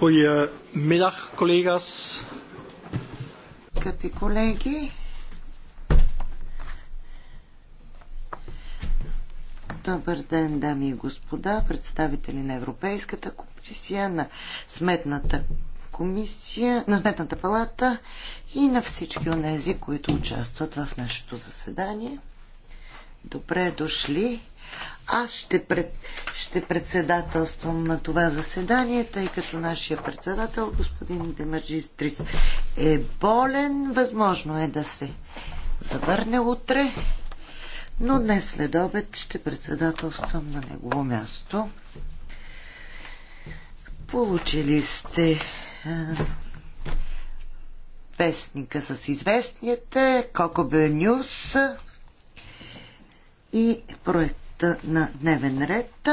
Goedemiddag, collega's. Скъпи колеги, добър ден, дами и господа, представители на Европейската комисия, на Сметната комисия, на Сметната палата и на всички от тези, които участват в нашето заседание – Добре дошли. Аз ще, пред, ще председателствам на това заседание, тъй като нашия председател, господин Демаджистрис, е болен. Възможно е да се завърне утре, но днес след обед ще председателствам на негово място. Получили сте е, вестника с известните, Кокобе Нюс, и проекта на дневен ред.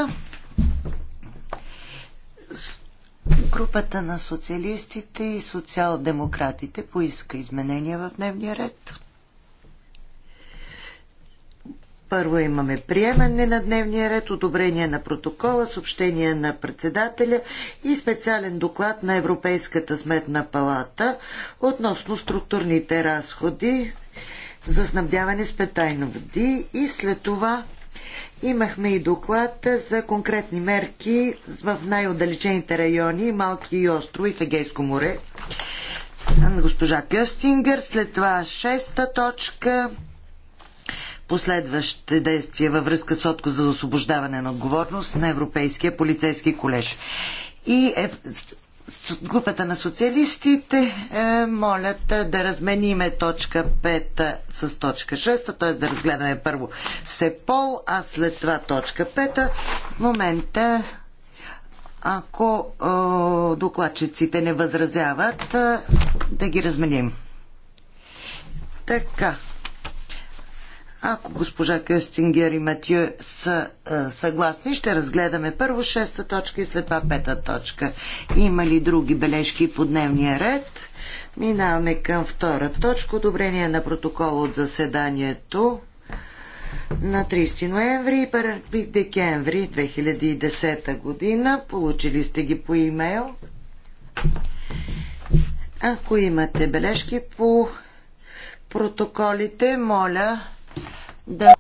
Групата на социалистите и социал-демократите поиска изменения в дневния ред. Първо имаме приемане на дневния ред, одобрение на протокола, съобщение на председателя и специален доклад на Европейската сметна палата относно структурните разходи за снабдяване с петайно води и след това имахме и доклад за конкретни мерки в най-отдалечените райони, малки и острови в Егейско море на госпожа Кюстингер. След това шеста точка последващи действия във връзка с отказ за освобождаване на отговорност на Европейския полицейски колеж. И е, групата на социалистите е, молят е, да размениме точка 5 е, с точка 6, т.е. да разгледаме първо СЕПОЛ, а след това точка 5. В момента, ако е, докладчиците не възразяват, е, да ги разменим. Така, ако госпожа Кюстингер и Матю са а, е, съгласни, ще разгледаме първо шеста точка и след това пета точка. Има ли други бележки по дневния ред? Минаваме към втора точка. Одобрение на протокол от заседанието на 30 ноември и 1 декември 2010 година. Получили сте ги по имейл. Ако имате бележки по протоколите, моля да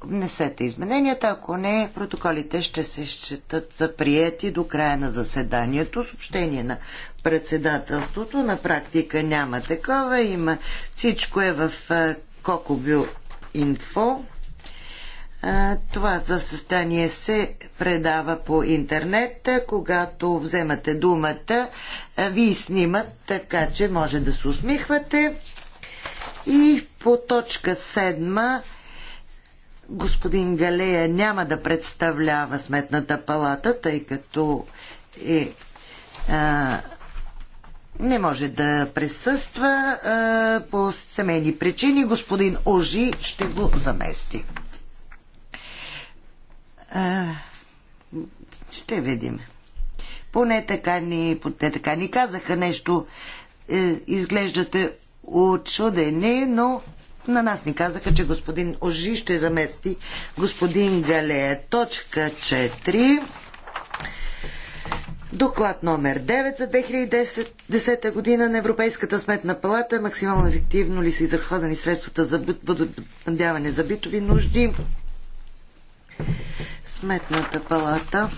внесете измененията. Ако не, протоколите ще се считат за приети до края на заседанието. Съобщение на председателството на практика няма такова. Има всичко е в Кокобю Инфо. Това състояние се предава по интернет. Когато вземате думата, ви снимат, така че може да се усмихвате. И по точка 7 господин Галея няма да представлява Сметната палата, тъй като е, а, не може да присъства а, по семейни причини. Господин Ожи ще го замести. А, ще видим. Поне така ни, поне така ни казаха нещо. Е, изглеждате очудени, но на нас ни казаха, че господин Ожи ще замести господин Галея. Точка 4. Доклад номер 9 за 2010 година на Европейската сметна палата. Максимално ефективно ли са изразходени средствата за водоподяване за битови нужди? Сметната палата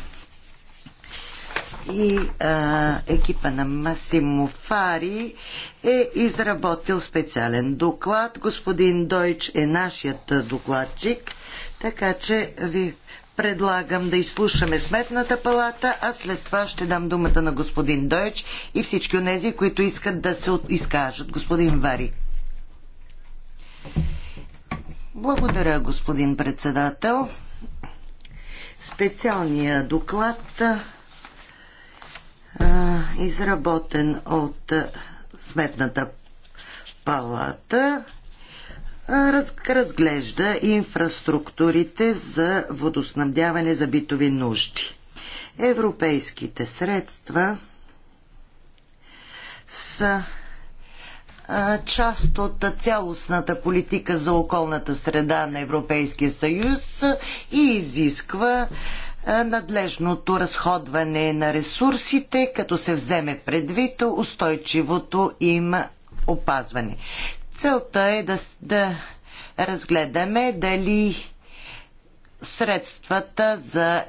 и а, екипа на Масимо Фари е изработил специален доклад. Господин Дойч е нашият докладчик, така че ви предлагам да изслушаме Сметната палата, а след това ще дам думата на господин Дойч и всички от тези, които искат да се изкажат. Господин Вари. Благодаря, господин председател. Специалният доклад изработен от е, Сметната палата, е, разглежда инфраструктурите за водоснабдяване за битови нужди. Европейските средства са е, част от цялостната политика за околната среда на Европейския съюз и изисква надлежното разходване на ресурсите, като се вземе предвид устойчивото им опазване. Целта е да, да разгледаме дали средствата за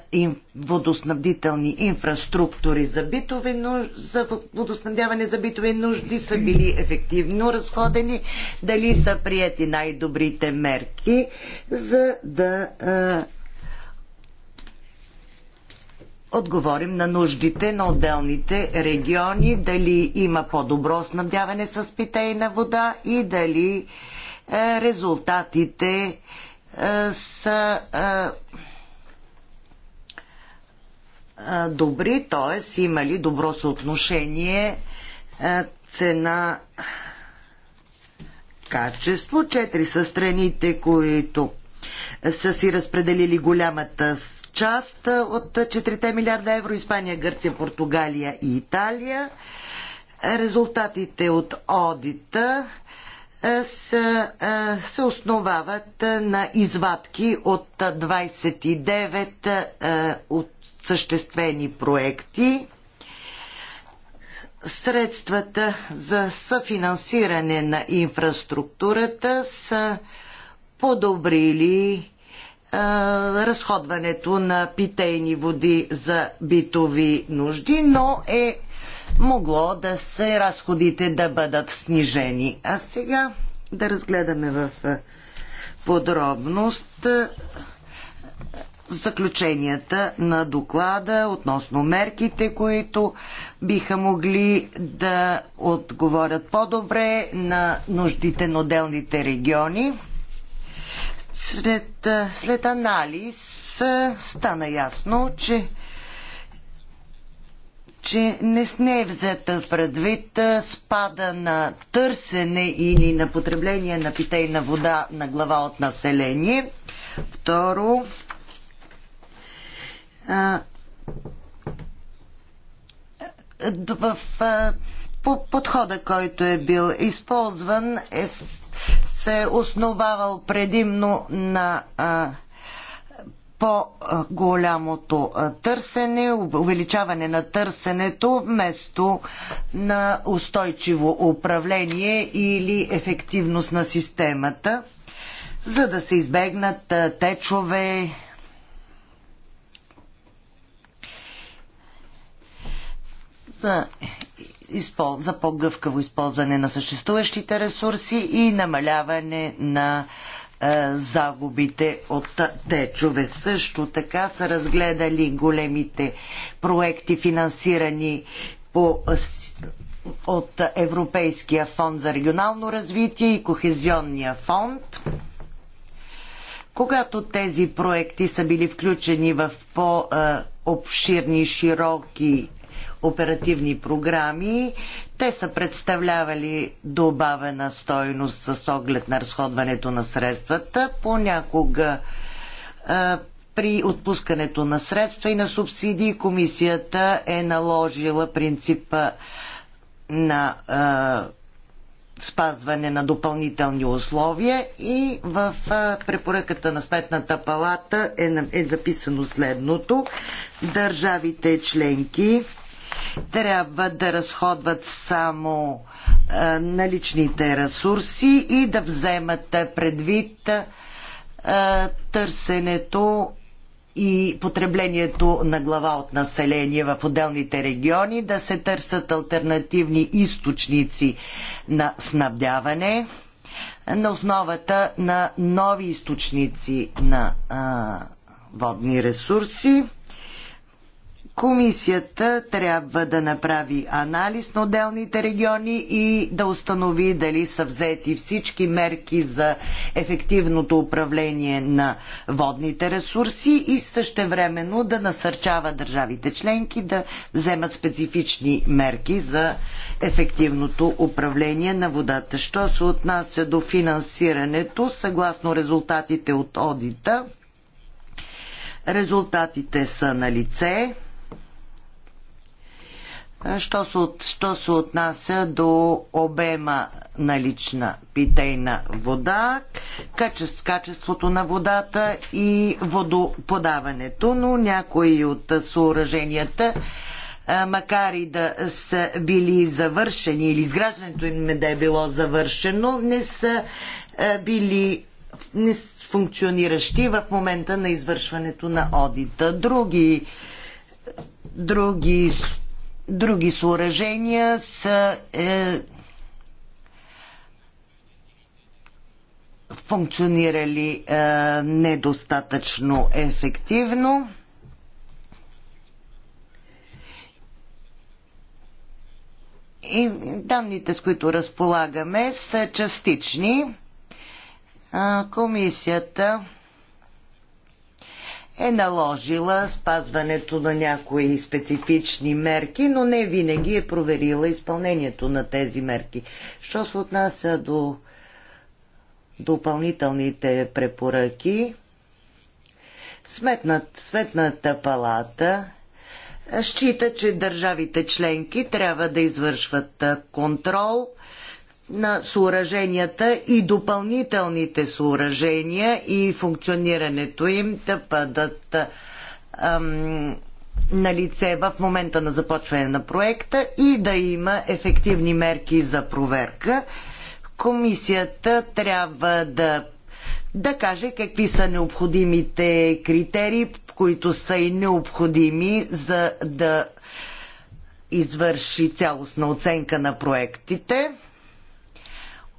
водоснабдителни инфраструктури за, битови, нужди, за водоснабдяване за битови нужди са били ефективно разходени, дали са прияти най-добрите мерки, за да отговорим на нуждите на отделните региони, дали има по-добро снабдяване с питейна вода и дали е, резултатите е, са е, добри, т.е. има ли добро съотношение цена качество. Четири са страните, които са си разпределили голямата част от 4 милиарда евро Испания, Гърция, Португалия и Италия. Резултатите от одита се основават на извадки от 29 от съществени проекти. Средствата за съфинансиране на инфраструктурата са подобрили разходването на питейни води за битови нужди, но е могло да се разходите да бъдат снижени. А сега да разгледаме в подробност заключенията на доклада относно мерките, които биха могли да отговорят по-добре на нуждите на отделните региони. След, след анализ стана ясно, че че не, не е взета предвид спада на търсене или на потребление на питейна вода на глава от население. Второ, в по подхода, който е бил използван, е, се основавал предимно на по-голямото търсене, увеличаване на търсенето вместо на устойчиво управление или ефективност на системата, за да се избегнат течове, за за по-гъвкаво използване на съществуващите ресурси и намаляване на е, загубите от течове. Също така са разгледали големите проекти, финансирани по, от Европейския фонд за регионално развитие и Кохезионния фонд. Когато тези проекти са били включени в по-обширни, е, широки оперативни програми. Те са представлявали добавена стойност с оглед на разходването на средствата. Понякога при отпускането на средства и на субсидии комисията е наложила принципа на спазване на допълнителни условия и в препоръката на Сметната палата е, е записано следното. Държавите членки трябва да разходват само е, наличните ресурси и да вземат предвид е, търсенето и потреблението на глава от население в отделните региони, да се търсят альтернативни източници на снабдяване на основата на нови източници на а, е, водни ресурси. Комисията трябва да направи анализ на отделните региони и да установи дали са взети всички мерки за ефективното управление на водните ресурси и същевременно да насърчава държавите членки да вземат специфични мерки за ефективното управление на водата. Що се отнася до финансирането, съгласно резултатите от одита, резултатите са на лице. Що се, от, що се отнася до обема на лична питейна вода, качество, качеството на водата и водоподаването, но някои от съоръженията, макар и да са били завършени или изграждането им да е било завършено, не са били не са функциониращи в момента на извършването на одита. Други други други съоръжения са е, функционирали е, недостатъчно ефективно. И данните, с които разполагаме, са частични. Комисията е наложила спазването на някои специфични мерки, но не винаги е проверила изпълнението на тези мерки. Що се отнася до допълнителните препоръки, Сметнат, сметната палата счита, че държавите членки трябва да извършват контрол – на съоръженията и допълнителните съоръжения и функционирането им да бъдат ам, на лице в момента на започване на проекта и да има ефективни мерки за проверка. Комисията трябва да, да каже какви са необходимите критерии, които са и необходими за да извърши цялостна оценка на проектите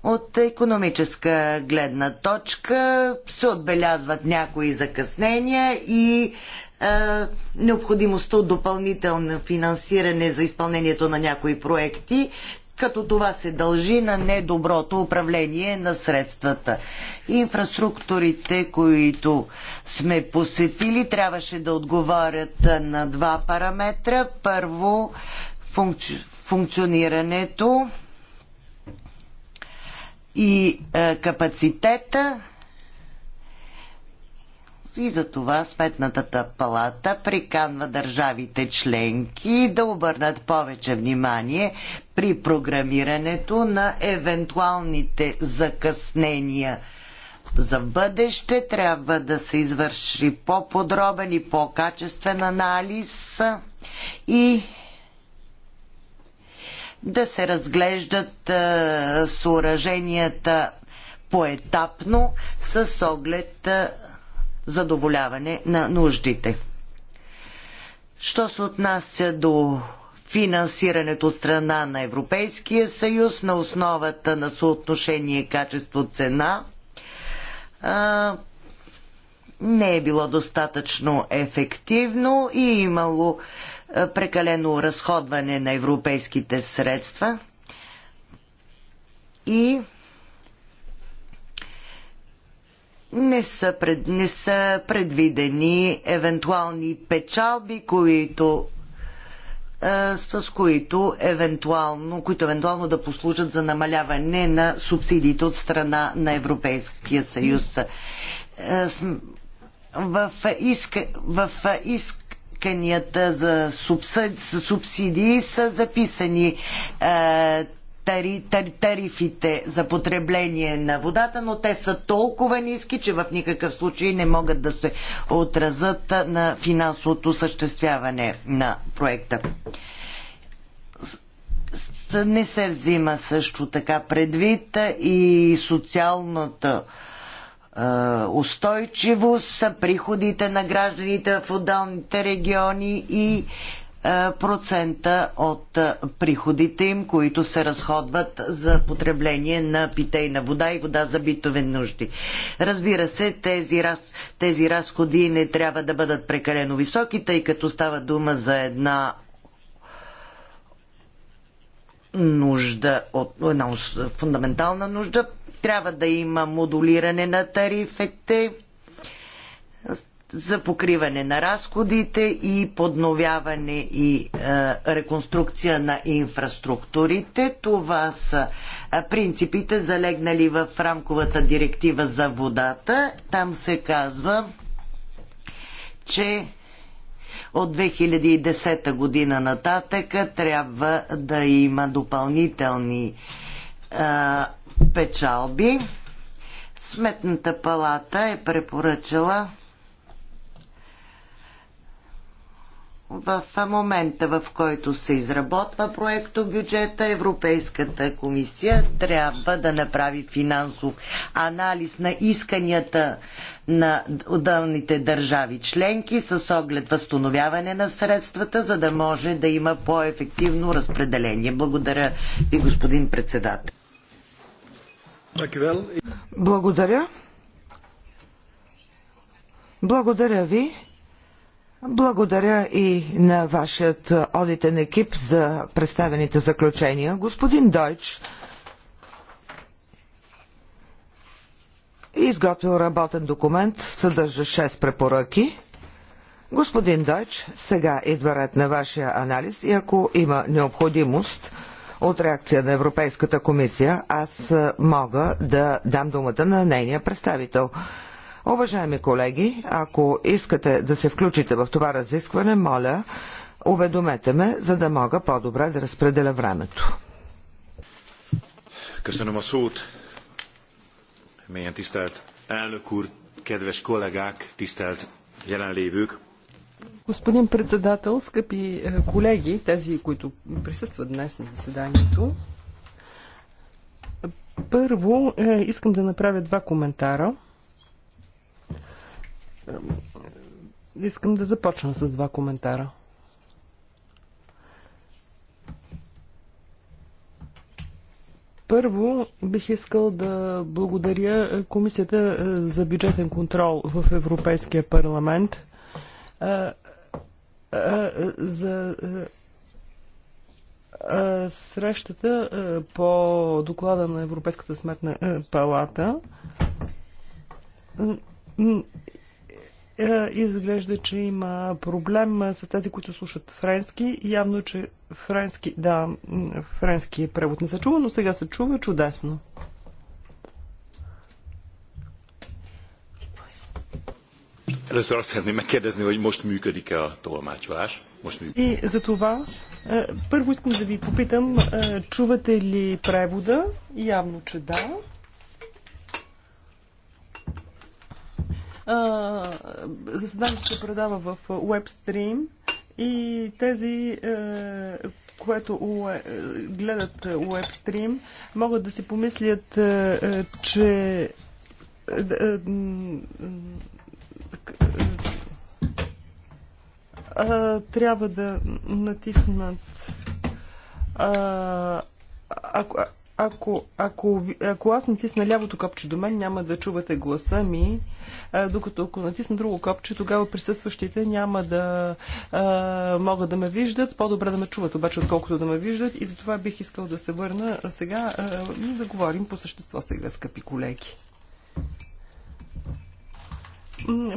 от економическа гледна точка се отбелязват някои закъснения и е, необходимостта от допълнително финансиране за изпълнението на някои проекти, като това се дължи на недоброто управление на средствата. Инфраструктурите, които сме посетили, трябваше да отговарят на два параметра. Първо, функци... функционирането и а, е, капацитета. И за това Сметната палата приканва държавите членки да обърнат повече внимание при програмирането на евентуалните закъснения. За бъдеще трябва да се извърши по-подробен и по-качествен анализ и да се разглеждат съоръженията поетапно с оглед задоволяване на нуждите. Що се отнася до финансирането от страна на Европейския съюз на основата на съотношение качество-цена не е било достатъчно ефективно и е имало е, прекалено разходване на европейските средства и не са, пред, не са предвидени евентуални печалби, които е, с които евентуално, които евентуално да послужат за намаляване на субсидиите от страна на Европейския съюз. Е, в, иска, в иск, исканията за субсидии са записани е, тарифите за потребление на водата, но те са толкова ниски, че в никакъв случай не могат да се отразят на финансовото съществяване на проекта. Не се взима също така предвид и социалното устойчивост, приходите на гражданите в отдалните региони и процента от приходите им, които се разходват за потребление на питейна вода и вода за битови нужди. Разбира се, тези, раз, тези разходи не трябва да бъдат прекалено високи, тъй като става дума за една нужда, от, една фундаментална нужда, трябва да има модулиране на тарифите за покриване на разходите и подновяване и е, реконструкция на инфраструктурите. Това са е, принципите залегнали в рамковата директива за водата. Там се казва, че от 2010 година нататък трябва да има допълнителни е, печалби. Сметната палата е препоръчала в момента, в който се изработва проекто бюджета, Европейската комисия трябва да направи финансов анализ на исканията на отделните държави членки с оглед възстановяване на средствата, за да може да има по-ефективно разпределение. Благодаря ви, господин председател. Благодаря. Благодаря ви. Благодаря и на вашият одитен екип за представените заключения. Господин Дойч е изготвил работен документ, съдържа 6 препоръки. Господин Дойч, сега идва ред на вашия анализ и ако има необходимост, от реакция на Европейската комисия, аз е, мога да дам думата на нейния представител. Уважаеми колеги, ако искате да се включите в това разискване, моля, уведомете ме, за да мога по-добре да разпределя времето. Köszönöm a szót. Mélyen tisztelt elnök úr, kedves kollégák, jelenlévők! Господин председател, скъпи е, колеги, тези, които присъстват днес на заседанието, първо е, искам да направя два коментара. Е, искам да започна с два коментара. Първо бих искал да благодаря Комисията за бюджетен контрол в Европейския парламент за срещата по доклада на Европейската сметна палата изглежда, че има проблем с тези, които слушат френски. Явно, че френски, да, френски превод не се чува, но сега се чува чудесно. Először azt szeretném megkérdezni, hogy most működik-e a tolmácsolás. Most И за това, е, първо искам да ви попитам, е, чувате ли превода? Явно, че да. Е, заседанието се предава в WebStream и тези, които гледат WebStream, могат да си помислят, че е, а, трябва да натиснат. А, ако, ако, ако, ако аз натисна лявото копче до мен, няма да чувате гласа ми, а, докато ако натисна друго копче, тогава присъстващите няма да а, могат да ме виждат. По-добре да ме чуват, обаче, отколкото да ме виждат. И затова бих искал да се върна сега а, да говорим по същество сега, скъпи колеги.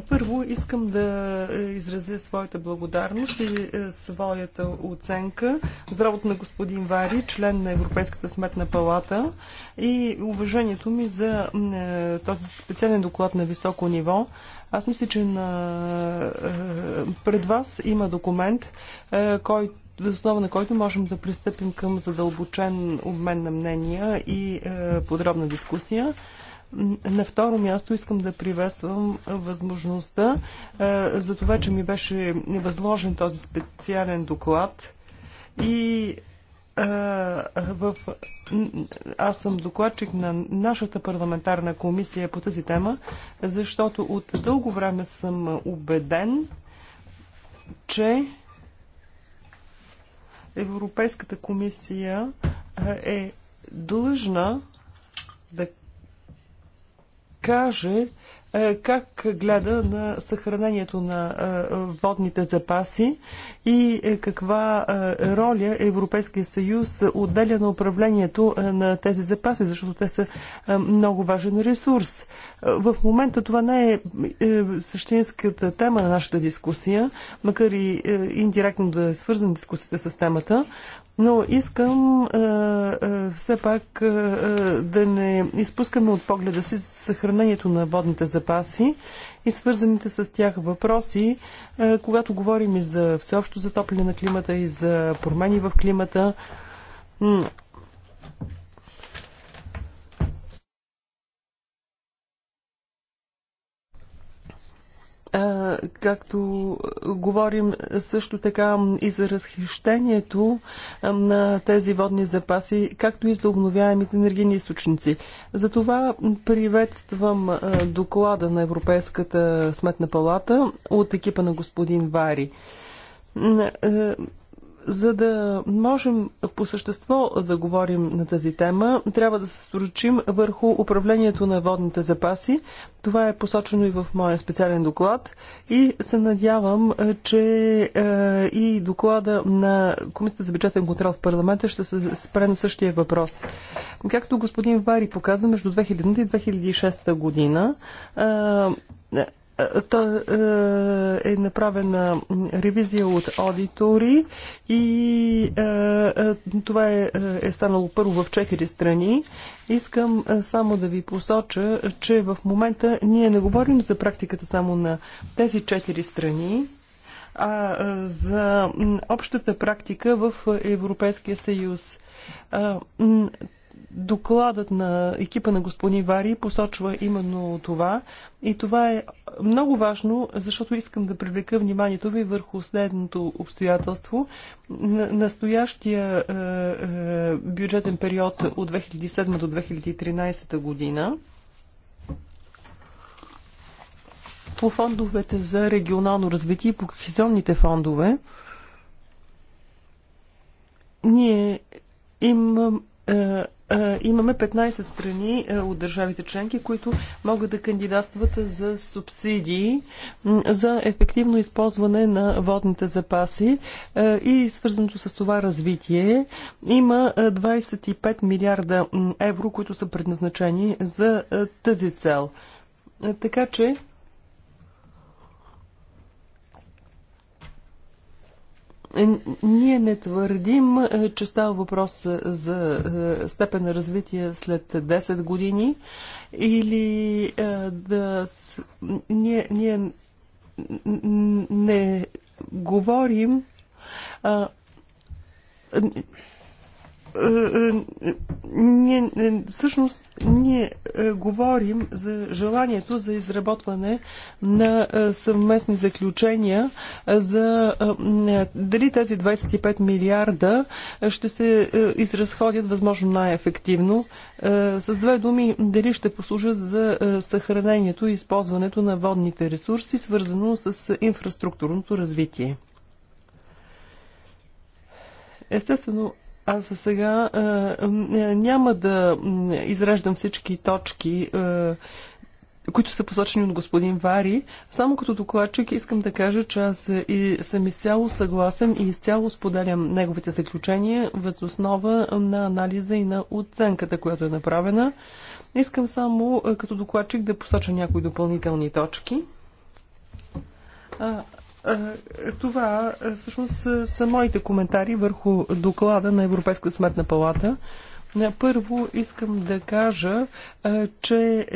Първо искам да е, изразя своята благодарност и е, своята оценка за работа на господин Вари, член на Европейската сметна палата и уважението ми за е, този специален доклад на високо ниво. Аз мисля, че на... пред вас има документ, който в основа на който можем да пристъпим към задълбочен обмен на мнения и подробна дискусия. На второ място искам да приветствам възможността за това, че ми беше възложен този специален доклад и в... Аз съм докладчик на нашата парламентарна комисия по тази тема, защото от дълго време съм убеден, че Европейската комисия е длъжна да каже е, как гледа на съхранението на е, водните запаси и е, каква роля Европейския съюз отделя на управлението на тези запаси, защото те са много важен ресурс. В момента това не е същинската тема на нашата дискусия, макар и индиректно да е свързана дискусията с темата, но искам а, е, а, е, все пак а, е, да не изпускаме от погледа си съхранението на водните запаси и свързаните с тях въпроси, а, когато говорим и за всеобщо затопляне на климата и за промени в климата. както говорим също така и за разхищението на тези водни запаси, както и за обновяемите енергийни източници. Затова приветствам доклада на Европейската сметна палата от екипа на господин Вари за да можем по същество да говорим на тази тема, трябва да се сторочим върху управлението на водните запаси. Това е посочено и в моя специален доклад и се надявам, че е, и доклада на Комисията за бюджетен контрол в парламента ще се спре на същия въпрос. Както господин Вари показва, между 2000 и 2006 година е, то е, е направена ревизия от аудитори и е, е, това е, е станало първо в четири страни. Искам само да ви посоча, че в момента ние не говорим за практиката само на тези четири страни, а за общата практика в Европейския съюз. Докладът на екипа на господин Вари посочва именно това. И това е много важно, защото искам да привлека вниманието ви върху следното обстоятелство. Настоящия е, е, бюджетен период от 2007 до 2013 година по фондовете за регионално развитие и по кохезионните фондове ние имам е, е, имаме 15 страни е, от държавите членки, които могат да кандидатстват за субсидии за ефективно използване на водните запаси е, и свързаното с това развитие. Има 25 милиарда евро, които са предназначени за тази цел. Така че Е, ние не твърдим, е, че става въпрос е, за степен на развитие след 10 години или да... Ние, ние не говорим... Е, е, ние, е, всъщност ние говорим за желанието за изработване на съвместни заключения за дали тези 25 милиарда ще се изразходят възможно най-ефективно. С две думи, дали ще послужат за съхранението и използването на водните ресурси, свързано с инфраструктурното развитие. Естествено, аз за сега а, няма да изреждам всички точки, а, които са посочени от господин Вари. Само като докладчик искам да кажа, че аз и съм изцяло съгласен и изцяло споделям неговите заключения въз основа на анализа и на оценката, която е направена. Искам само като докладчик да посоча някои допълнителни точки. Е, това е, всъщност са моите коментари върху доклада на Европейска сметна палата. Е, първо искам да кажа, че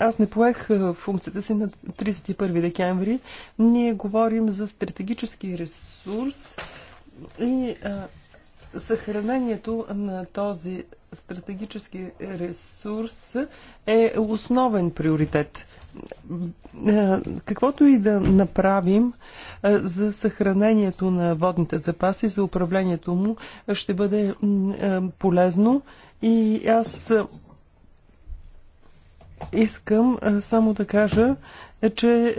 аз не поех функцията си на 31 декември. Ние говорим за стратегически ресурс и съхранението на този стратегически ресурс е основен приоритет. Е, каквото и да направим е, за съхранението на водните запаси, за управлението му, ще бъде е, полезно и аз искам само да кажа, че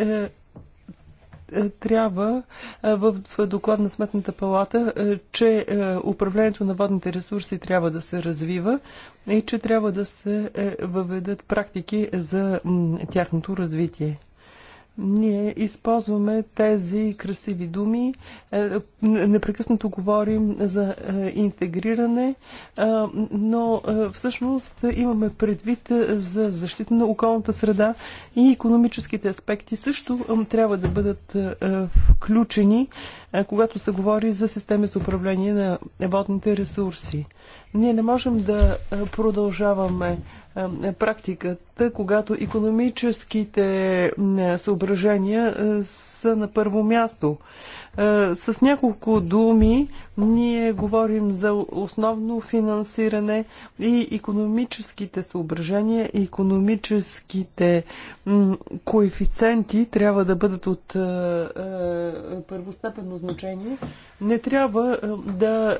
е, трябва е, в доклад на Сметната палата, е, че управлението на водните ресурси трябва да се развива и че трябва да се въведат практики за тяхното развитие. Ние използваме тези красиви думи. Е, непрекъснато говорим за е, интегриране, е, но всъщност имаме предвид за защита на околната среда и економическите аспекти също трябва да бъдат включени, когато се говори за системи за управление на водните ресурси. Ние не можем да продължаваме е, практиката, когато економическите е, съображения е, са на първо място. Е, с няколко думи ние говорим за основно финансиране и економическите съображения и економическите коефициенти трябва да бъдат от е, е, първостепенно значение. Не трябва да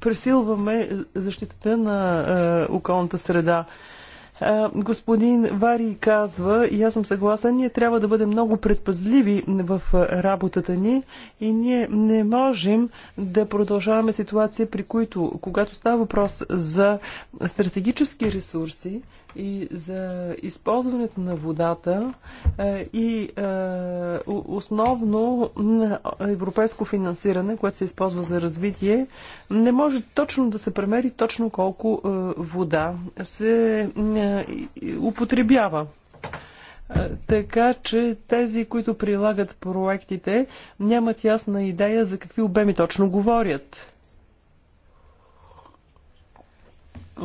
пресилваме защитата на околната среда. Господин Вари казва, и аз съм съгласен, ние трябва да бъдем много предпазливи в работата ни и ние не можем да продължаваме ситуация, при които, когато става въпрос за стратегически ресурси, и за използването на водата е, и е, основно на европейско финансиране, което се използва за развитие, не може точно да се премери точно колко е, вода се употребява. Така че тези, които прилагат проектите, нямат ясна идея за какви обеми точно говорят.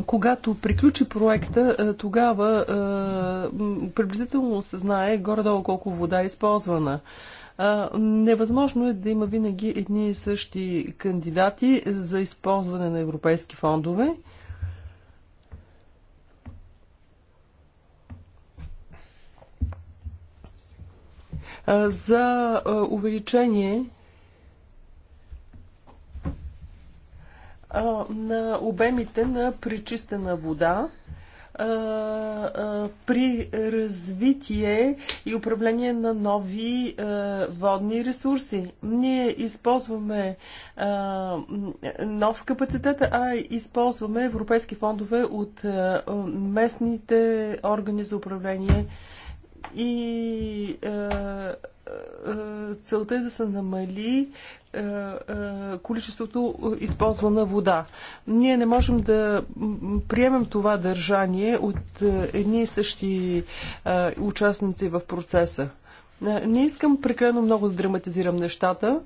когато приключи проекта, е, тогава е, приблизително се знае горе-долу колко вода е използвана. Е, невъзможно е да има винаги едни и същи кандидати за използване на европейски фондове. за увеличение на обемите на пречистена вода при развитие и управление на нови водни ресурси. Ние използваме нов капацитет, а използваме европейски фондове от местните органи за управление и целта е да се намали е, е, количеството е, използвана вода. Ние не можем да приемем това държание от едни и същи участници в процеса. Не искам прекалено много да драматизирам нещата.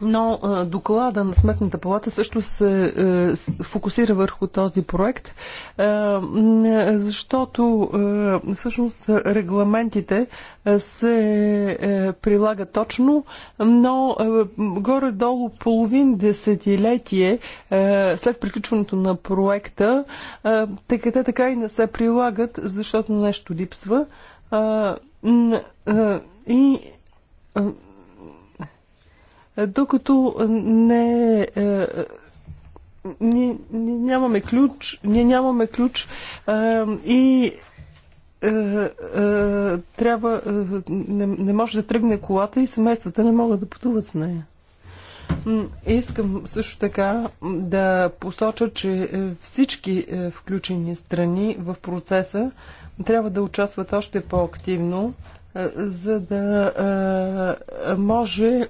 Но а, доклада на Сметната палата също се а, фокусира върху този проект, а, защото а, всъщност регламентите се а, прилага точно, но горе-долу половин десетилетие а, след приключването на проекта, а, така те така и не се прилагат, защото нещо липсва. А, а, и а, докато не ние, ние нямаме ключ, ние нямаме ключ е, и е, е, трябва, е, не, не може да тръгне колата и семействата не могат да пътуват с нея. Искам също така да посоча, че е, всички е, включени страни в процеса трябва да участват още по-активно, за да а, може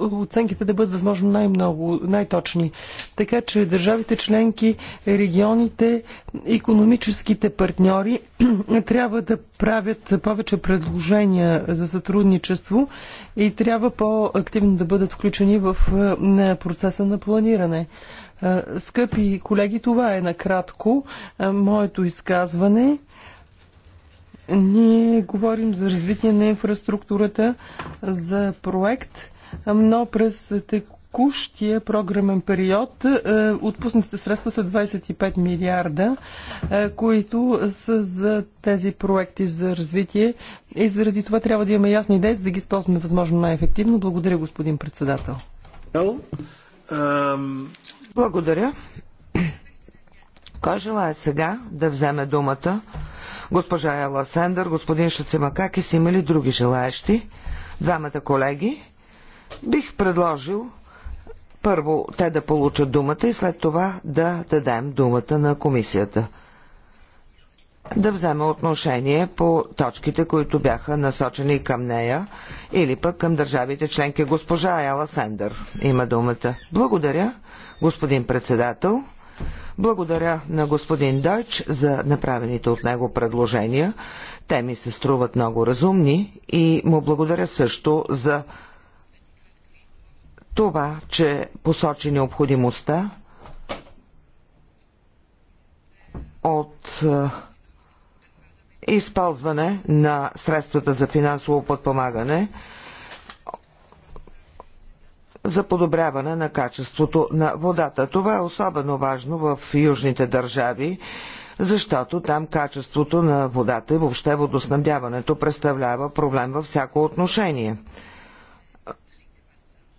оценките да бъдат възможно най-много, най-точни. Така че държавите членки, регионите, економическите партньори трябва да правят повече предложения за сътрудничество и трябва по-активно да бъдат включени в процеса на планиране. Скъпи колеги, това е накратко моето изказване. Ние говорим за развитие на инфраструктурата, за проект, но през текущия програмен период е, отпуснатите средства са 25 милиарда, е, които са за тези проекти за развитие и заради това трябва да имаме ясни идеи, за да ги използваме възможно най-ефективно. Благодаря, господин председател. Благодаря. Кой желая сега да вземе думата? госпожа Ела Сендър, господин Шацемакакис, Има ли други желаящи? Двамата колеги. Бих предложил първо те да получат думата и след това да дадем думата на комисията. Да вземе отношение по точките, които бяха насочени към нея или пък към държавите членки. Госпожа Ела Сендър има думата. Благодаря, господин председател. Благодаря на господин Дойч за направените от него предложения. Те ми се струват много разумни и му благодаря също за това, че посочи необходимостта от е, използване на средствата за финансово подпомагане за подобряване на качеството на водата. Това е особено важно в южните държави, защото там качеството на водата и въобще водоснабдяването представлява проблем във всяко отношение.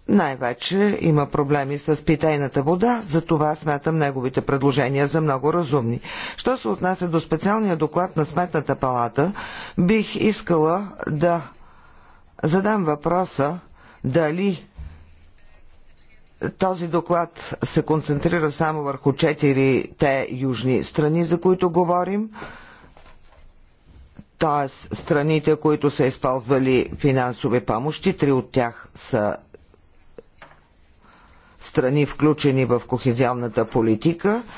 Най-вече има проблеми с питейната вода, за това смятам неговите предложения за много разумни. Що се отнася до специалния доклад на Сметната палата, бих искала да задам въпроса дали този доклад се концентрира само върху четирите южни страни, за които говорим, т.е. страните, които са използвали финансови помощи. Три от тях са страни, включени в кохезионната политика –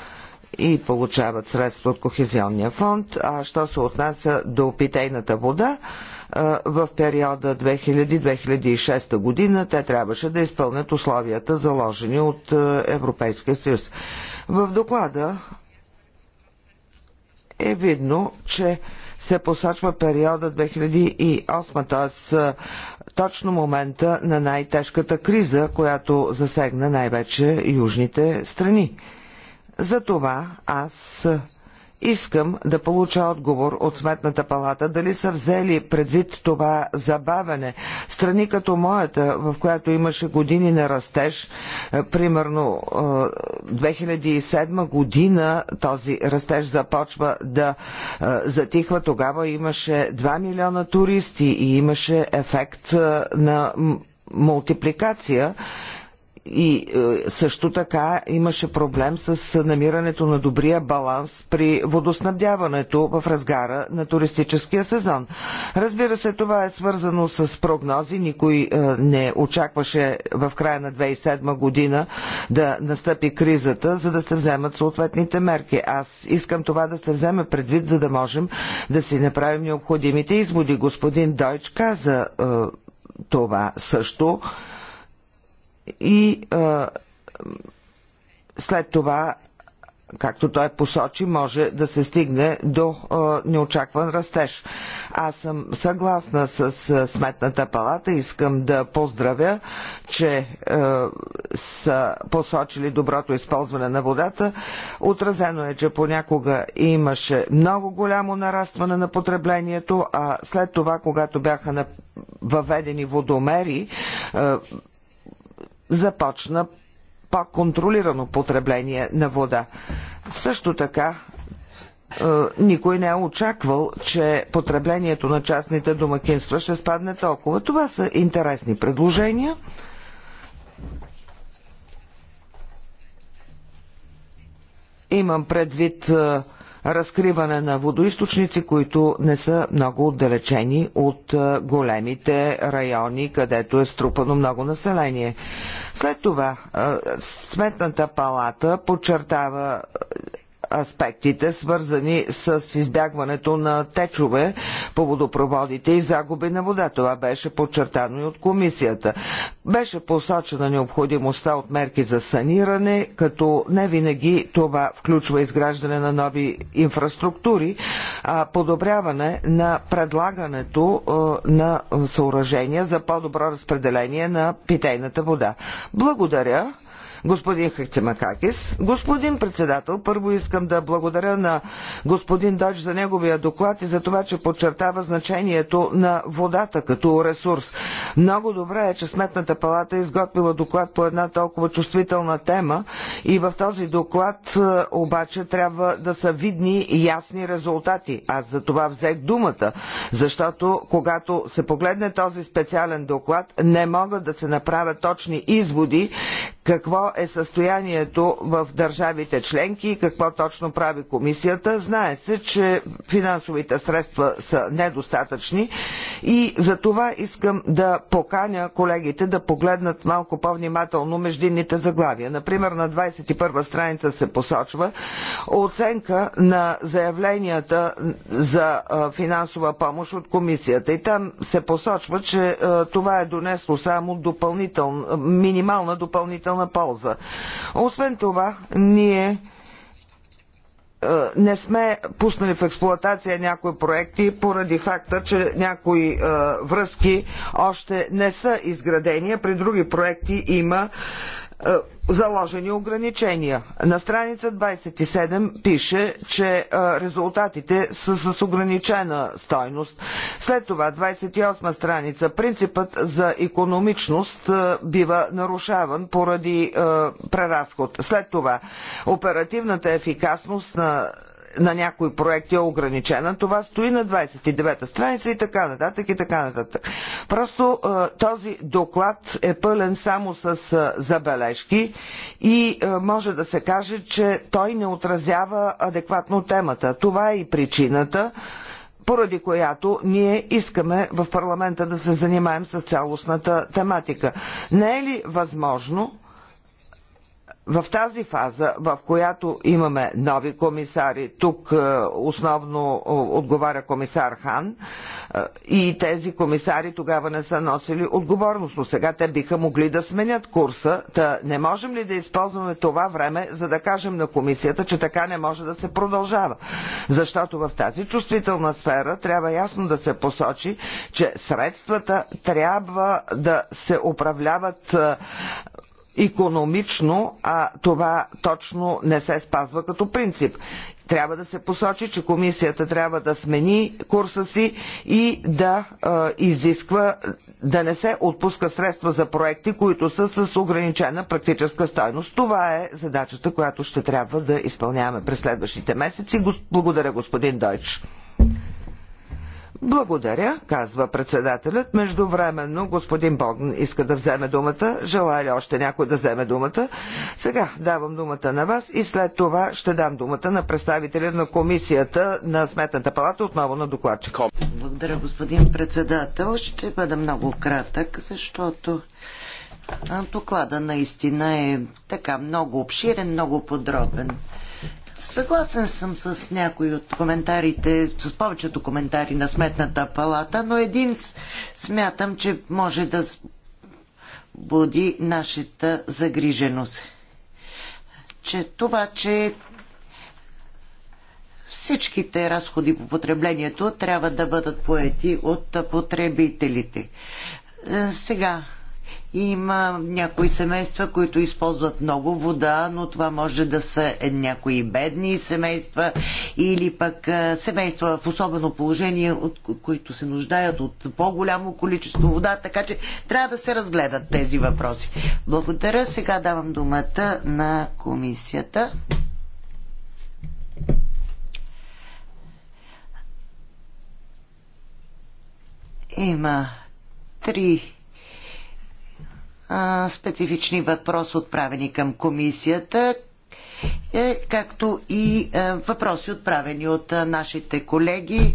и получават средства от Кохезионния фонд. А що се отнася до питейната вода, в периода 2000-2006 година те трябваше да изпълнят условията заложени от Европейския съюз. В доклада е видно, че се посочва периода 2008, т.е. точно момента на най-тежката криза, която засегна най-вече южните страни. Затова аз Искам да получа отговор от Сметната палата дали са взели предвид това забавене. Страни като моята, в която имаше години на растеж, е, примерно 2007 е, година този растеж започва да е, затихва. Тогава имаше 2 милиона туристи и имаше ефект на мултипликация и е, също така имаше проблем с намирането на добрия баланс при водоснабдяването в разгара на туристическия сезон. Разбира се, това е свързано с прогнози. Никой е, не очакваше в края на 2007 година да настъпи кризата, за да се вземат съответните мерки. Аз искам това да се вземе предвид, за да можем да си направим необходимите изводи. Господин Дойч каза е, това също и а, след това, както той посочи, може да се стигне до а, неочакван растеж. Аз съм съгласна с а, Сметната палата. Искам да поздравя, че а, са посочили доброто използване на водата. Отразено е, че понякога имаше много голямо нарастване на потреблението, а след това, когато бяха на въведени водомери, започна по-контролирано потребление на вода. Също така е, никой не е очаквал, че потреблението на частните домакинства ще спадне толкова. Това са интересни предложения. Имам предвид е, разкриване на водоисточници, които не са много отдалечени от големите райони, където е струпано много население. След това Сметната палата подчертава аспектите, свързани с избягването на течове по водопроводите и загуби на вода. Това беше подчертано и от комисията. Беше посочена необходимостта от мерки за саниране, като не винаги това включва изграждане на нови инфраструктури, а подобряване на предлагането на съоръжения за по-добро разпределение на питейната вода. Благодаря господин Хахтемакакис. Господин председател, първо искам да благодаря на господин Дойч за неговия доклад и за това, че подчертава значението на водата като ресурс. Много добре е, че Сметната палата е изготвила доклад по една толкова чувствителна тема и в този доклад е, обаче трябва да са видни ясни резултати. Аз за това взех думата, защото когато се погледне този специален доклад, не могат да се направят точни изводи какво е състоянието в държавите членки и какво точно прави комисията. Знае се, че финансовите средства са недостатъчни и за това искам да поканя колегите да погледнат малко по-внимателно междинните заглавия. Например, на 21 страница се посочва оценка на заявленията за финансова помощ от комисията. И там се посочва, че това е донесло само допълнител, минимална допълнителна социална полза. Освен това, ние е, не сме пуснали в експлоатация някои проекти поради факта, че някои е, връзки още не са изградени, а при други проекти има е, заложени ограничения. На страница 27 пише, че резултатите са с ограничена стойност. След това 28 страница принципът за економичност бива нарушаван поради преразход. След това оперативната ефикасност на на някои проекти е ограничена. Това стои на 29-та страница и така нататък и така нататък. Просто е, този доклад е пълен само с е, забележки и е, може да се каже, че той не отразява адекватно темата. Това е и причината поради която ние искаме в парламента да се занимаем с цялостната тематика. Не е ли възможно в тази фаза, в която имаме нови комисари, тук е, основно е, отговаря комисар Хан, е, и тези комисари тогава не са носили отговорност, но сега те биха могли да сменят курса. Та не можем ли да използваме това време, за да кажем на комисията, че така не може да се продължава? Защото в тази чувствителна сфера трябва ясно да се посочи, че средствата трябва да се управляват економично, а това точно не се спазва като принцип. Трябва да се посочи, че комисията трябва да смени курса си и да е, изисква да не се отпуска средства за проекти, които са с ограничена практическа стойност. Това е задачата, която ще трябва да изпълняваме през следващите месеци. Благодаря, господин Дойч. Благодаря, казва председателят. Междувременно господин Богн иска да вземе думата. Желая ли още някой да вземе думата? Сега давам думата на вас и след това ще дам думата на представителя на комисията на Сметната палата, отново на докладчик. Благодаря, господин председател. Ще бъда много кратък, защото доклада наистина е така много обширен, много подробен. Съгласен съм с някои от коментарите, с повечето коментари на Сметната палата, но един смятам, че може да буди нашата загриженост. Че това, че всичките разходи по потреблението трябва да бъдат поети от потребителите. Е, сега, има някои семейства, които използват много вода, но това може да са някои бедни семейства или пък семейства в особено положение, от които се нуждаят от по-голямо количество вода, така че трябва да се разгледат тези въпроси. Благодаря. Сега давам думата на комисията. Има три специфични въпроси, отправени към комисията, е, както и е, въпроси, отправени от е, нашите колеги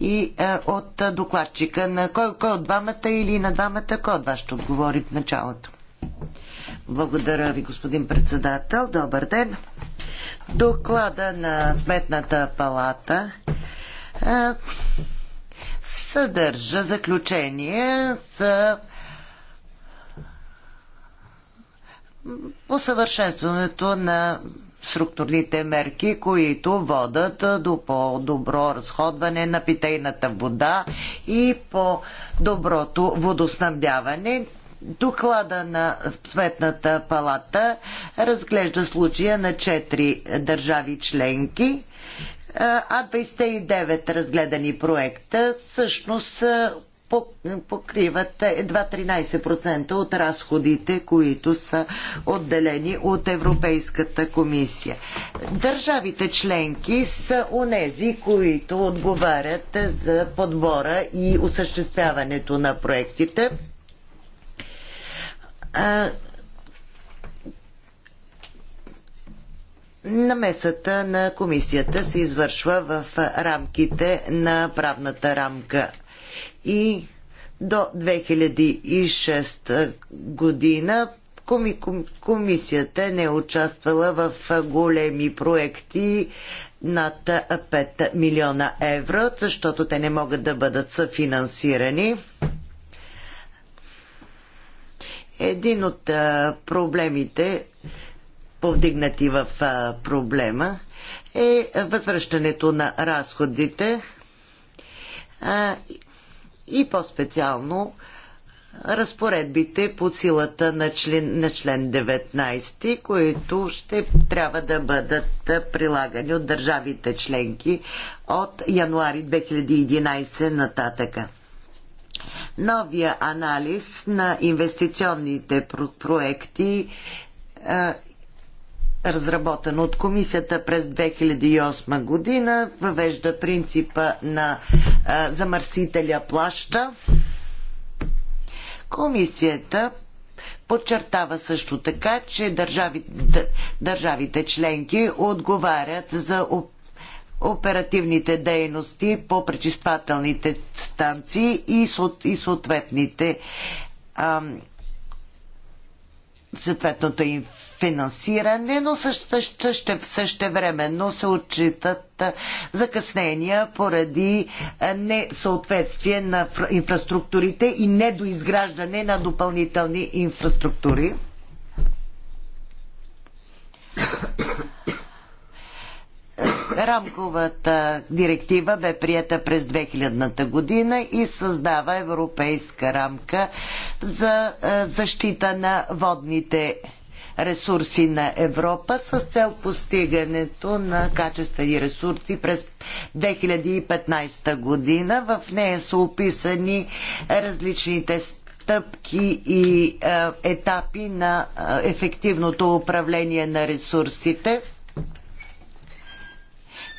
и от докладчика. На кой, кой от двамата или на двамата, кой от вас ще отговори в началото? Благодаря ви, господин председател. Добър ден. Доклада на Сметната палата съдържа заключение за усъвършенстването на структурните мерки, които водат до по-добро разходване на питейната вода и по-доброто водоснабдяване. Доклада на Сметната палата разглежда случая на 4 държави членки, а 29 разгледани проекта всъщност покриват едва 13% от разходите, които са отделени от Европейската комисия. Държавите членки са онези, които отговарят за подбора и осъществяването на проектите. Намесата на комисията се извършва в рамките на правната рамка и до 2006 година комисията не е участвала в големи проекти над 5 милиона евро, защото те не могат да бъдат съфинансирани. Един от проблемите, повдигнати в проблема, е възвръщането на разходите и по-специално разпоредбите по силата на член, на член 19, които ще трябва да бъдат прилагани от държавите членки от януари 2011 нататъка. Новия анализ на инвестиционните проекти разработен от комисията през 2008 година, въвежда принципа на а, замърсителя плаща. Комисията Подчертава също така, че държавите, държавите членки отговарят за оперативните дейности по пречиствателните станции и съответните им финансиране, но също, също, се отчитат закъснения поради несъответствие на инфраструктурите и недоизграждане на допълнителни инфраструктури. Рамковата директива бе прията през 2000-та година и създава европейска рамка за защита на водните ресурси на Европа с цел постигането на качествени ресурси през 2015 година. В нея са описани различните стъпки и е, етапи на е, ефективното управление на ресурсите.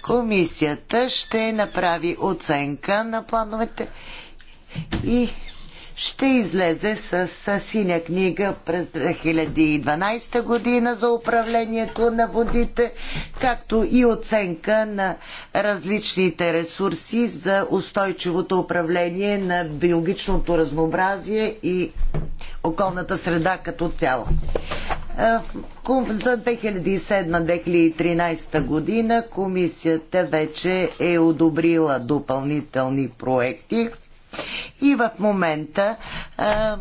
Комисията ще направи оценка на плановете и ще излезе с, с синя книга през 2012 година за управлението на водите, както и оценка на различните ресурси за устойчивото управление на биологичното разнообразие и околната среда като цяло. За 2007-2013 година комисията вече е одобрила допълнителни проекти и в момента а,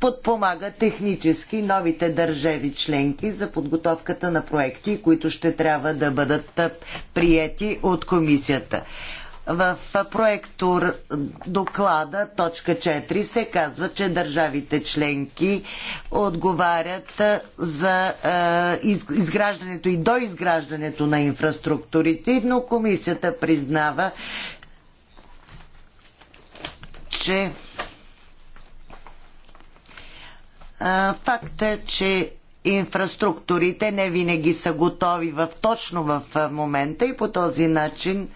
подпомага технически новите държави членки за подготовката на проекти, които ще трябва да бъдат приети от комисията. В проектор доклада точка 4 се казва, че държавите членки отговарят за изграждането и доизграждането на инфраструктурите, но комисията признава, че факта, е, че инфраструктурите не винаги са готови в, точно в момента и по този начин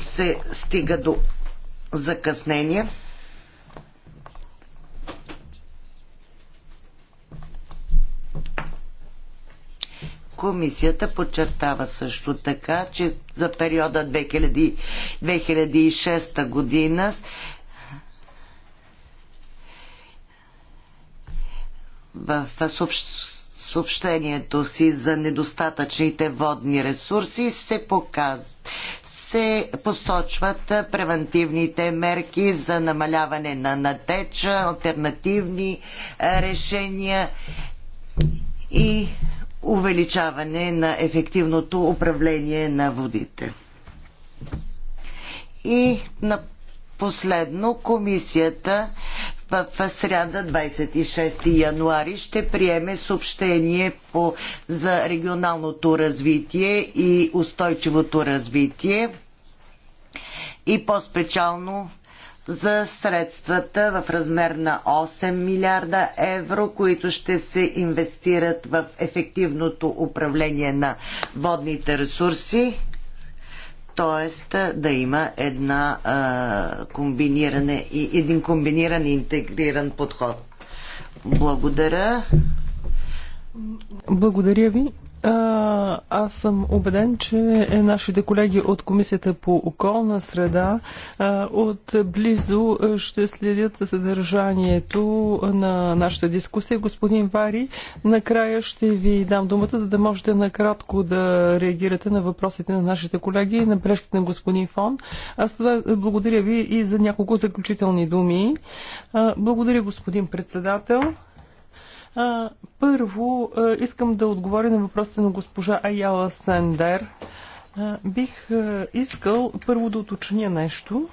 се стига до закъснения. Комисията подчертава също така, че за периода 2000, 2006 година в съобщението си за недостатъчните водни ресурси се показва се посочват превентивните мерки за намаляване на натеча, альтернативни решения и увеличаване на ефективното управление на водите. И на последно комисията в сряда 26 януари ще приеме съобщение по, за регионалното развитие и устойчивото развитие и по-специално за средствата в размер на 8 милиарда евро, които ще се инвестират в ефективното управление на водните ресурси, т.е. да има една, а, комбиниране, един комбиниран и интегриран подход. Благодаря. Благодаря ви. Аз съм убеден, че нашите колеги от Комисията по околна среда от близо ще следят съдържанието на нашата дискусия. Господин Вари, накрая ще ви дам думата, за да можете накратко да реагирате на въпросите на нашите колеги и на бележките на господин Фон. Аз това благодаря ви и за няколко заключителни думи. Благодаря, господин председател. Първо, искам да отговоря на въпросите на госпожа Аяла Сендер. Бих искал първо да уточня нещо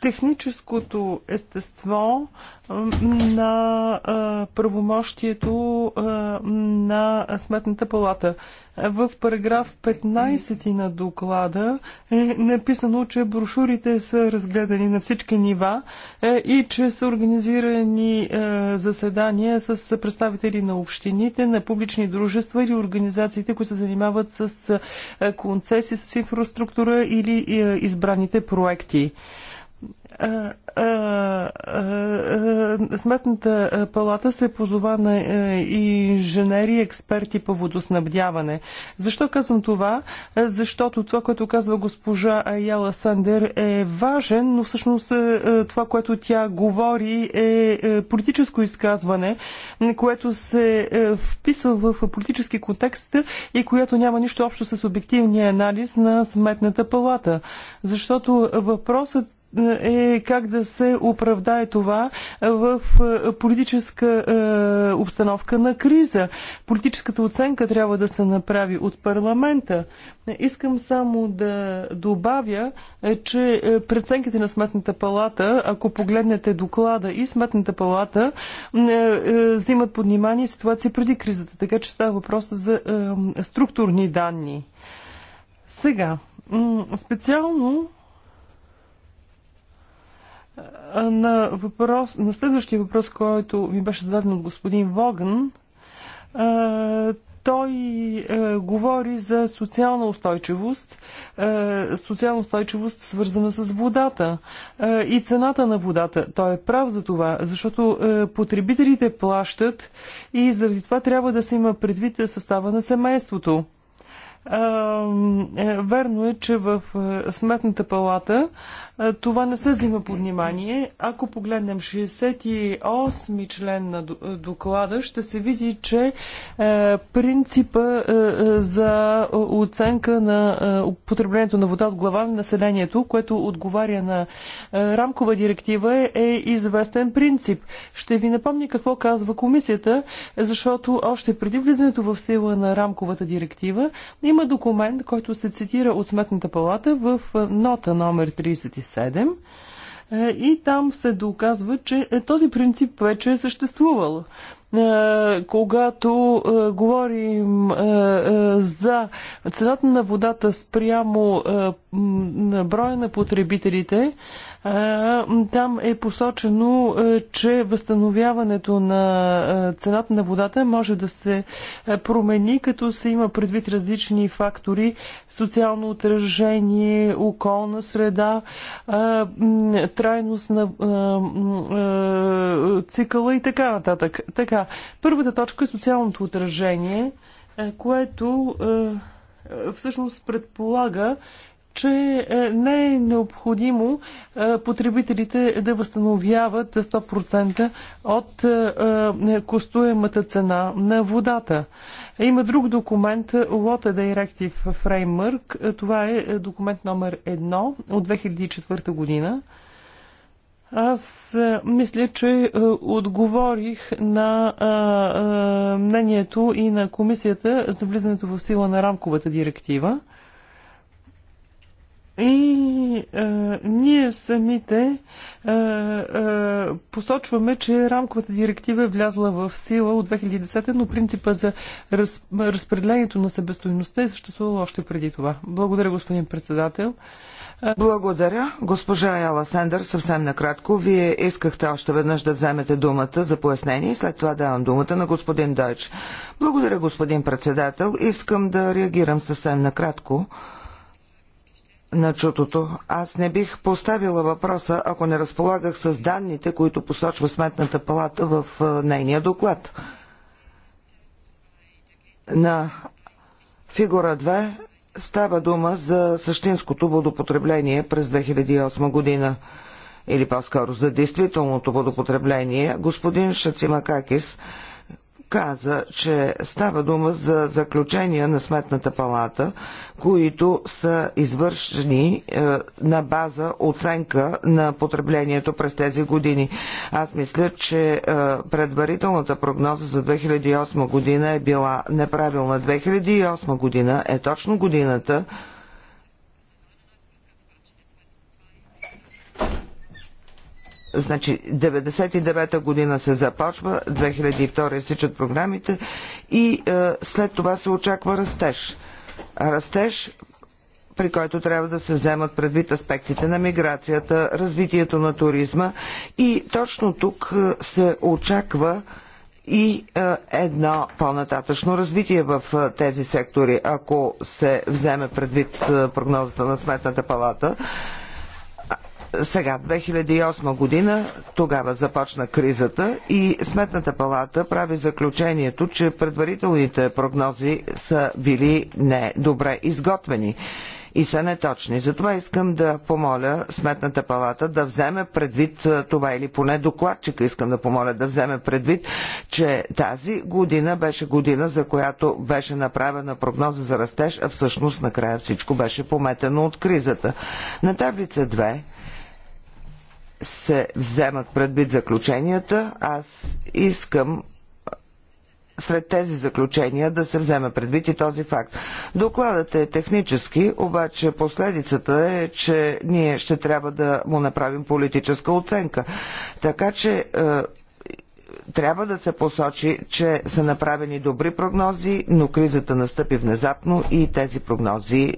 техническото естество на правомощието на Сметната палата. В параграф 15 на доклада е написано, че брошурите са разгледани на всички нива е, и че са организирани е, заседания с представители на общините, на публични дружества или организациите, които се занимават с е, концесии, с инфраструктура или избраните проекти. Сметната палата се позова на инженери, експерти по водоснабдяване. Защо казвам това? Защото това, което казва госпожа Аяла Сандер е важен, но всъщност това, което тя говори е, е политическо изказване, което се е, вписва в политически контекст и което няма нищо общо с обективния анализ на Сметната палата. Защото въпросът е как да се оправдае това в е, политическа е, обстановка на криза. Политическата оценка трябва да се направи от парламента. Искам само да добавя, е, че е, преценките на Сметната палата, ако погледнете доклада и Сметната палата, е, взимат под внимание ситуация преди кризата, така че става въпрос за структурни данни. Сега, специално на, въпрос, на следващия въпрос, който ми беше зададен от господин Воган, той е, говори за социална устойчивост, е, социална устойчивост свързана с водата е, и цената на водата. Той е прав за това, защото е, потребителите плащат и заради това трябва да се има предвид състава на семейството. Е, верно е, че в Сметната палата това не се взима под внимание. Ако погледнем 68 член на доклада, ще се види, че е, принципа е, е, за оценка на потреблението на вода от глава на населението, което отговаря на рамкова директива, е известен принцип. Ще ви напомня какво казва комисията, защото още преди влизането в сила на рамковата директива има документ, който се цитира от Сметната палата в нота номер 37 е, и там се доказва, че е, този принцип вече е съществувал е, когато говорим за цената на водата спрямо броя на потребителите, там е посочено, е, че възстановяването на е, цената на водата може да се е, промени, като се има предвид различни фактори социално отражение, околна среда, трайност на цикъла и така нататък. Така, първата точка е социалното отражение, което всъщност предполага, че е, не е необходимо е, потребителите да възстановяват 100% от е, костуемата цена на водата. Има друг документ, Water Directive Framework. Това е документ номер 1 от 2004 година. Аз мисля, че отговорих на мнението и на комисията за влизането в сила на рамковата директива. И а, ние самите а, а, посочваме, че рамковата директива е влязла в сила от 2010, но принципа за раз, разпределението на себестойността е съществувал още преди това. Благодаря, господин председател. Благодаря. Госпожа Яла Сендър, съвсем накратко, вие искахте още веднъж да вземете думата за пояснение и след това давам думата на господин Дойч. Благодаря, господин председател. Искам да реагирам съвсем накратко на чутото. Аз не бих поставила въпроса, ако не разполагах с данните, които посочва Сметната палата в е, нейния доклад. На фигура 2 става дума за същинското водопотребление през 2008 година или по-скоро за действителното водопотребление. Господин Шацимакакис каза, че става дума за заключения на Сметната палата, които са извършени е, на база оценка на потреблението през тези години. Аз мисля, че е, предварителната прогноза за 2008 година е била неправилна. 2008 година е точно годината, Значи 99-та година се започва, 2002 изтичат програмите и е, след това се очаква растеж. Растеж при който трябва да се вземат предвид аспектите на миграцията, развитието на туризма и точно тук е, се очаква и е, едно по-нататъчно развитие в е, тези сектори, ако се вземе предвид прогнозата на Сметната палата. Сега, 2008 година, тогава започна кризата и Сметната палата прави заключението, че предварителните прогнози са били не добре изготвени и са неточни. Затова искам да помоля Сметната палата да вземе предвид това или поне докладчика искам да помоля да вземе предвид, че тази година беше година, за която беше направена прогноза за растеж, а всъщност накрая всичко беше пометено от кризата. На таблица 2 се вземат предвид заключенията, аз искам сред тези заключения да се вземе предвид и този факт. Докладът е технически, обаче последицата е, че ние ще трябва да му направим политическа оценка. Така че е, трябва да се посочи, че са направени добри прогнози, но кризата настъпи внезапно и тези прогнози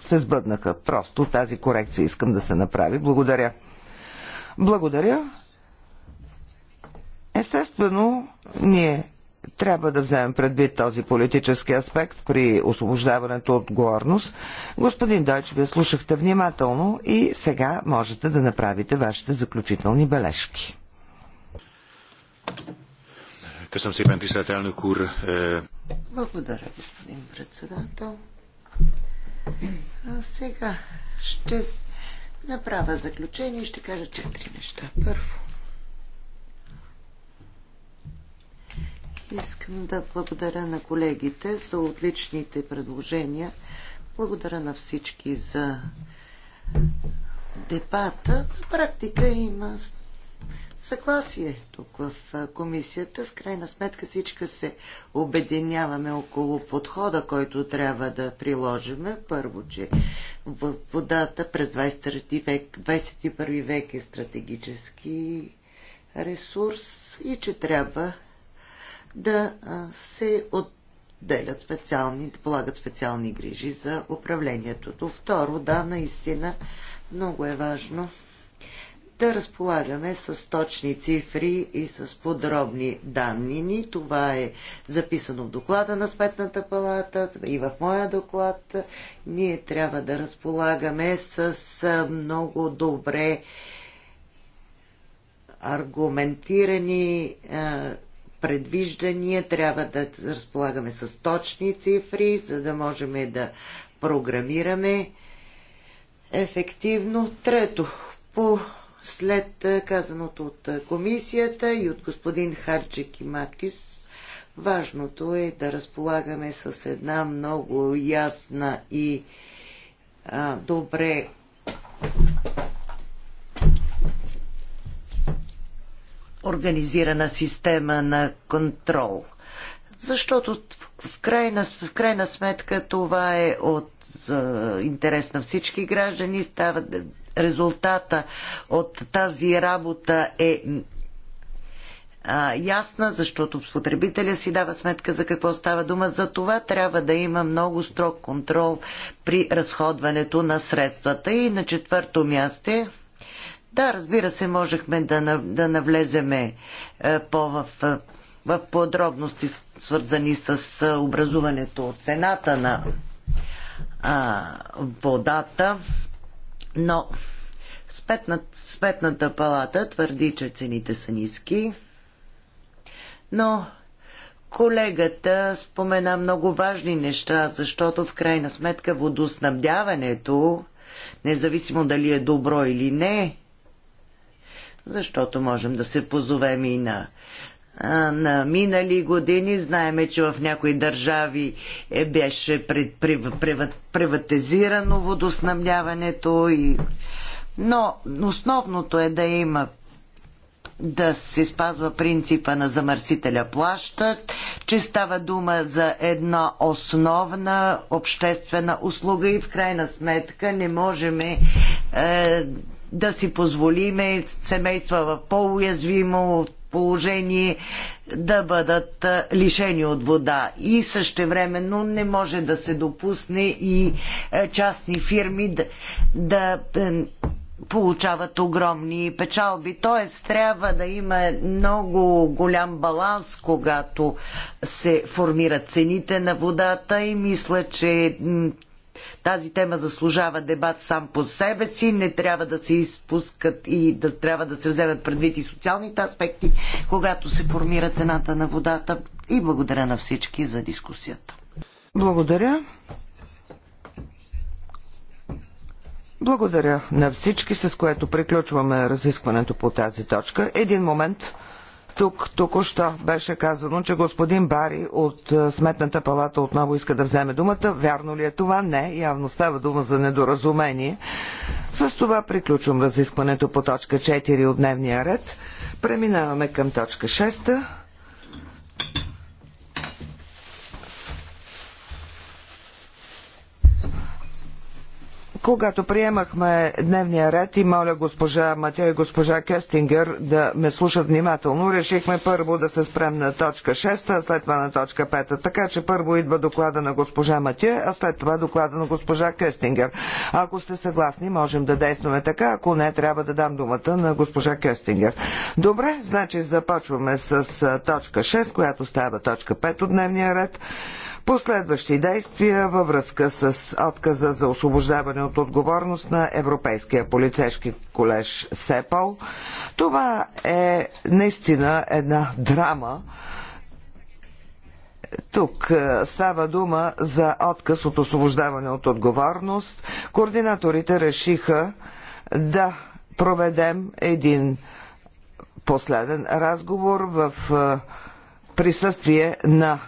се сбъднаха. Просто тази корекция искам да се направи. Благодаря. Благодаря. Естествено, ние трябва да вземем предвид този политически аспект при освобождаването от отговорност. Господин Дойч, вие слушахте внимателно и сега можете да направите вашите заключителни бележки. Е. Благодаря, господин председател. А сега ще направя заключение и ще кажа четири неща. Първо, искам да благодаря на колегите за отличните предложения. Благодаря на всички за дебата. На практика има съгласие тук в комисията. В крайна сметка всички се обединяваме около подхода, който трябва да приложиме. Първо, че водата през 20 век, 21 век е стратегически ресурс и че трябва да се от делят специални, да полагат специални грижи за управлението. Второ, да, наистина много е важно да разполагаме с точни цифри и с подробни данни. Ни това е записано в доклада на Сметната палата и в моя доклад. Ние трябва да разполагаме с много добре аргументирани предвиждания, трябва да разполагаме с точни цифри, за да можем да програмираме ефективно. Трето, по след казаното от комисията и от господин и Кимакис, важното е да разполагаме с една много ясна и а, добре организирана система на контрол. Защото в крайна, в крайна сметка това е от интерес на всички граждани. Става, резултата от тази работа е а, ясна, защото потребителя си дава сметка за какво става дума. За това трябва да има много строг контрол при разходването на средствата. И на четвърто място да, разбира се, можехме да, да навлеземе е, по в, е, в подробности, свързани с е, образуването от цената на а, водата. Но Сметнат, сметната палата твърди, че цените са ниски, но колегата спомена много важни неща, защото в крайна сметка водоснабдяването, независимо дали е добро или не, защото можем да се позовем и на на минали години. Знаеме, че в някои държави е, беше приватизирано водоснабняването. и... Но основното е да има да се спазва принципа на замърсителя плаща, че става дума за една основна обществена услуга и в крайна сметка не можем е, да си позволиме семейства в по-уязвимо положение да бъдат лишени от вода. И същевременно не може да се допусне и частни фирми да, да получават огромни печалби. Т.е. трябва да има много голям баланс, когато се формират цените на водата и мисля, че тази тема заслужава дебат сам по себе си, не трябва да се изпускат и да трябва да се вземат предвид и социалните аспекти, когато се формира цената на водата. И благодаря на всички за дискусията. Благодаря. Благодаря на всички, с което приключваме разискването по тази точка. Един момент. Тук току-що беше казано, че господин Бари от е, Сметната палата отново иска да вземе думата. Вярно ли е това? Не. Явно става дума за недоразумение. С това приключвам разискването по точка 4 от дневния ред. Преминаваме към точка 6. Когато приемахме дневния ред и моля госпожа Матео и госпожа Кестингер да ме слушат внимателно, решихме първо да се спрем на точка 6, а след това на точка 5. Така че първо идва доклада на госпожа Матео, а след това доклада на госпожа Кестингер. Ако сте съгласни, можем да действаме така, ако не, трябва да дам думата на госпожа Кестингер. Добре, значи започваме с точка 6, която става точка 5 от дневния ред последващи действия във връзка с отказа за освобождаване от отговорност на Европейския полицейски колеж СЕПАЛ. Това е наистина една драма, тук е, става дума за отказ от освобождаване от отговорност. Координаторите решиха да проведем един последен разговор в е, присъствие на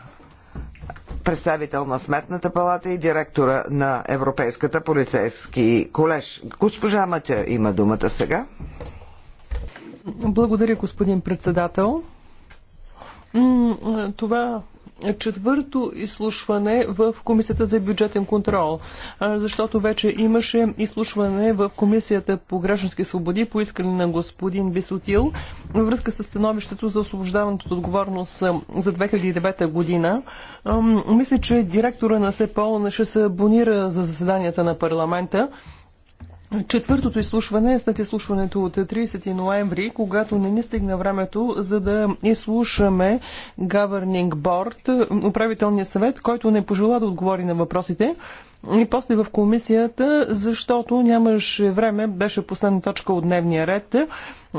представител на Сметната палата и директора на Европейската полицейски колеж. Госпожа Матя има думата сега. Благодаря, господин председател. Това четвърто изслушване в Комисията за бюджетен контрол, защото вече имаше изслушване в Комисията по граждански свободи по искане на господин Бисотил във връзка с становището за освобождаването от отговорност за 2009 година. Мисля, че директора на СЕПОЛ не ще се абонира за заседанията на парламента. Четвъртото изслушване е след изслушването от 30 ноември, когато не ни стигна времето, за да изслушаме Governing Board, управителния съвет, който не пожела да отговори на въпросите. И после в комисията, защото нямаше време, беше последна точка от дневния ред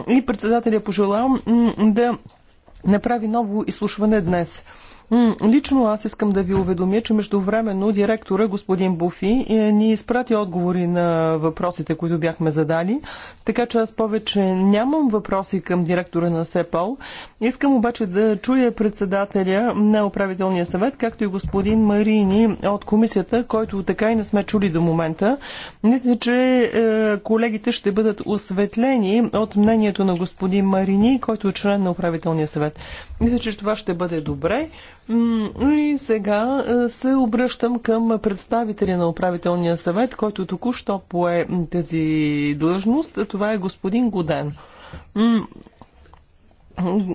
и председателя пожелал да направи ново изслушване днес. Лично аз искам да ви уведомя, че междувременно директора господин Буфи е, ни изпрати отговори на въпросите, които бяхме задали, така че аз повече нямам въпроси към директора на СЕПАЛ. Искам обаче да чуя председателя на управителния съвет, както и господин Марини от комисията, който така и не сме чули до момента. Мисля, че е, колегите ще бъдат осветлени от мнението на господин Марини, който е член на управителния съвет. Мисля, че това ще бъде добре. И сега е, се обръщам към представителя на управителния съвет, който току-що пое тази длъжност. Това е господин Годен.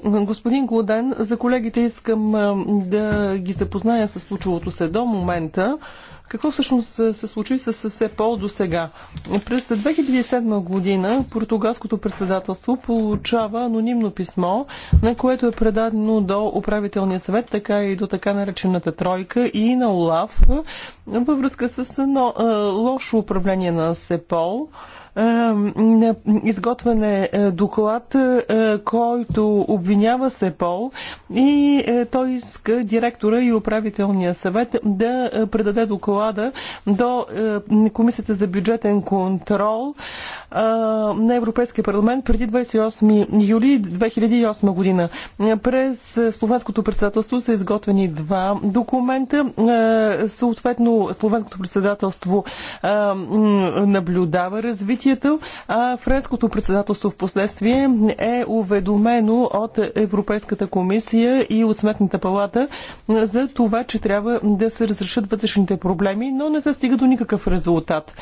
Господин Годен, за колегите искам е, да ги запозная с случилото се до момента. Какво всъщност се случи с СЕПО до сега? През 2007 година португалското председателство получава анонимно писмо, на което е предадено до управителния съвет, така и до така наречената тройка и на ОЛАВ във връзка с едно лошо управление на СЕПОЛ. Е, изготвен е доклад, е, който обвинява Сепол и е, той иска директора и управителния съвет да предаде доклада до Комисията за бюджетен контрол на Европейския парламент преди 28 юли 2008 година. През Словенското председателство са изготвени два документа. Съответно, Словенското председателство наблюдава развитие събитията, а френското председателство в последствие е уведомено от Европейската комисия и от Сметната палата за това, че трябва да се разрешат вътрешните проблеми, но не се стига до никакъв резултат.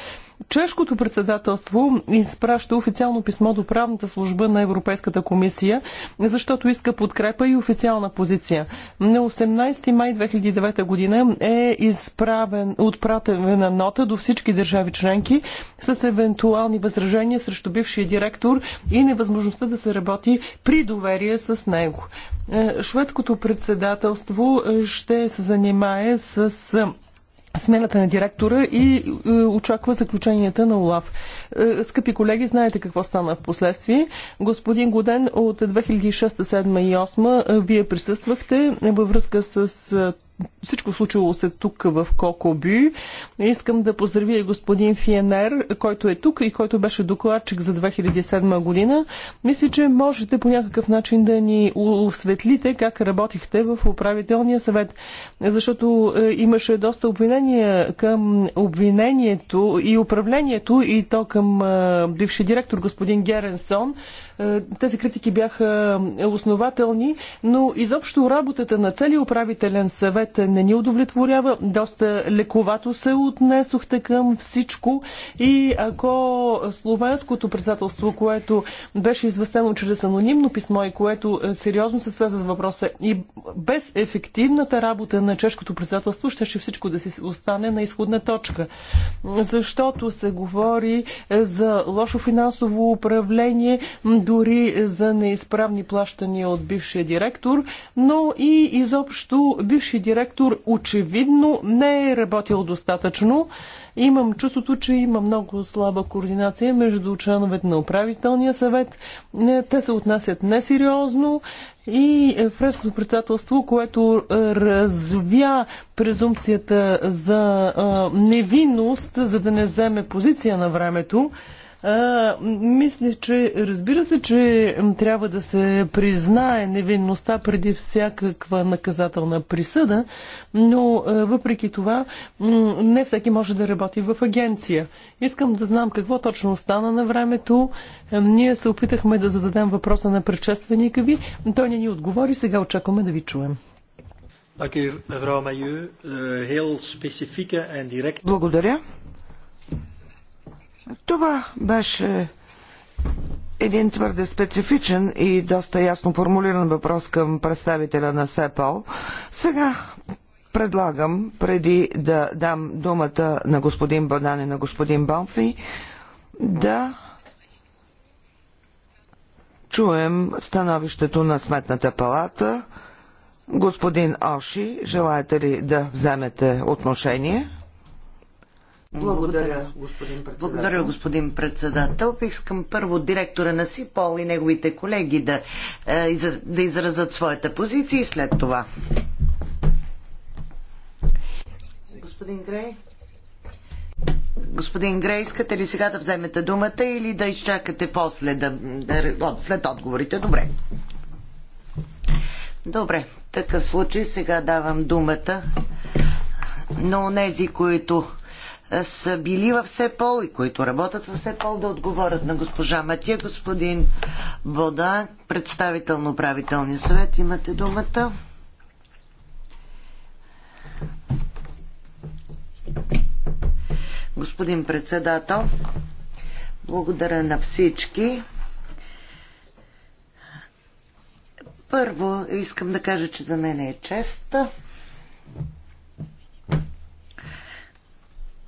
Чешкото председателство изпраща официално писмо до правната служба на Европейската комисия, защото иска подкрепа и официална позиция. На 18 май 2009 година е изправен, отпратена нота до всички държави членки с евентуални възражения срещу бившия директор и невъзможността да се работи при доверие с него. Е, шведското председателство ще се занимае с Смената на директора и е, очаква заключенията на ОЛАФ. Е, скъпи колеги, знаете какво стана в последствие. Господин Годен, от 2006, 2007 и 2008 е, вие присъствахте във връзка с е, всичко случило се тук в Кокоби. Искам да поздравя господин Фиенер, който е тук и който беше докладчик за 2007 година. Мисля, че можете по някакъв начин да ни осветлите как работихте в управителния съвет, защото е, имаше доста обвинения към обвинението и управлението и то към е, бивши директор господин Геренсон, е, тези критики бяха е, основателни, но изобщо работата на целият управителен съвет не ни удовлетворява. Доста лековато се отнесохте към всичко и ако словенското председателство, което беше известено чрез анонимно писмо и което е, сериозно се свърза с въпроса и без ефективната работа на чешкото председателство, ще, ще всичко да си остане на изходна точка. Защото се говори за лошо финансово управление, дори за неизправни плащания от бившия директор, но и изобщо бившия директор очевидно не е работил достатъчно. Имам чувството, че има много слаба координация между членовете на управителния съвет. Е, те се отнасят несериозно и е френското председателство, което е, развя презумпцията за невинност, за да не вземе позиция на времето. А, мисля, че разбира се, че трябва да се признае невинността преди всякаква наказателна присъда, но а, въпреки това не всеки може да работи в агенция. Искам да знам какво точно стана на времето. А, ние се опитахме да зададем въпроса на предшественика ви. Той не ни отговори. Сега очакваме да ви чуем. Eh, Благодаря. Това беше един твърде специфичен и доста ясно формулиран въпрос към представителя на СЕПАЛ. Сега предлагам, преди да дам думата на господин Банан и на господин Бамфи, да чуем становището на Сметната палата. Господин Оши, желаете ли да вземете отношение? Благодаря, господин председател. Благодаря, господин председател. Искам първо директора на СИПОЛ и неговите колеги да, е, да изразят своята позиция и след това. Господин Грей. Господин Грей, искате ли сега да вземете думата или да изчакате после, да, да, след отговорите? Добре. Добре, в такъв случай сега давам думата на онези, които са били в СЕПОЛ и които работят в СЕПОЛ да отговорят на госпожа Матия. Господин Вода, представител на управителния съвет, имате думата. Господин председател, благодаря на всички. Първо искам да кажа, че за мен е чест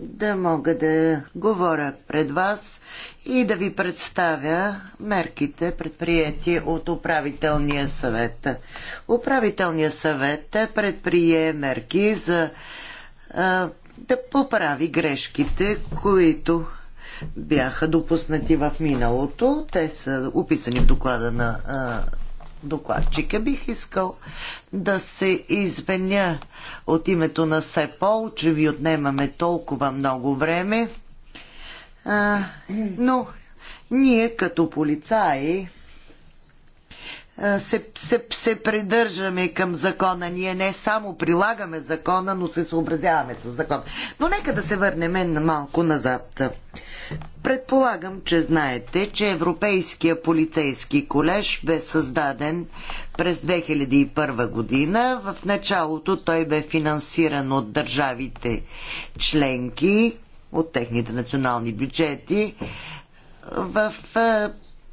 да мога да говоря пред вас и да ви представя мерките, предприяти от управителния съвет. Управителният съвет предприе мерки за а, да поправи грешките, които бяха допуснати в миналото. Те са описани в доклада на а, докладчика. Бих искал да се извиня от името на СЕПОЛ, че ви отнемаме толкова много време. А, но ние като полицаи е, се, се, се придържаме към закона. Ние не само прилагаме закона, но се съобразяваме с закона. Но нека да се върнем на малко назад. Предполагам, че знаете, че Европейския полицейски колеж бе създаден през 2001 година. В началото той бе финансиран от държавите членки, от техните национални бюджети. В е,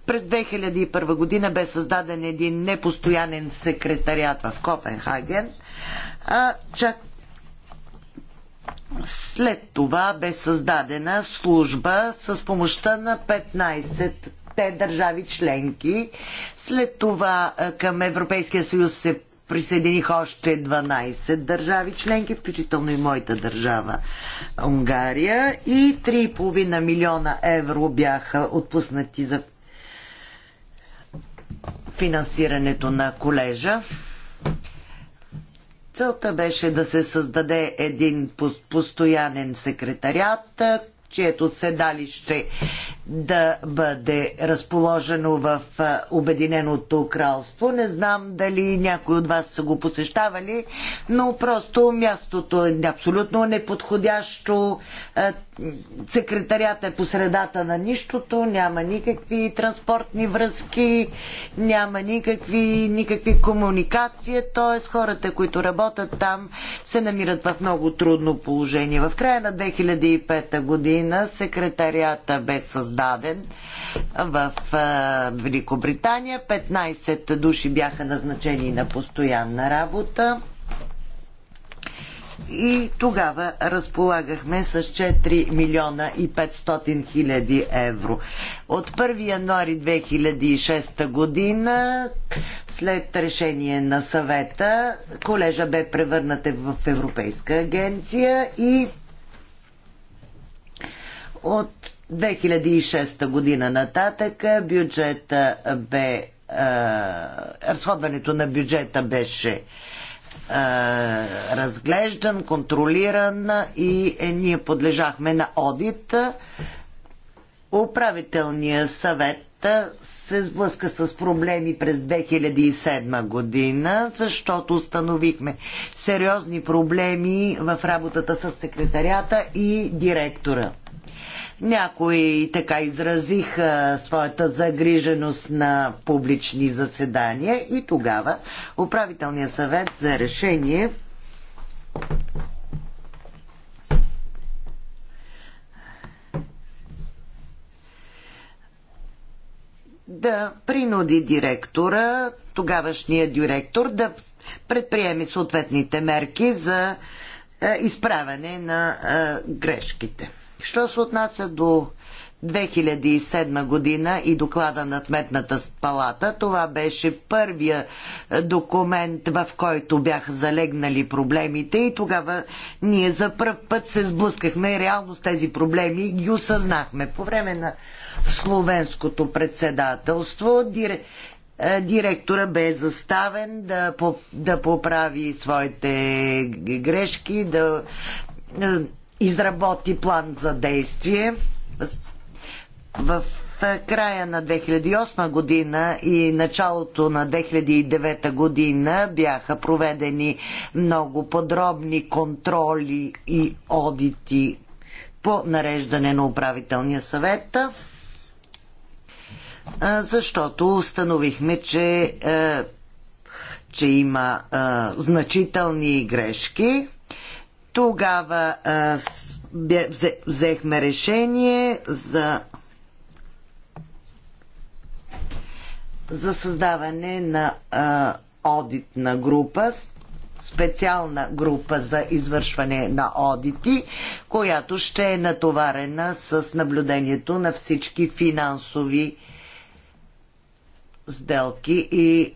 през 2001 година бе създаден един непостоянен секретариат в Копенхаген, а чак след това бе създадена служба с помощта на 15 те държави членки. След това към Европейския съюз се присъединиха още 12 държави членки, включително и моята държава Унгария. И 3,5 милиона евро бяха отпуснати за финансирането на колежа. Целта беше да се създаде един постоянен секретариат, чието седалище да бъде разположено в Обединеното кралство. Не знам дали някои от вас са го посещавали, но просто мястото е абсолютно неподходящо. Секретарят е по средата на нищото, няма никакви транспортни връзки, няма никакви, никакви комуникации, т.е. хората, които работят там, се намират в много трудно положение. В края на 2005 година секретарията бе създаден създаден в Великобритания. 15 души бяха назначени на постоянна работа. И тогава разполагахме с 4 милиона и 500 хиляди евро. От 1 януари 2006 година, след решение на съвета, колежа бе превърната в Европейска агенция и от 2006 година нататък бюджета бе разходването на бюджета беше разглеждан, контролиран и е, ние подлежахме на одит. Управителният съвет се сблъска с проблеми през 2007 година, защото установихме сериозни проблеми в работата с секретарята и директора. Някои така изразиха своята загриженост на публични заседания и тогава управителният съвет за решение да принуди директора, тогавашния директор, да предприеме съответните мерки за е, изправяне на е, грешките. Що се отнася до 2007 година и доклада на Тметната палата. Това беше първия документ, в който бяха залегнали проблемите и тогава ние за първ път се сблъскахме реално с тези проблеми и ги осъзнахме. По време на словенското председателство е, директора бе заставен да, да поправи своите грешки, да е, изработи план за действие. В края на 2008 година и началото на 2009 година бяха проведени много подробни контроли и одити по нареждане на управителния съвет, защото установихме, че, че има значителни грешки. Тогава а, взехме решение за за създаване на а, одитна група, специална група за извършване на одити, която ще е натоварена с наблюдението на всички финансови сделки и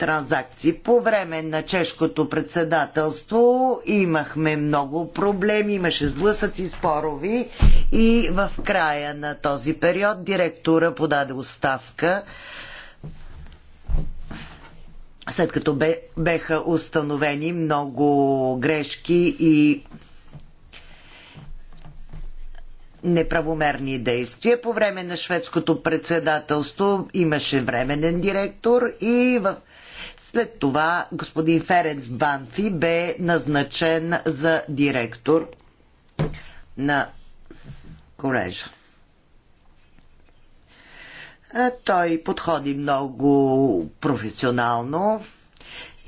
транзакции. По време на чешкото председателство имахме много проблеми, имаше сблъсъци, спорови и в края на този период директора подаде оставка след като бе, беха установени много грешки и неправомерни действия. По време на шведското председателство имаше временен директор и в след това господин Ференц Банфи бе назначен за директор на колежа. Той подходи много професионално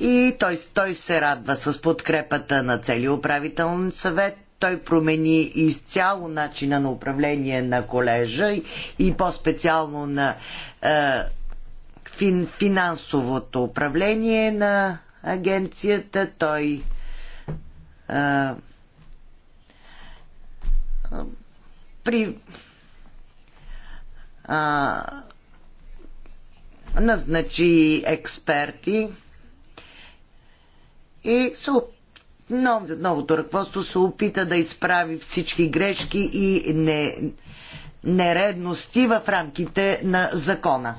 и той, той се радва с подкрепата на целия управителен съвет. Той промени изцяло начина на управление на колежа и, и по-специално на е, фин, финансовото управление на агенцията. Той а, при а, назначи експерти и се, нов, новото ръководство се опита да изправи всички грешки и не, нередности в рамките на закона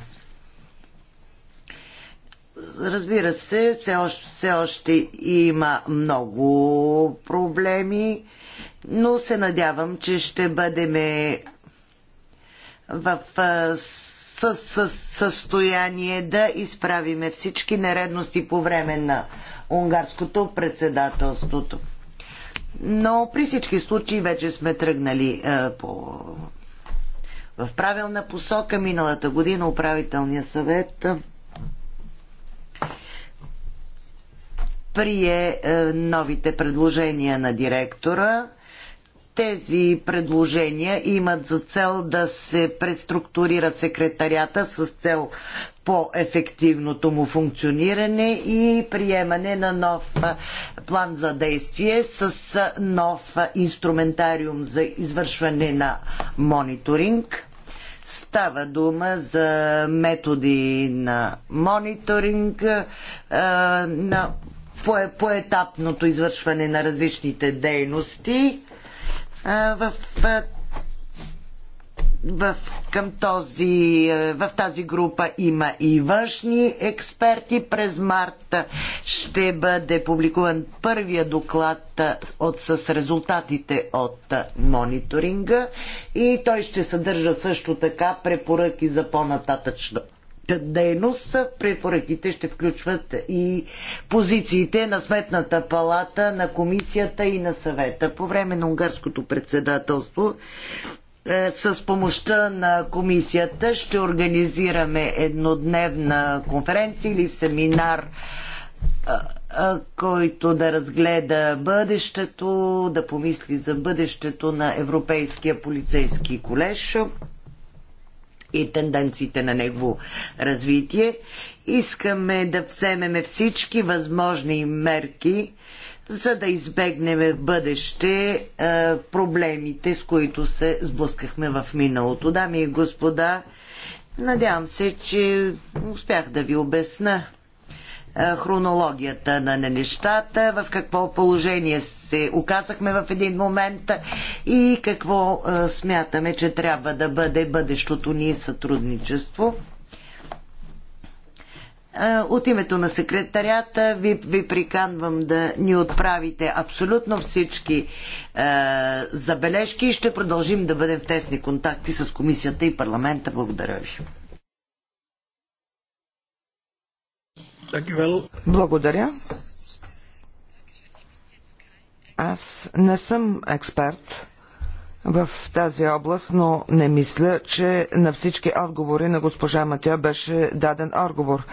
разбира се, все още, все още има много проблеми, но се надявам, че ще бъдем в състояние да изправиме всички нередности по време на унгарското председателството. Но при всички случаи вече сме тръгнали е, по... в правилна посока. Миналата година управителния съвет прие е, новите предложения на директора. Тези предложения имат за цел да се преструктурира секретарята с цел по-ефективното му функциониране и приемане на нов е, план за действие с е, нов инструментариум за извършване на мониторинг. Става дума за методи на мониторинг, на поетапното извършване на различните дейности. А, в, в, в, към този, в тази група има и външни експерти. През март ще бъде публикуван първия доклад от, с резултатите от мониторинга и той ще съдържа също така препоръки за по-нататъчно дейност, препоръките ще включват и позициите на Сметната палата, на комисията и на съвета. По време на унгарското председателство е, с помощта на комисията ще организираме еднодневна конференция или семинар е, е, който да разгледа бъдещето, да помисли за бъдещето на Европейския полицейски колеж и тенденциите на негово развитие. Искаме да вземеме всички възможни мерки, за да избегнем в бъдеще е, проблемите, с които се сблъскахме в миналото. Дами и господа, надявам се, че успях да ви обясна е, хронологията на нещата, в какво положение се оказахме в един момент и какво е, смятаме, че трябва да бъде бъдещото ни сътрудничество. Е, от името на секретарята ви, ви приканвам да ни отправите абсолютно всички е, забележки и ще продължим да бъдем в тесни контакти с комисията и парламента. Благодаря ви. Благодаря. Аз не съм експерт в тази област, но не мисля, че на всички отговори на госпожа Матя беше даден отговор.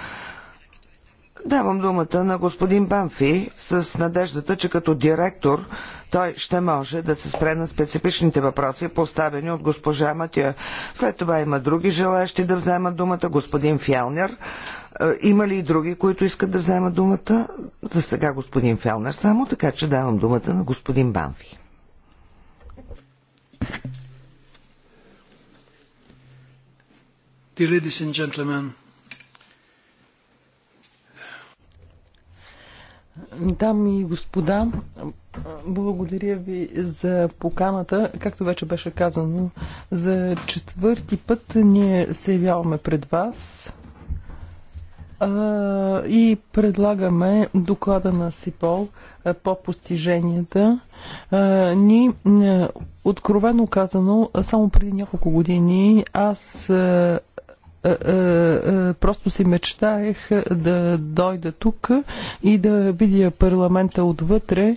Давам думата на господин Банфи с надеждата, че като директор той ще може да се спре на специфичните въпроси, поставени от госпожа Матия. След това има други желаящи да вземат думата господин Фялнер. Е, има ли и други, които искат да вземат думата? За сега господин Фелнер само, така че давам думата на господин Банфи. Дами и господа, благодаря ви за поканата. Както вече беше казано, за четвърти път ние се явяваме пред вас и предлагаме доклада на СИПОЛ по постиженията ни. Откровено казано, само преди няколко години аз е, е, е, просто си мечтаех да дойда тук и да видя парламента отвътре.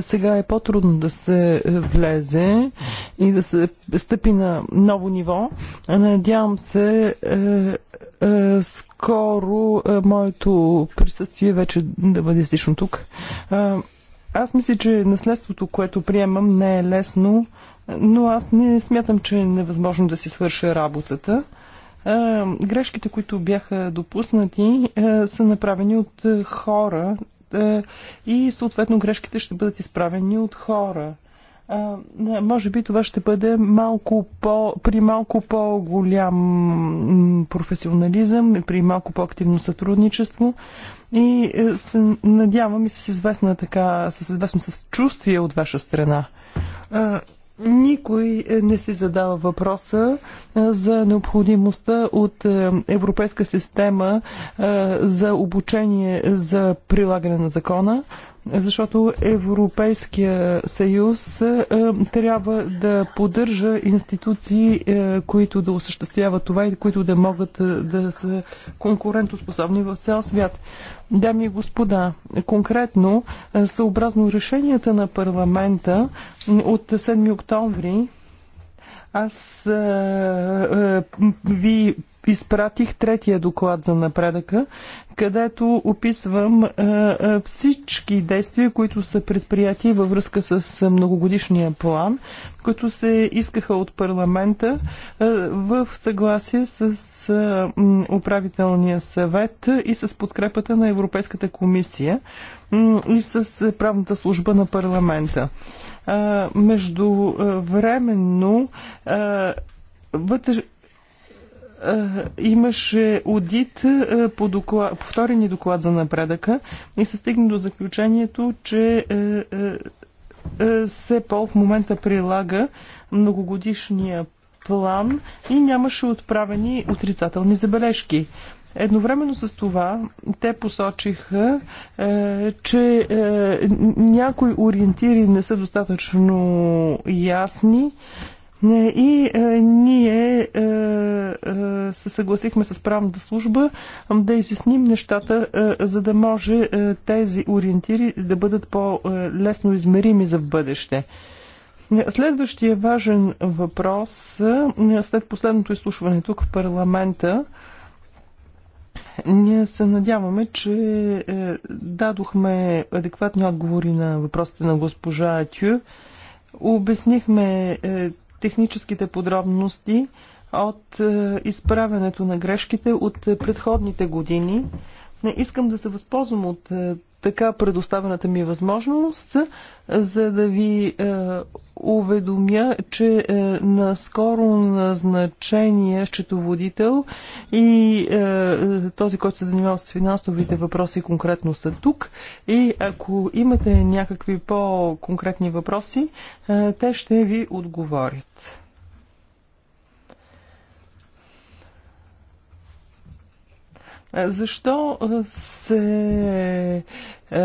Сега е по-трудно да се влезе и да се стъпи на ново ниво. Надявам се скоро моето присъствие вече да бъде лично тук. Аз мисля, че наследството, което приемам, не е лесно, но аз не смятам, че е невъзможно да си свърша работата. Грешките, които бяха допуснати, са направени от хора и съответно грешките ще бъдат изправени от хора. А, може би това ще бъде малко по, при малко по-голям професионализъм, при малко по-активно сътрудничество и е, се надявам и с известна така, с известно съчувствие от ваша страна. А, никой е, не си задава въпроса за необходимостта от е, европейска система е, за обучение за прилагане на закона, защото Европейския съюз е, трябва да поддържа институции, които да осъществяват това и които да могат да са конкурентоспособни в цял свят. Дами и господа, конкретно съобразно решенията на парламента от 7 октомври аз а, а, ви изпратих третия доклад за напредъка, където описвам а, а, всички действия, които са предприяти във връзка с многогодишния план, които се искаха от парламента а, в съгласие с а, управителния съвет и с подкрепата на Европейската комисия и с правната служба на парламента. Между временно вътре имаше одит по, доклад, по доклад за напредъка и се стигна до заключението, че СЕПОЛ в момента прилага многогодишния план и нямаше отправени отрицателни забележки. Едновременно с това те посочиха, е, че е, някои ориентири не са достатъчно ясни. Е, и е, ние е, е, се съгласихме с правната служба да изясним нещата, е, за да може е, тези ориентири да бъдат по-лесно измерими за бъдеще. Следващия важен въпрос след последното изслушване тук в парламента ние се надяваме, че е, дадохме адекватни отговори на въпросите на госпожа Тю. Обяснихме е, техническите подробности от е, изправенето на грешките от предходните години. Не искам да се възползвам от така предоставената ми възможност, за да ви е, уведомя, че е, наскоро назначение счетоводител и е, този, който се занимава с финансовите въпроси конкретно са тук. И ако имате някакви по-конкретни въпроси, е, те ще ви отговорят. Защо се е,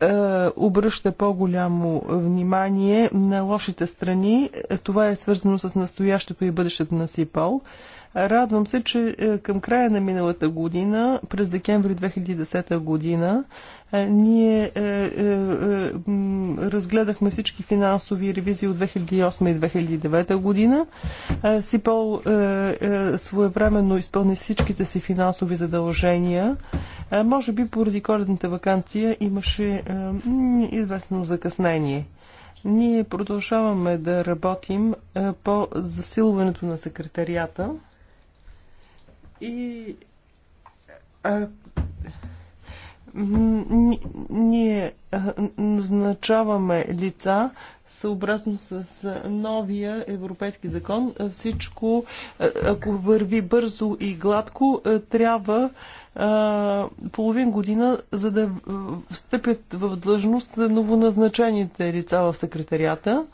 е, обръща по-голямо внимание на лошите страни. Това е свързано с настоящето и бъдещето на СИПОЛ. Радвам се, че е, към края на миналата година, през декември 2010 година, е, ние е, е, е, разгледахме всички финансови ревизии от 2008 и 2009 година. Е, СИПОЛ своевременно изпълни всичките си финансови задължения. Може би поради коледната вакансия имаше известно закъснение. Ние продължаваме да работим по засилването на секретарията. И а, ние назначаваме лица съобразно с новия европейски закон. Всичко, ако върви бързо и гладко, трябва половин година, за да встъпят в длъжност новоназначените лица в секретарията.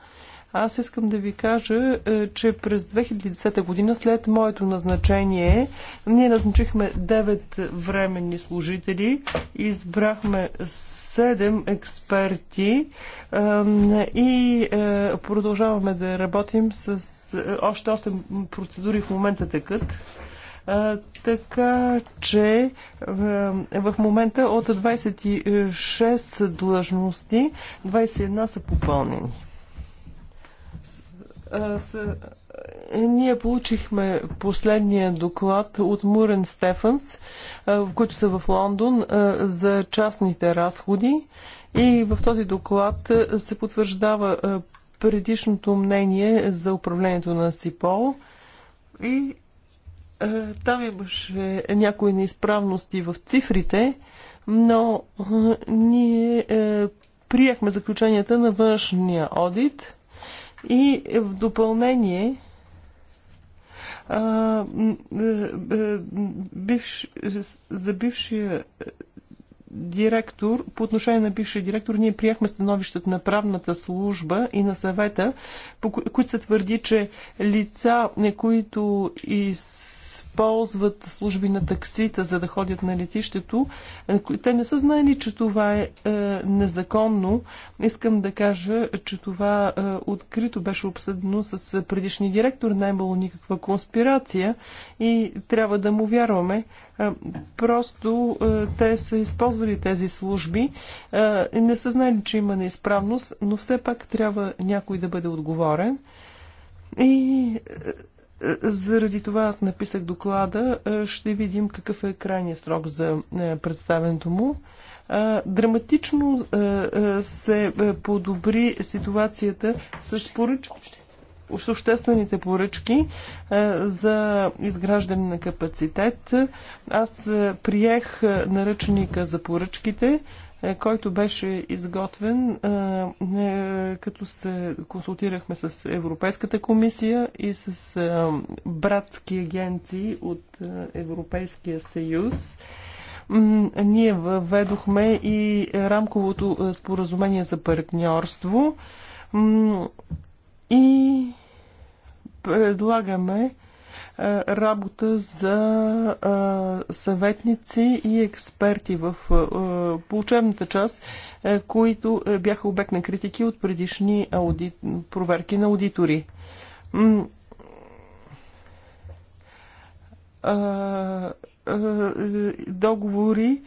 Аз искам да ви кажа, е, че през 2010 година, след моето назначение, ние назначихме 9 временни служители, избрахме 7 експерти и е, продължаваме да работим с е, още 8 процедури в момента тъкът така че в момента от 26 длъжности 21 са попълнени. С... Ние получихме последния доклад от Мурен Стефанс, които са в Лондон, за частните разходи. И в този доклад се потвърждава предишното мнение за управлението на СИПОЛ. И там имаше някои неизправности в цифрите, но ние приехме заключенията на външния одит – и в допълнение а, е, е, бивш, за бившия директор, по отношение на бившия директор, ние приехме становището на правната служба и на съвета, по които се твърди, че лица, които из използват служби на таксита, за да ходят на летището. Е, те не са знаели, че това е, е незаконно. Искам да кажа, че това е, открито беше обсъдено с предишния директор. Не е имало никаква конспирация и трябва да му вярваме. Просто те са използвали тези служби. Не са знаели, че има неизправност, но все пак трябва някой да бъде отговорен. И заради това аз написах доклада. Е, ще видим какъв е крайният срок за е, представенето му. Е, драматично се подобри ситуацията с поръчките с обществените поръчки за изграждане на капацитет. Аз приех наръчника за поръчките. Е, който беше изготвен, е, е, като се консултирахме с Европейската комисия и с братски агенции от Европейския съюз. Ние въведохме и рамковото споразумение за партньорство и предлагаме е, работа за е, съветници и експерти в е, получебната част, които бяха обект на критики от предишни ауди... проверки на аудитори. Е, договори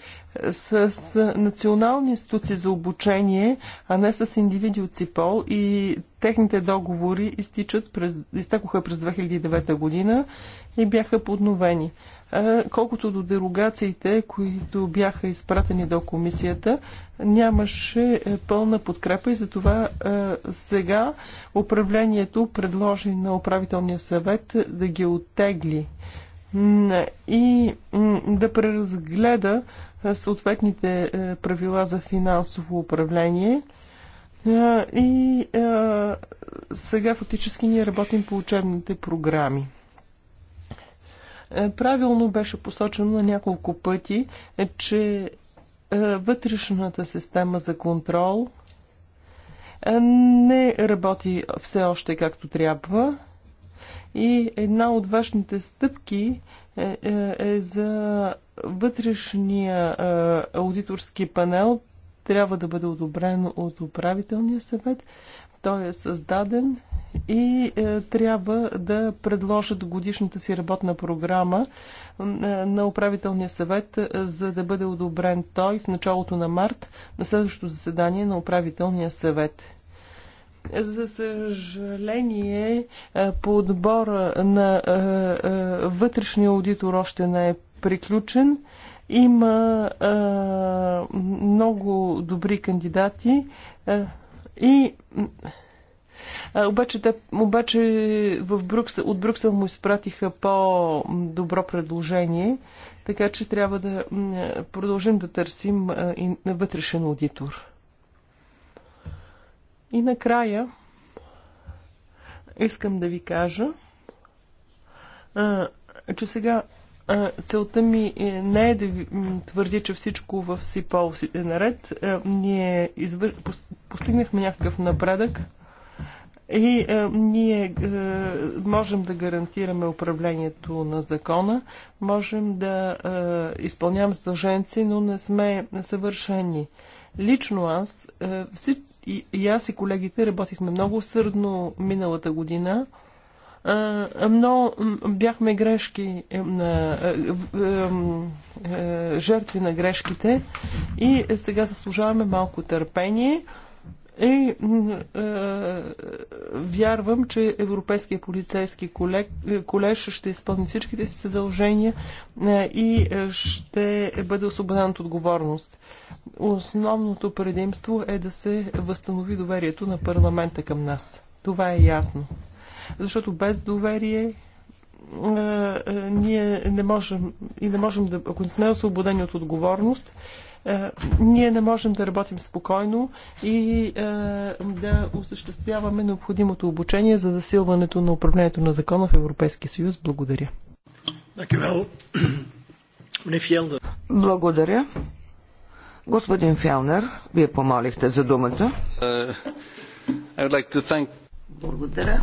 с национални институции за обучение, а не с индивиди от СИПОЛ и техните договори изтичат през, изтекоха през 2009 година и бяха подновени. Е, колкото до дерогациите, които бяха изпратени до комисията, нямаше е, пълна подкрепа и затова сега управлението предложи на управителния съвет да ги оттегли и да преразгледа съответните е, правила за финансово управление. И сега фактически ние работим по учебните програми. Е, правилно беше посочено на няколко пъти, е, че вътрешната система за контрол не работи все още както трябва. И една от важните стъпки е, е, е за вътрешния е, аудиторски панел трябва да бъде одобрен от управителния съвет. Той е създаден и е, трябва да предложат годишната си работна програма е, на управителния съвет, е, за да бъде одобрен той в началото на март на следващото заседание на управителния съвет. За съжаление, е, по отбора на е, е, вътрешния аудитор още не е приключен. Има много добри кандидати и обаче, те, обаче в Брюксел, от Брюксел му изпратиха по-добро предложение, така че трябва да продължим да търсим вътрешен аудитор. И накрая искам да ви кажа, че сега целта ми е не е да ви твърди, че всичко в СИПОЛ е наред. Ние извър... постигнахме някакъв напредък и е, ние е, можем да гарантираме управлението на закона, можем да е, изпълняваме задълженци, но не сме съвършени. Лично аз е, всич, и, и аз и колегите работихме много усърдно миналата година, но бяхме грешки е, на е, е, жертви на грешките и сега заслужаваме малко търпение е, е, вярвам, че Европейския полицейски колег, е, колеж ще изпълни всичките си задължения е, и е, ще бъде освободен от отговорност. Основното предимство е да се възстанови доверието на парламента към нас. Това е ясно. Защото без доверие е, е, ние не можем и не можем да, ако не сме освободени от отговорност, е, е, ние не можем да работим спокойно и е, да осъществяваме необходимото обучение за засилването на управлението на закона в Европейския съюз. Благодаря. Благодаря. Господин Фялнер, вие помолихте за думата. Е, благодаря.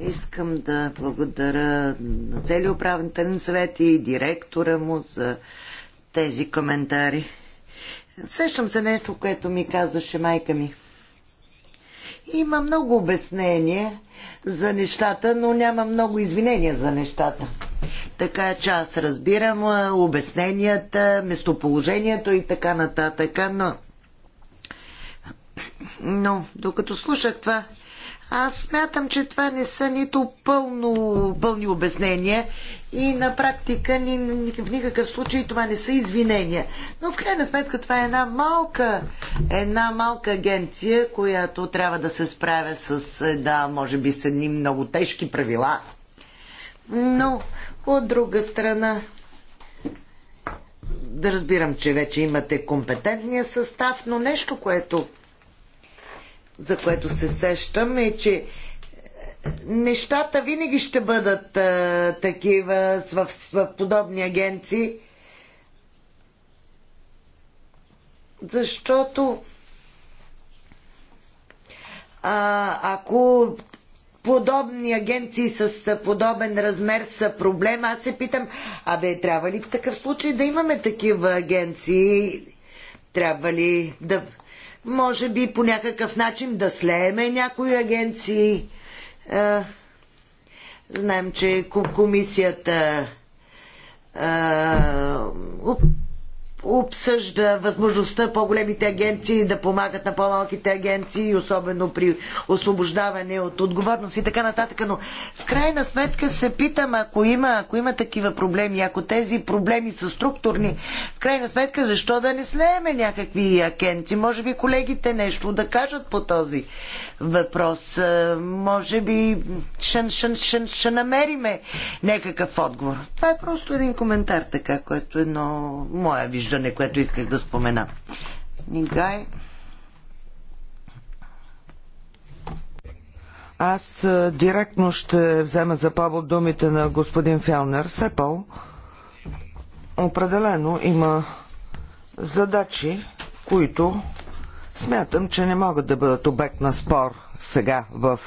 Искам да благодаря на целия управителен съвет и директора му за тези коментари. Сещам се нещо, което ми казваше майка ми. Има много обяснения за нещата, но няма много извинения за нещата. Така че аз разбирам обясненията, местоположението и така нататък, но... Но, докато слушах това, аз смятам, че това не са нито пълно, пълни обяснения и на практика ни, в никакъв случай това не са извинения. Но в крайна сметка това е една малка, една малка агенция, която трябва да се справя с, е, да, може би с едни много тежки правила. Но от друга страна, да разбирам, че вече имате компетентния състав, но нещо, което за което се сещам, е, че е, нещата винаги ще бъдат а, е, такива в, в подобни агенции, защото а, ако подобни агенции с подобен размер са проблем, аз се питам, абе, трябва ли в такъв случай да имаме такива агенции? Трябва ли да, може би по някакъв начин да слееме някои агенции. Знаем, че комисията обсъжда възможността по-големите агенции да помагат на по-малките агенции, особено при освобождаване от отговорност и така нататък. Но в крайна сметка се питам, ако има, ако има такива проблеми, ако тези проблеми са структурни, в крайна сметка защо да не слееме някакви агенции? Може би колегите нещо да кажат по този въпрос. Е, може би ще, ще, ще, ще намериме някакъв отговор. Това е просто един коментар, така, което е едно мое виждане виждане, което исках да спомена. Нигай. Аз директно ще взема за повод думите на господин Фялнер. Сепал определено има задачи, които смятам, че не могат да бъдат обект на спор сега в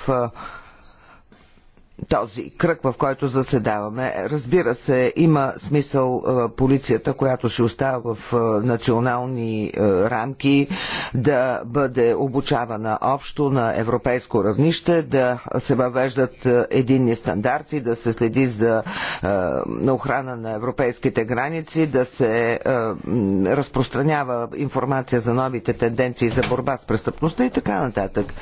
този кръг, в който заседаваме. Разбира се, има смисъл полицията, която ще остава в национални рамки, да бъде обучавана общо на европейско равнище, да се въвеждат единни стандарти, да се следи за охрана на европейските граници, да се разпространява информация за новите тенденции за борба с престъпността и така нататък.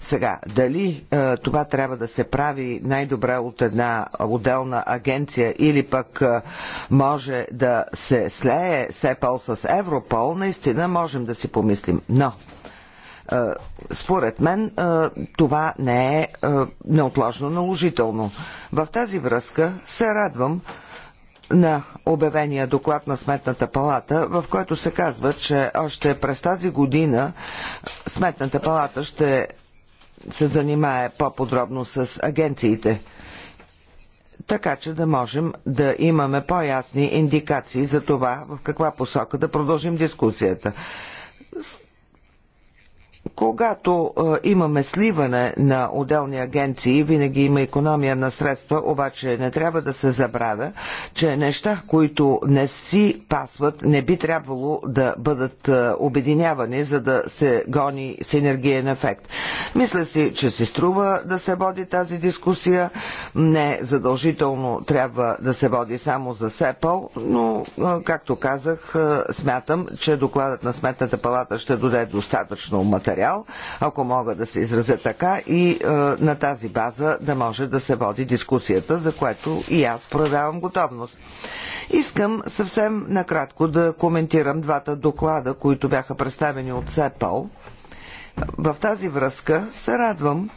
Сега, дали това трябва да се прави най- най-добре от една отделна агенция или пък може да се слее СЕПАЛ с Европол, наистина можем да си помислим. Но според мен това не е неотложно наложително. В тази връзка се радвам на обявения доклад на Сметната палата, в който се казва, че още през тази година Сметната палата ще се занимае по-подробно с агенциите така че да можем да имаме по-ясни индикации за това в каква посока да продължим дискусията. Когато а, е, имаме сливане на отделни агенции, винаги има економия на средства, обаче не трябва да се забравя, че неща, които не си пасват, не би трябвало да бъдат а, е, обединявани, за да се гони синергиен ефект. Мисля си, че си струва да се води тази дискусия. Не задължително трябва да се води само за СЕПОЛ, но, а, е, както казах, смятам, че докладът на Сметната палата ще доде достатъчно материал материал, ако мога да се изразя така, и е, на тази база да може да се води дискусията, за което и аз проявявам готовност. Искам съвсем накратко да коментирам двата доклада, които бяха представени от СЕПАЛ. В тази връзка се радвам,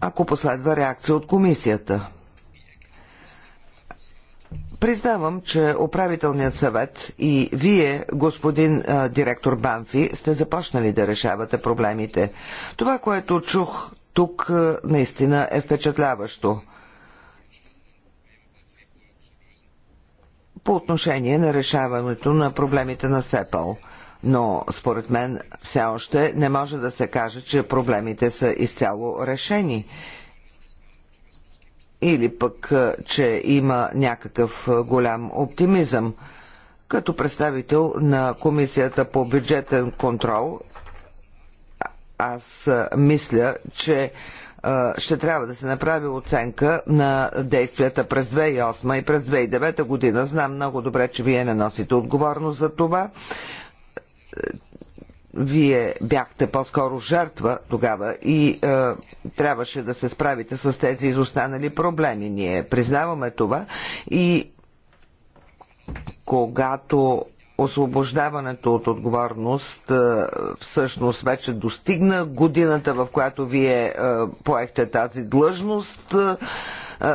ако последва реакция от комисията. Признавам, че управителният съвет и вие, господин а, директор Банфи, сте започнали да решавате проблемите. Това, което чух тук, наистина е впечатляващо. По отношение на решаването на проблемите на СЕПАЛ. Но, според мен, все още не може да се каже, че проблемите са изцяло решени или пък, че има някакъв голям оптимизъм. Като представител на Комисията по бюджетен контрол, аз мисля, че ще трябва да се направи оценка на действията през 2008 и през 2009 година. Знам много добре, че вие не носите отговорност за това вие бяхте по-скоро жертва тогава и е, трябваше да се справите с тези изостанали проблеми. Ние признаваме това и когато освобождаването от отговорност е, всъщност вече достигна годината, в която вие е, поехте тази длъжност. Е,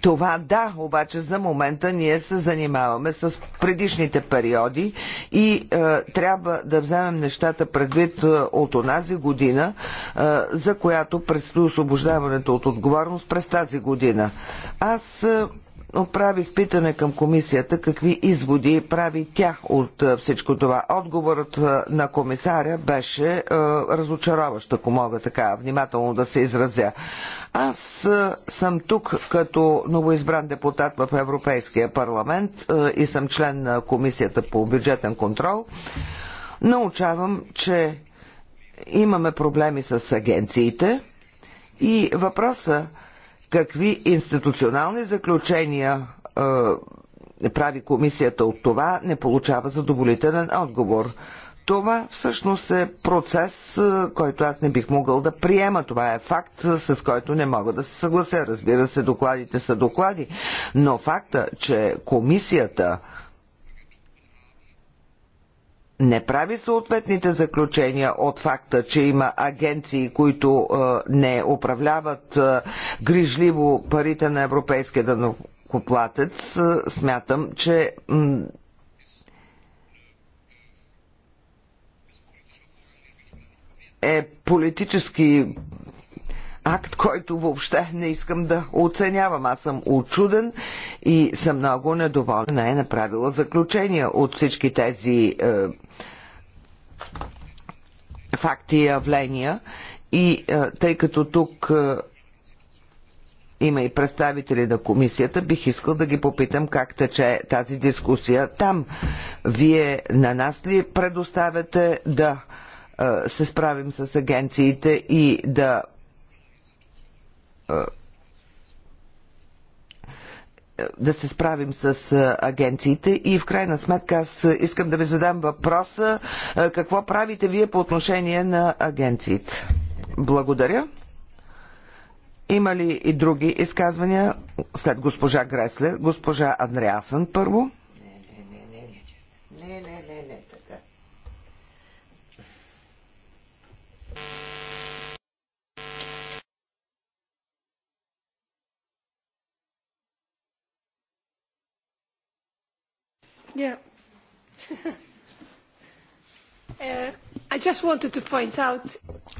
това да, обаче за момента ние се занимаваме с предишните периоди и е, трябва да вземем нещата предвид е, от онази година, е, за която предстои освобождаването от отговорност през тази година. Аз е, отправих питане към комисията какви изводи прави тя от е, всичко това. Отговорът е, на комисаря беше е, разочароващ, ако мога така внимателно да се изразя. Аз съм тук като новоизбран депутат в Европейския парламент и съм член на комисията по бюджетен контрол. Научавам, че имаме проблеми с агенциите и въпроса Какви институционални заключения прави комисията от това, не получава задоволителен отговор. Това всъщност е процес, който аз не бих могъл да приема. Това е факт, с който не мога да се съглася. Разбира се, докладите са доклади, но факта, че комисията не прави съответните заключения от факта, че има агенции, които не управляват грижливо парите на европейския данокоплатец, смятам, че е политически акт, който въобще не искам да оценявам. Аз съм очуден и съм много недоволен. Не е направила заключения от всички тези е, факти и явления. И е, тъй като тук е, има и представители на комисията, бих искал да ги попитам как тече тази дискусия там. Вие на нас ли предоставяте да е, се справим с агенциите и да е, да се справим с е, агенциите и в крайна сметка аз искам да ви задам въпроса е, какво правите вие по отношение на агенциите. Благодаря. Има ли и други изказвания след госпожа Гресле? Госпожа Андреасън първо. Yeah. Uh, I just wanted to point out...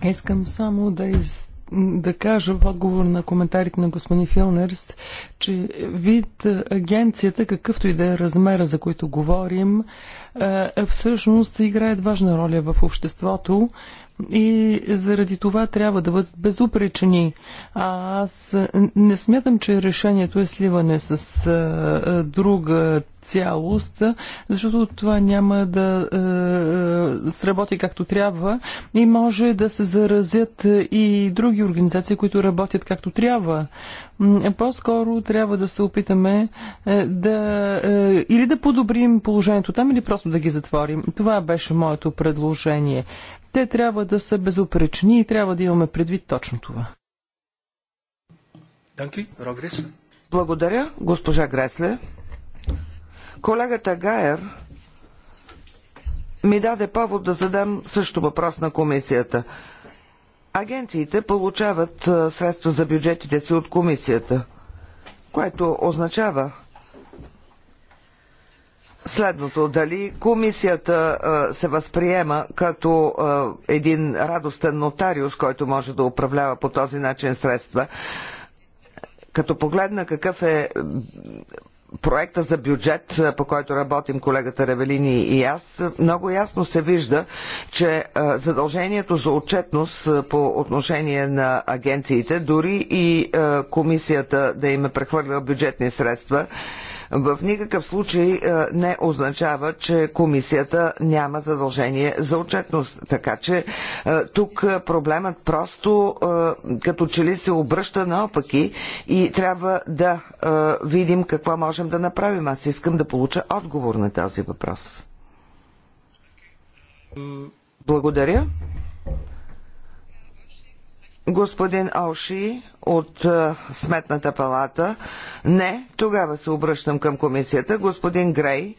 Искам само да из да кажа в отговор на коментарите на господин Филнерс, че вид агенцията, какъвто и да е размера, за който говорим, е, е, всъщност играе важна роля в обществото и заради това трябва да бъдат безупречени. А аз не смятам, че решението е сливане с а, друга цялост, защото това няма да а, сработи както трябва и може да се заразят и други организации, които работят както трябва. По-скоро трябва да се опитаме да или да подобрим положението там, или просто да ги затворим. Това беше моето предложение. Те трябва да са безупречни и трябва да имаме предвид точно това. Благодаря, госпожа Гресле. Колегата Гайер ми даде повод да задам също въпрос на комисията. Агенциите получават средства за бюджетите си от комисията, което означава, следното. Дали комисията се възприема като един радостен нотариус, който може да управлява по този начин средства? Като погледна какъв е проекта за бюджет, по който работим колегата Ревелини и аз, много ясно се вижда, че задължението за отчетност по отношение на агенциите, дори и комисията да им е прехвърлила бюджетни средства, в никакъв случай е, не означава, че комисията няма задължение за отчетност. Така че е, тук проблемът просто е, като че ли се обръща наопаки и трябва да видим какво можем да направим. Аз искам да получа отговор на този въпрос. Благодаря господин Оши от е, Сметната палата. Не, тогава се обръщам към комисията. Господин Грей.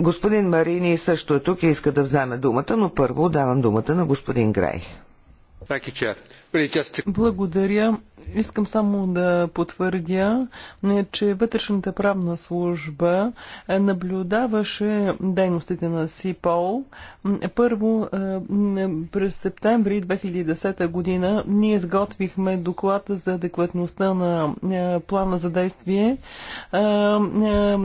Господин Марини също е тук и иска да вземе думата, но първо давам думата на господин Грей. Благодаря. Искам само да потвърдя, че вътрешната правна служба е, наблюдаваше дейностите на СИПОЛ. Първо, е, през септември 2010 година ние изготвихме доклада за адекватността на е, плана за действие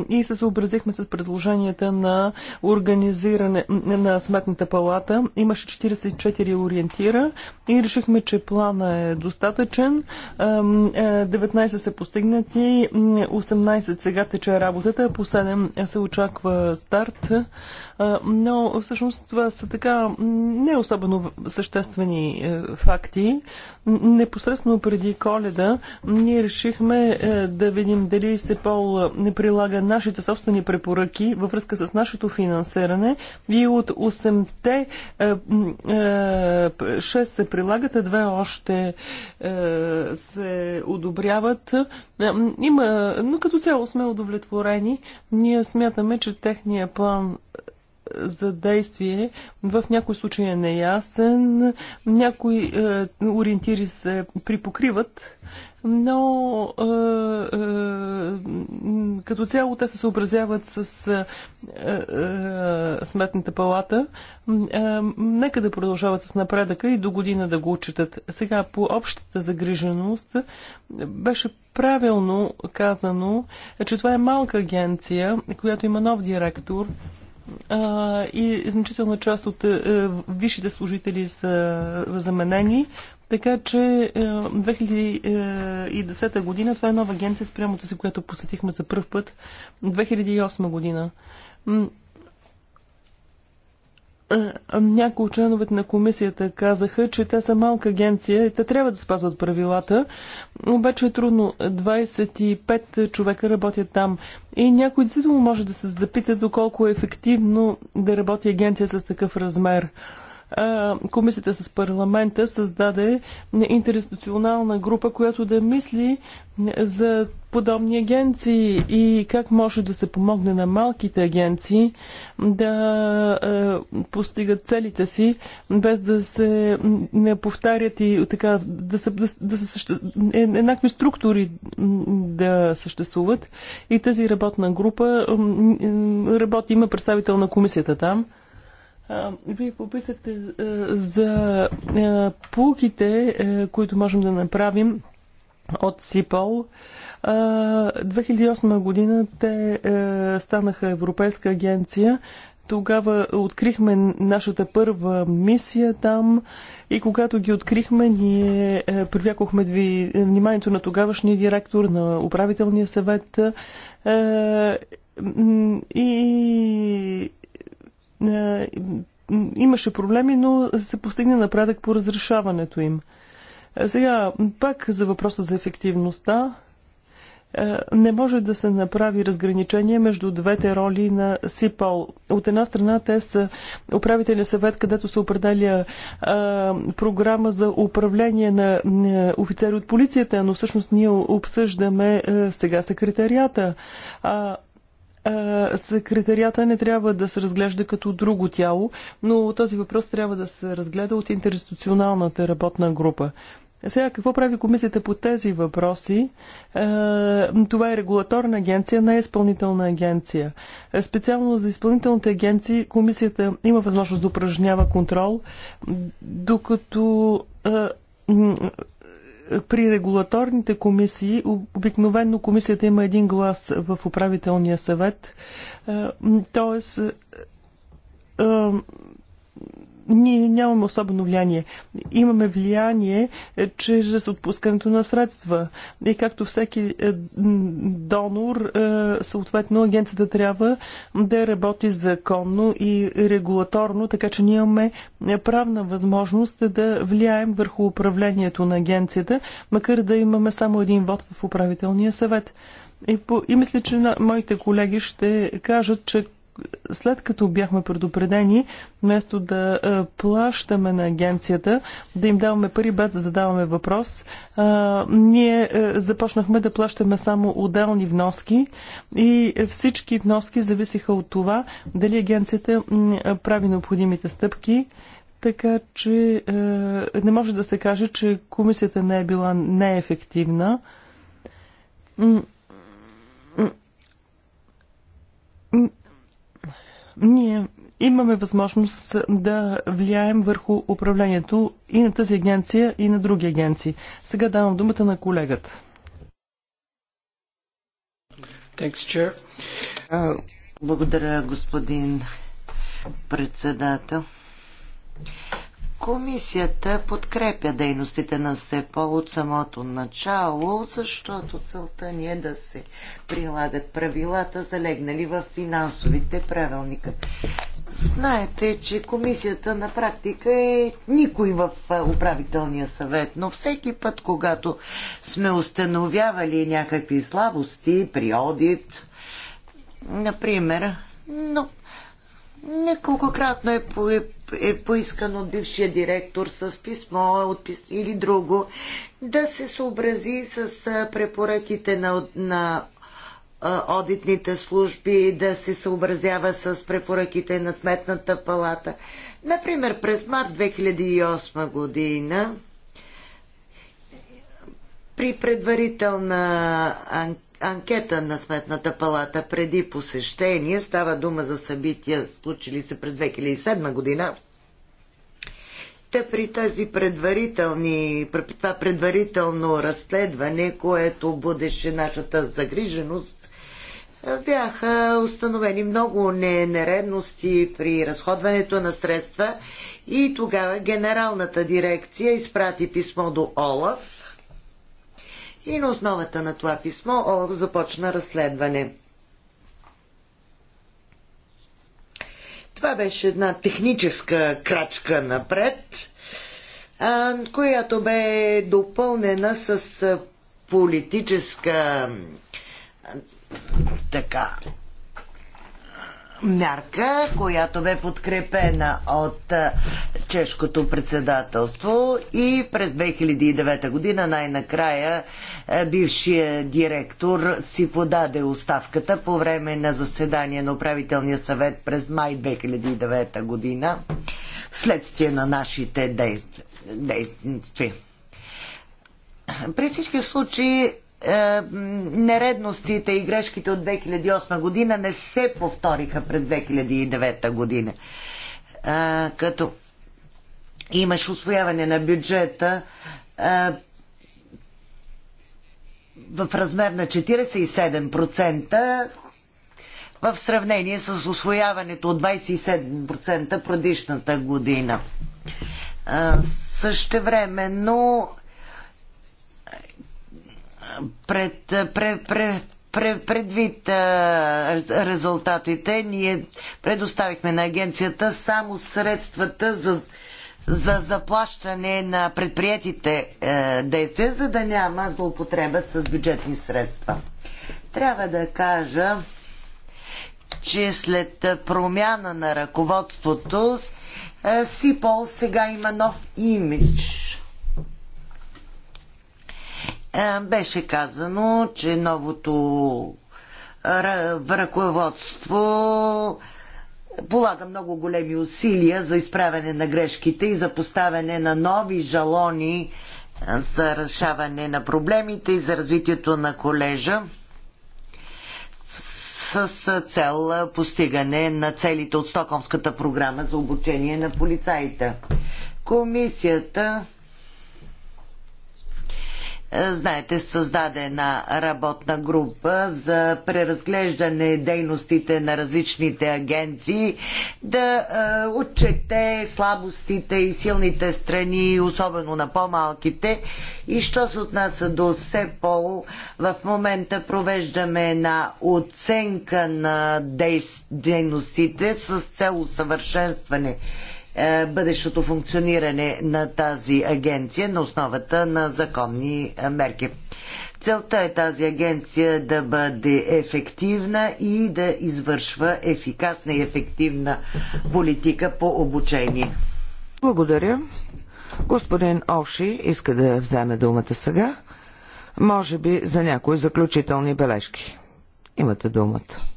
и се съобразихме с предложенията на организиране на Сметната палата. Имаше 44 ориентира и решихме, че плана е достатъчен. 19 е, са постигнати, 18 сега тече работата, по 7 се очаква старт, е, но всъщност това са така не особено съществени е, факти. Непосредствено преди коледа ние решихме да видим дали СЕПОЛ не прилага нашите собствени препоръки във връзка с нашето финансиране и от 8-те 6 се прилагат, а 2 още се одобряват. Има, но като цяло сме удовлетворени. Ние смятаме, че техния план за действие в някои случаи е неясен, някои е, ориентири се припокриват, но е, е, като цяло те се съобразяват с е, е, сметната палата. Е, нека да продължават с напредъка и до година да го отчитат. Сега по общата загриженост беше правилно казано, че това е малка агенция, която има нов директор и значителна част от е, висшите служители са заменени. Така че 2010 е, година, това е нова агенция спрямо тази, която посетихме за първ път, 2008 година. Е, някои от членовете на комисията казаха, че те са малка агенция и те трябва да спазват правилата, обаче е трудно. 25 човека работят там и някой действително може да се запита доколко е ефективно да работи агенция с такъв размер комисията с парламента създаде интернационална група, която да мисли за подобни агенции и как може да се помогне на малките агенции да постигат целите си, без да се не повтарят и така, да се, да, да се съще... Е, еднакви структури да съществуват. И тази работна група работи, има представител на комисията там. Вие пописахте е, за е, пулките, е, които можем да направим от СИПОЛ. 2008 година те станаха Европейска агенция. Тогава открихме нашата първа мисия там и когато ги открихме, ние привякохме вниманието на тогавашния директор на управителния съвет и е, имаше проблеми, но се постигне напредък по разрешаването им. Е, сега, пак за въпроса за ефективността, е, не може да се направи разграничение между двете роли на СИПОЛ. От една страна те са управителен съвет, където се определя а, програма за управление на, а, офицери от полицията, но всъщност ние обсъждаме а, сега секретарията. А, Секретарията не трябва да се разглежда като друго тяло, но този въпрос трябва да се разгледа от интерституционалната работна група. Сега, какво прави комисията по тези въпроси? Това е регулаторна агенция, не е изпълнителна агенция. Специално за изпълнителните агенции комисията има възможност да упражнява контрол, докато при регулаторните комисии обикновено комисията има един глас в управителния съвет. Е, тоест, е, е, ние нямаме особено влияние. Имаме влияние е, чрез отпускането на средства. И както всеки е, донор, е, съответно агенцията трябва да работи законно и регулаторно, така че ние имаме правна възможност да влияем върху управлението на агенцията, макар да имаме само един вод в управителния съвет. И, по, и мисля, че на, моите колеги ще кажат, че след като бяхме предупредени, вместо да плащаме на агенцията, да им даваме пари без да задаваме въпрос, ние започнахме да плащаме само отделни вноски и всички вноски зависиха от това дали агенцията прави необходимите стъпки. Така че не може да се каже, че комисията не е била неефективна. Ние имаме възможност да влияем върху управлението и на тази агенция, и на други агенции. Сега давам думата на колегата. Thanks, Благодаря, господин председател. Комисията подкрепя дейностите на СЕПОЛ от самото начало, защото целта ни е да се прилагат правилата, залегнали в финансовите правилника. Знаете, че комисията на практика е никой в управителния съвет, но всеки път, когато сме установявали някакви слабости при одит, например, но неколкократно е е поискан от бившия директор с писмо от пис... или друго, да се съобрази с препоръките на, на одитните служби, да се съобразява с препоръките на Сметната палата. Например, през март 2008 година при предварителна анкета анкета на Сметната палата преди посещение. Става дума за събития, случили се през 2007 година. Та при тази предварителни, при това предварително разследване, което будеше нашата загриженост, бяха установени много нередности при разходването на средства и тогава Генералната дирекция изпрати писмо до ОЛАФ и на основата на това писмо ОЛАФ започна разследване. Това беше една техническа крачка напред, която бе допълнена с политическа така мярка, която бе подкрепена от чешкото председателство и през 2009 година най-накрая бившия директор си подаде оставката по време на заседание на управителния съвет през май 2009 година вследствие на нашите действия. При всички случаи е, нередностите и грешките от 2008 година не се повториха през 2009 година. А, е, като имаш освояване на бюджета а, е, в размер на 47% в сравнение с освояването от 27% предишната година. но пред, пред, пред, пред, предвид а, резултатите, ние предоставихме на агенцията само средствата за, за заплащане на предприятите а, е, действия, за да няма злоупотреба с бюджетни средства. Трябва да кажа, че след промяна на ръководството, е, Сипол сега има нов имидж е, беше казано, че новото е, ръководство полага много големи усилия за изправяне на грешките и за поставяне на нови жалони е, за решаване на проблемите и за развитието на колежа с, с цел постигане на целите от Стокомската програма за обучение на полицаите. Комисията е, знаете, създаде една работна група за преразглеждане дейностите на различните агенции, да е, отчете слабостите и силните страни, особено на по-малките. И що се отнася до СЕПОЛ, в момента провеждаме една оценка на дейностите с цел усъвършенстване е, бъдещото функциониране на тази агенция на основата на законни е, мерки. Целта е тази агенция да бъде ефективна и да извършва ефикасна и ефективна политика по обучение. Благодаря. Господин Овши иска да вземе думата сега. Може би за някои заключителни бележки. Имате думата.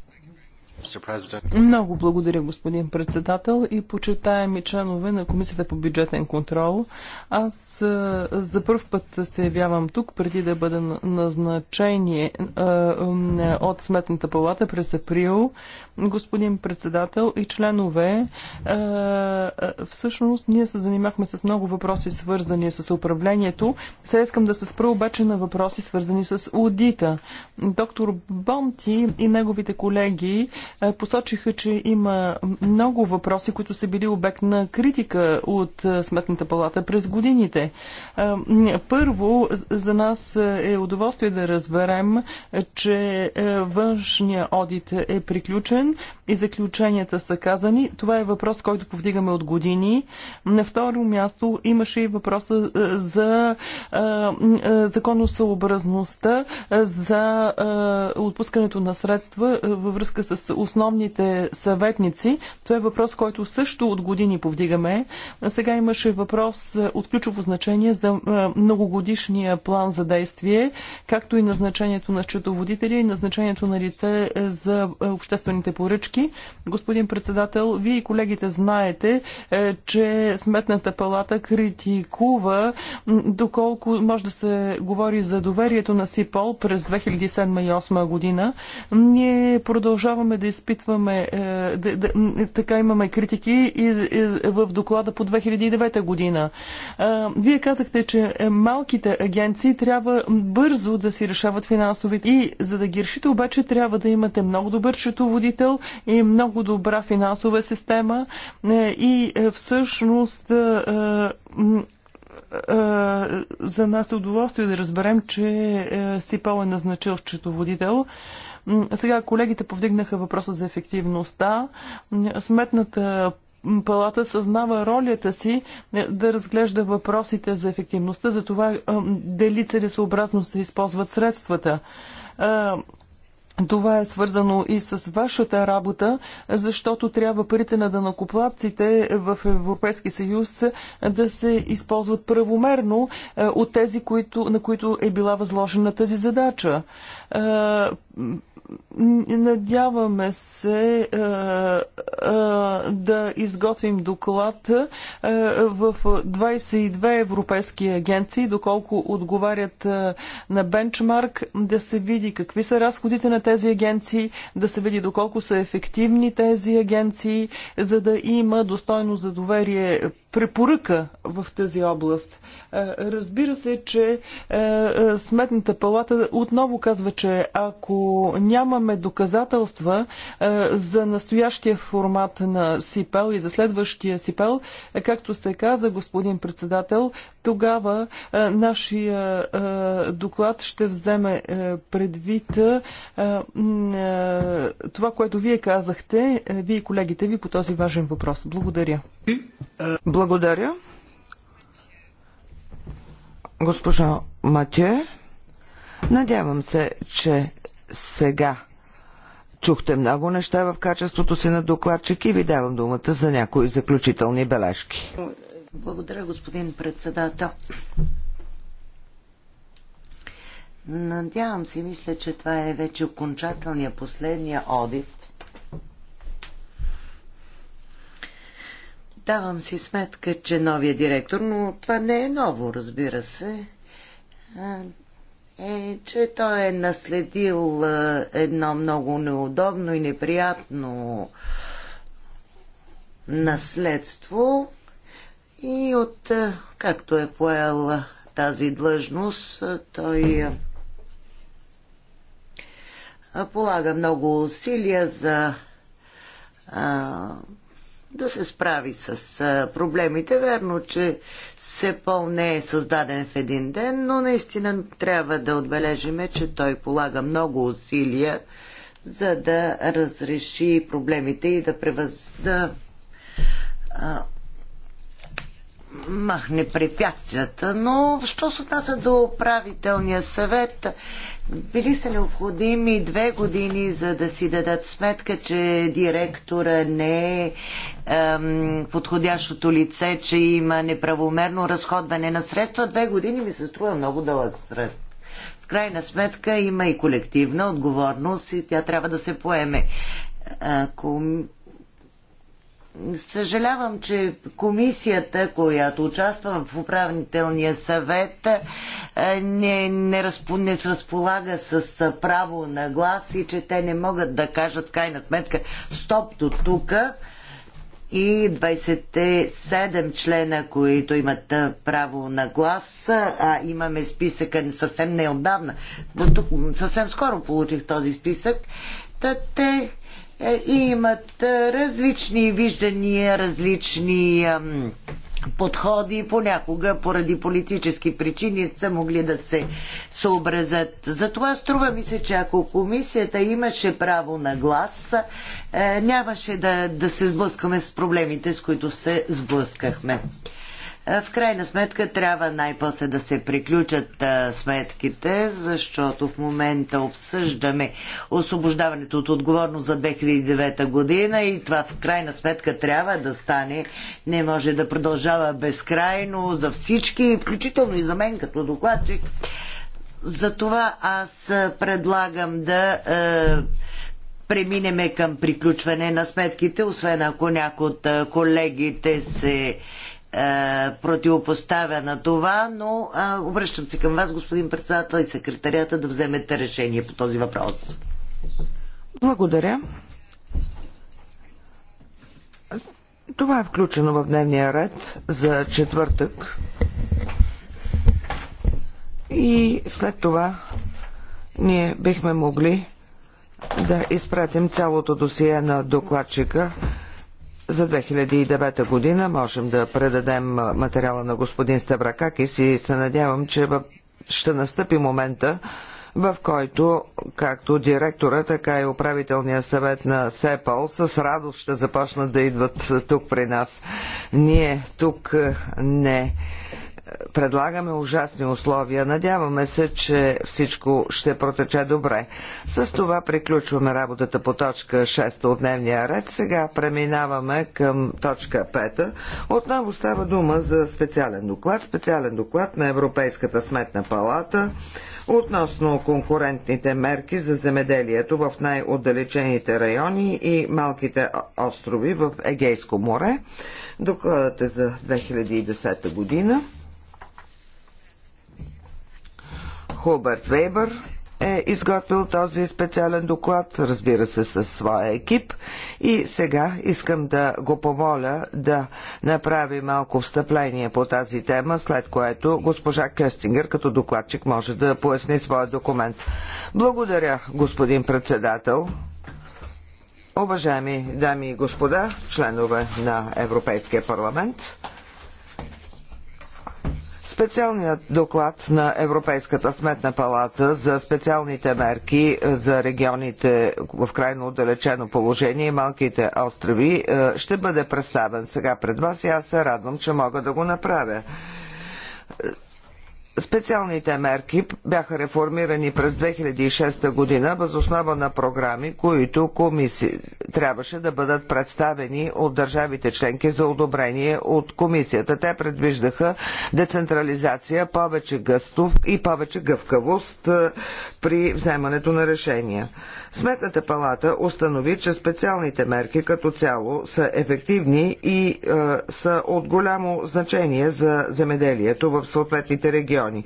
Много благодаря, господин председател и почитаеми членове на Комисията по бюджетен контрол. Аз за първ път се явявам тук, преди да бъда назначение от Сметната палата през април господин председател и членове. Е, е, всъщност ние се занимахме с много въпроси, свързани с управлението. Сега искам да се спра обаче на въпроси, свързани с аудита. Доктор Бонти и неговите колеги е, посочиха, че има много въпроси, които са били обект на критика от Сметната палата през годините. Първо, за нас е удоволствие да разберем, че външния одит е приключен ясен и заключенията са казани. Това е въпрос, който повдигаме от години. На второ място имаше и въпроса е, за е, е, законосъобразността, за отпускането на средства във връзка с основните съветници. Това е въпрос, който също от години повдигаме. Сега имаше въпрос от ключово значение за многогодишния план за действие, както и назначението на счетоводители и назначението на лице за обществените поръчки. Господин председател, вие и колегите знаете, е, че Сметната палата критикува доколко може да се говори за доверието на СИПОЛ през 2007 и 2008 година. Ние продължаваме да изпитваме, е, да, да, така имаме критики и, и, в доклада по 2009 година. Е, вие казахте, че малките агенции трябва бързо да си решават финансовите и за да ги решите обаче трябва да имате много добър счетоводител, показател и много добра финансова система е, и е, всъщност е, за нас е удоволствие да разберем, че СИПАЛ е назначил счетоводител. Сега колегите повдигнаха въпроса за ефективността. Сметната палата съзнава ролята си да разглежда въпросите за ефективността, за това дали целесообразно се използват средствата това е свързано и с вашата работа, защото трябва парите на данакоплатците в Европейски съюз да се използват правомерно е, от тези, които, на които е била възложена тази задача е, Надяваме се е, е, да изготвим доклад е, в 22 европейски агенции, доколко отговарят на бенчмарк, да се види какви са разходите на тези агенции, да се види доколко са ефективни тези агенции, за да има достойно за доверие препоръка в тази област. Е, разбира се, че е, е, Сметната палата отново казва, че ако нямаме доказателства за настоящия формат на СИПЕЛ и за следващия СИПЕЛ, както се каза господин председател, тогава нашия доклад ще вземе предвид това, което вие казахте, вие и колегите ви по този важен въпрос. Благодаря. Благодаря. Благодаря. Госпожо Матю, надявам се, че сега чухте много неща в качеството си на докладчик и ви давам думата за някои заключителни бележки. Благодаря, господин председател. Надявам се, мисля, че това е вече окончателния, последния одит Давам си сметка, че новия директор, но това не е ново, разбира се, е, че той е наследил едно много неудобно и неприятно наследство и от както е поел тази длъжност, той полага много усилия за да се справи с проблемите. Верно, че СЕПОЛ не е създаден в един ден, но наистина трябва да отбележиме, че той полага много усилия за да разреши проблемите и да, превъз... да а, махне препятствията, но що се отнася до управителния съвет, били са необходими две години, за да си дадат сметка, че директора не е ем, подходящото лице, че има неправомерно разходване на средства. Две години ми се струва много дълъг сред. В крайна сметка има и колективна отговорност и тя трябва да се поеме. Ако Съжалявам, че комисията, която участва в управителния съвет, е, не, не, разпо, не разполага с е, право на глас и че те не могат да кажат крайна сметка стоп до тук и 27 члена, които имат е, право на глас, а имаме списъка съвсем неотдавна. Тук, съвсем скоро получих този списък. Та те е, имат е, различни виждания, различни подходи, понякога поради политически причини са могли да се съобразят. Затова струва ми се, че ако комисията имаше право на глас, е, нямаше да, да се сблъскаме с проблемите, с които се сблъскахме. Е, в крайна сметка трябва най-после да се приключат а, е, сметките, защото в момента обсъждаме освобождаването от отговорност за 2009 година и това в крайна сметка трябва да стане. Не може да продължава безкрайно за всички, включително и за мен като докладчик. Затова аз е, предлагам да е, преминеме към приключване на сметките, освен ако някой от колегите се е, противопоставя на това, но а, е, обръщам се към вас, господин председател и секретарията, да вземете решение по този въпрос. Благодаря. Това е включено в дневния ред за четвъртък. И след това ние бихме могли да изпратим цялото досие на докладчика за 2009 година. Можем да предадем материала на господин Ставракакис и се надявам, че ще настъпи момента, в който както директора, така и управителния съвет на СЕПАЛ с радост ще започнат да идват тук при нас. Ние тук не предлагаме ужасни условия. Надяваме се, че всичко ще протече добре. С това приключваме работата по точка 6 от дневния ред. Сега преминаваме към точка 5. Отново става дума за специален доклад. Специален доклад на Европейската сметна палата относно конкурентните мерки за земеделието в най-отдалечените райони и малките острови в Егейско море. Докладът е за 2010 година. Хуберт Вейбър е изготвил този специален доклад, разбира се, със своя екип. И сега искам да го помоля да направи малко встъпление по тази тема, след което госпожа Кестингер като докладчик може да поясни своя документ. Благодаря, господин председател. Уважаеми дами и господа, членове на Европейския парламент, Специалният доклад на Европейската сметна палата за специалните мерки за регионите в крайно отдалечено положение и малките острови е, ще бъде представен сега пред вас и аз се радвам, че мога да го направя. Специалните мерки бяха реформирани през 2006 година въз основа на програми, които комисии трябваше да бъдат представени от държавите членки за одобрение от комисията. Те предвиждаха децентрализация, повече гъстов и повече гъвкавост е, при вземането на решения. Сметната палата установи, че специалните мерки като цяло са ефективни и е, са от голямо значение за земеделието в съответните региони.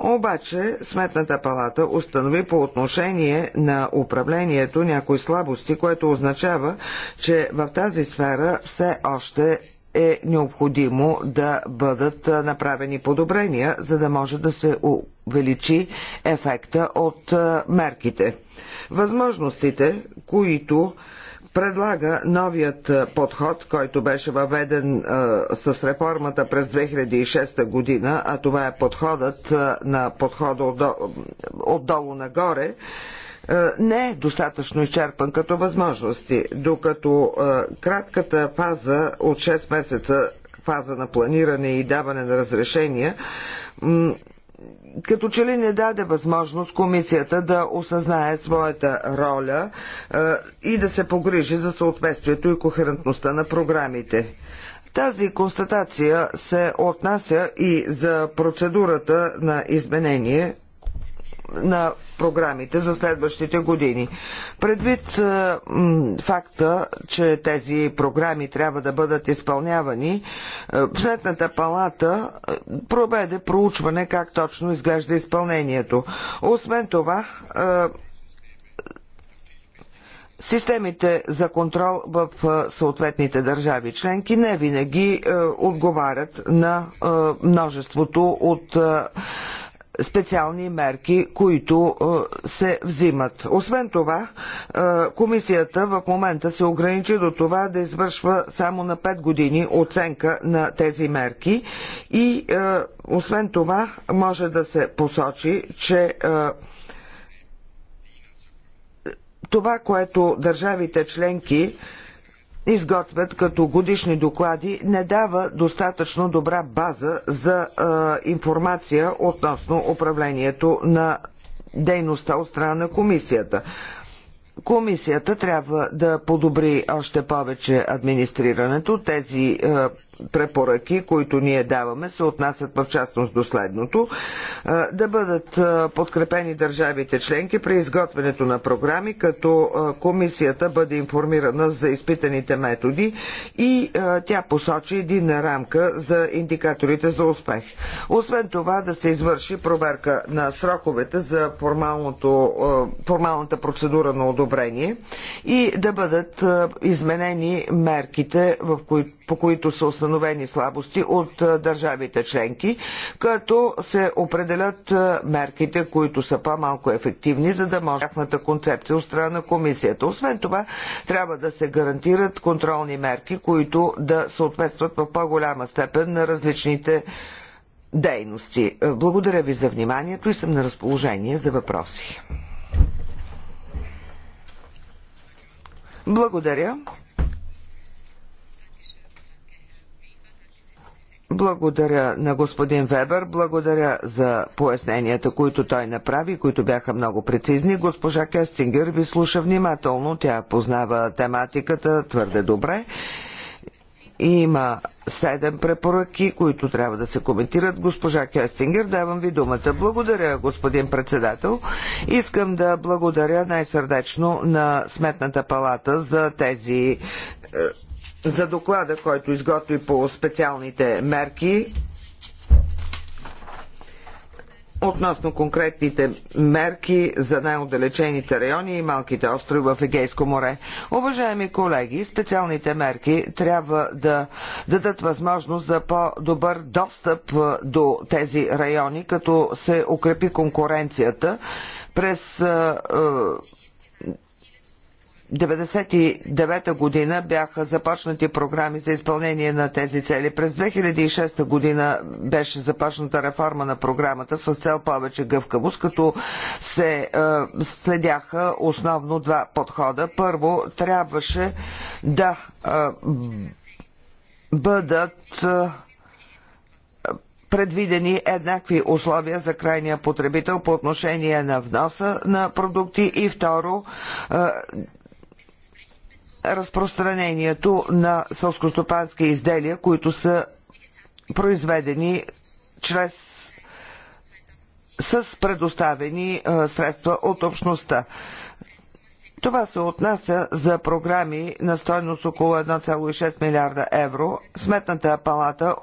Обаче Сметната палата установи по отношение на управлението някои слабости, което означава, че в тази сфера все още е необходимо да бъдат направени подобрения, за да може да се увеличи ефекта от мерките. Възможностите, които предлага новият подход, който беше въведен а, с реформата през 2006 година, а това е подходът а, на подхода отдолу, отдолу нагоре, е, не е достатъчно изчерпан като възможности, докато е, кратката фаза от 6 месеца, фаза на планиране и даване на разрешения, като че ли не даде възможност комисията да осъзнае своята роля е, и да се погрижи за съответствието и кохерентността на програмите. Тази констатация се отнася и за процедурата на изменение на програмите за следващите години. Предвид е, факта, че тези програми трябва да бъдат изпълнявани, е, Сметната палата е, проведе проучване как точно изглежда изпълнението. Освен това, Системите за контрол в съответните държави членки не винаги е, отговарят на е, множеството от е, специални мерки, които е, се взимат. Освен това, е, комисията в момента се ограничи до това да извършва само на 5 години оценка на тези мерки и е, освен това може да се посочи, че това, което държавите членки изготвят като годишни доклади, не дава достатъчно добра база за е, информация относно управлението на дейността от страна на комисията. Комисията трябва да подобри още повече администрирането. Тези е, препоръки, които ние даваме, се отнасят в частност до следното. Е, да бъдат е, подкрепени държавите членки при изготвянето на програми, като е, комисията бъде информирана за изпитаните методи и е, тя посочи единна рамка за индикаторите за успех. Освен това да се извърши проверка на сроковете за е, формалната процедура на удоволствие одобрение и да бъдат изменени мерките, по които са установени слабости от държавите членки, като се определят мерките, които са по-малко ефективни, за да може тяхната концепция от страна на комисията. Освен това, трябва да се гарантират контролни мерки, които да съответстват в по-голяма степен на различните дейности. Благодаря ви за вниманието и съм на разположение за въпроси. Благодаря. Благодаря на господин Вебер, благодаря за поясненията, които той направи, които бяха много прецизни. Госпожа Кестингер ви слуша внимателно, тя познава тематиката твърде добре има седем препоръки, които трябва да се коментират. Госпожа Кестингер, давам ви думата. Благодаря, господин председател. Искам да благодаря най-сърдечно на Сметната палата за тези е, за доклада, който изготви по специалните мерки относно конкретните мерки за най-отдалечените райони и малките острови в Егейско море. Уважаеми колеги, специалните мерки трябва да дадат възможност за по-добър достъп до тези райони, като се укрепи конкуренцията през 1999 година бяха започнати програми за изпълнение на тези цели. През 2006 година беше започната реформа на програмата с цел повече гъвкавост, като се е, следяха основно два подхода. Първо, трябваше да е, бъдат е, предвидени еднакви условия за крайния потребител по отношение на вноса на продукти и второ е, разпространението на сълскостопански изделия, които са произведени чрез с предоставени средства от общността. Това се отнася за програми на стойност около 1,6 милиарда евро. Сметната палата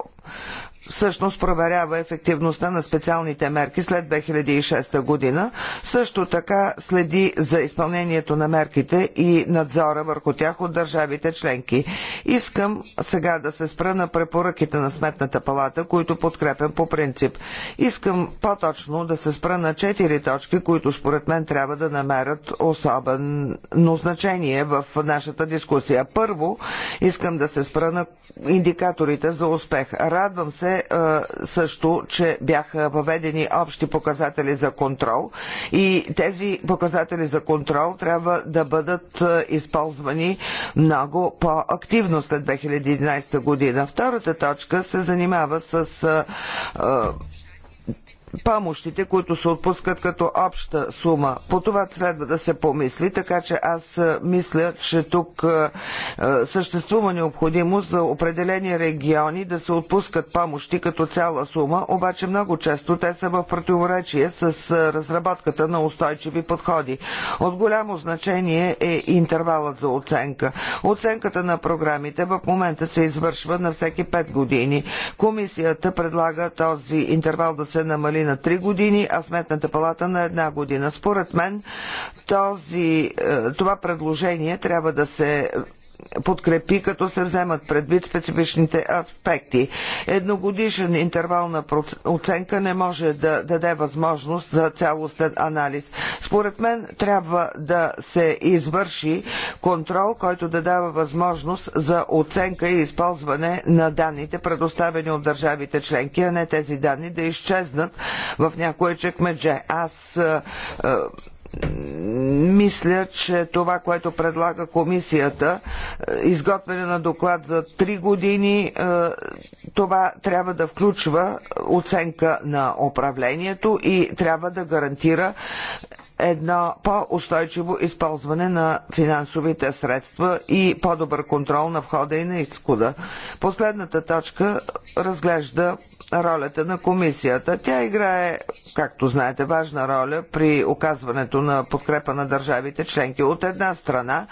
всъщност проверява ефективността на специалните мерки след 2006 година. Също така следи за изпълнението на мерките и надзора върху тях от държавите членки. Искам сега да се спра на препоръките на Сметната палата, които подкрепям по принцип. Искам по-точно да се спра на четири точки, които според мен трябва да намерят особено значение в нашата дискусия. Първо, искам да се спра на индикаторите за успех. Радвам се, е, е, също, че бяха въведени общи показатели за контрол и тези показатели за контрол трябва да бъдат е, използвани много по-активно след 2011 година. Втората точка се занимава с помощите, които се отпускат като обща сума. По това следва да се помисли, така че аз мисля, че тук съществува необходимост за определени региони да се отпускат помощи като цяла сума, обаче много често те са в противоречие с разработката на устойчиви подходи. От голямо значение е интервалът за оценка. Оценката на програмите в момента се извършва на всеки 5 години. Комисията предлага този интервал да се намали на 3 години, а сметната палата на една година. Според мен този, е, това предложение трябва да се подкрепи, като се вземат предвид специфичните аспекти. Едногодишен интервал на оценка не може да даде възможност за цялостен анализ. Според мен трябва да се извърши контрол, който да дава възможност за оценка и използване на данните, предоставени от държавите членки, а не тези данни да изчезнат в някое чекмедже. Аз е, е, мисля, че това, което предлага комисията, е, изготвяне на доклад за 3 години, е, това трябва да включва оценка на управлението и трябва да гарантира едно по-устойчиво използване на финансовите средства и по-добър контрол на входа и на изхода. Последната точка разглежда ролята на комисията. Тя играе, както знаете, важна роля при оказването на подкрепа на държавите членки. От една страна,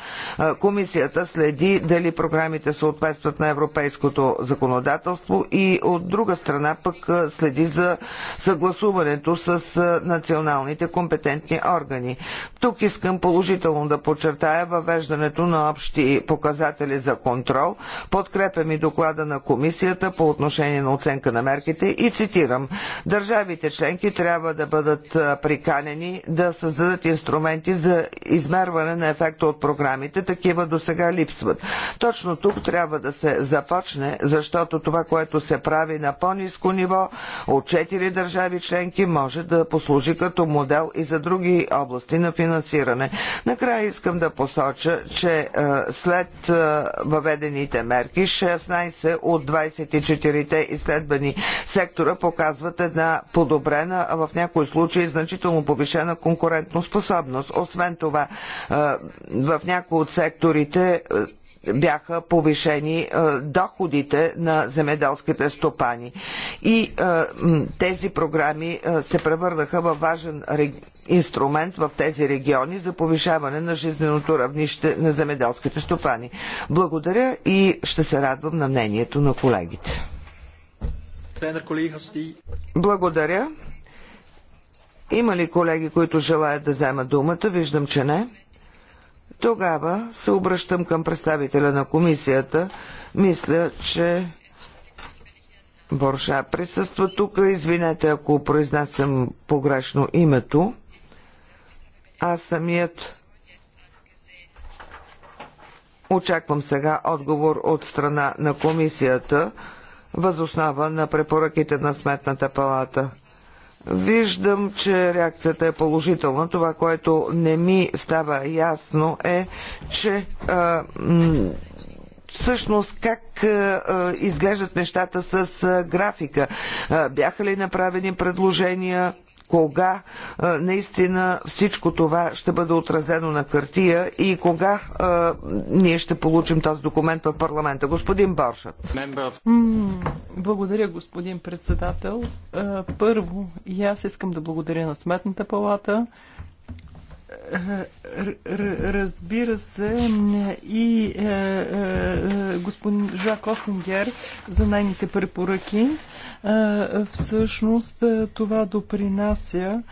комисията следи дали програмите съответстват на европейското законодателство и от друга страна пък следи за съгласуването с националните компетентни органи. Тук искам положително да подчертая въвеждането на общи показатели за контрол. Подкрепям и доклада на комисията по отношение на оценка на мерки членките и цитирам Държавите членки трябва да бъдат приканени да създадат инструменти за измерване на ефекта от програмите. Такива до сега липсват. Точно тук трябва да се започне, защото това, което се прави на по-низко ниво от 4 държави членки може да послужи като модел и за други области на финансиране. Накрая искам да посоча, че след въведените мерки 16 от 24-те изследвани сектора показват една подобрена, а в някои случаи значително повишена конкурентоспособност. Освен това, в някои от секторите бяха повишени доходите на земеделските стопани. И тези програми се превърнаха в важен инструмент в тези региони за повишаване на жизненото равнище на земеделските стопани. Благодаря и ще се радвам на мнението на колегите. Благодаря. Има ли колеги, които желаят да вземат думата? Виждам, че не. Тогава се обръщам към представителя на комисията. Мисля, че Борша присъства тук. Извинете, ако произнасям погрешно името. Аз самият очаквам сега отговор от страна на комисията възоснава на препоръките на Сметната палата. Виждам, че реакцията е положителна. Това, което не ми става ясно е, че а, всъщност как изглеждат нещата с графика. бяха ли направени предложения? кога наистина всичко това ще бъде отразено на хартия и кога а, ние ще получим този документ в парламента. Господин Боршат. Благодаря, господин председател. Първо, и аз искам да благодаря на Сметната палата. Разбира се, и е, е, госпожа Костингер за нейните препоръки всъщност това допринася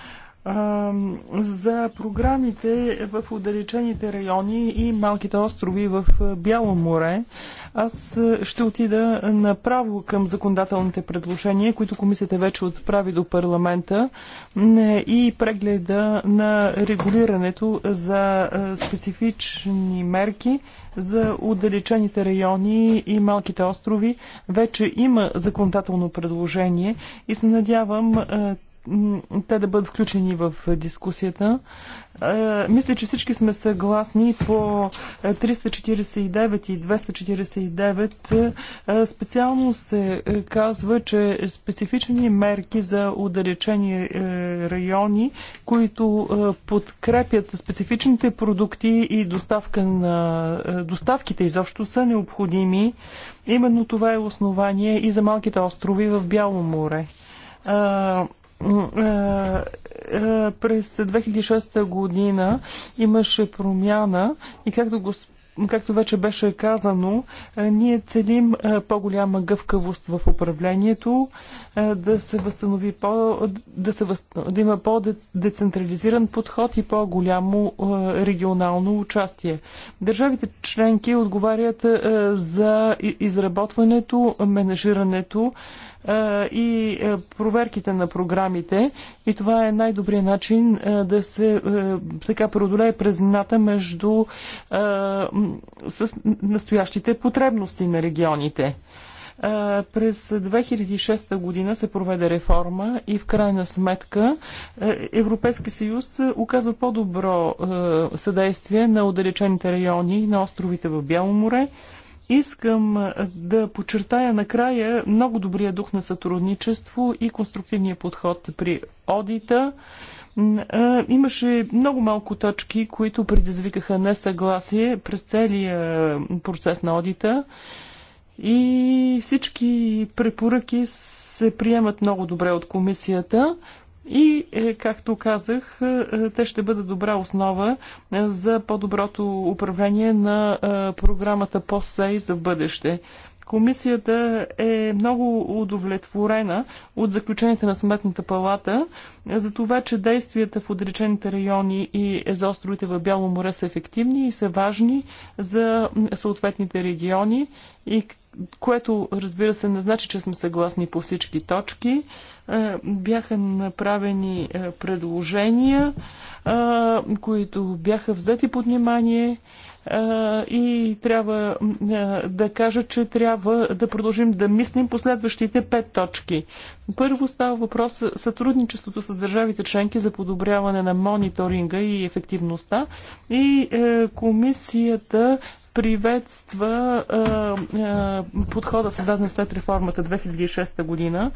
за програмите в отдалечените райони и малките острови в Бяло море. Аз ще отида направо към законодателните предложения, които комисията вече отправи до парламента и прегледа на регулирането за специфични мерки за отдалечените райони и малките острови. Вече има законодателно предложение и се надявам те да бъдат включени в дискусията. Е, мисля, че всички сме съгласни по 349 е, и 249. Е, специално се казва, че специфични мерки за удалечени райони, които подкрепят специфичните продукти и доставка на доставките изобщо са необходими. Именно това е основание и за малките острови в Бяло море през 2006 година имаше промяна и както го както вече беше казано, ние целим по-голяма гъвкавост в управлението, да се възстанови по, да, се въз... да има по-децентрализиран подход и по-голямо регионално участие. Държавите членки отговарят за изработването, менажирането, и проверките на програмите. И това е най-добрият начин да се така преодолее празната между с настоящите потребности на регионите. През 2006 година се проведе реформа и в крайна сметка Европейския съюз оказва по-добро съдействие на отдалечените райони на островите в Бяло море, Искам да подчертая накрая много добрия дух на сътрудничество и конструктивния подход при одита. Имаше много малко точки, които предизвикаха несъгласие през целия процес на одита и всички препоръки се приемат много добре от комисията и, е, както казах, е, те ще бъдат добра основа е, за по-доброто управление на програмата по-сей за бъдеще. Комисията е много удовлетворена от заключенията на Сметната палата за това, че действията в отречените райони и за островите в Бяло море са ефективни и са важни за съответните региони и което разбира се не значи, че сме съгласни по всички точки. Е, бяха направени е, предложения, е, които бяха взети под внимание и трябва да кажа, че трябва да продължим да мислим последващите пет точки. Първо става въпрос сътрудничеството с държавите членки за подобряване на мониторинга и ефективността и е, комисията приветства подхода създаден след реформата 2006 година,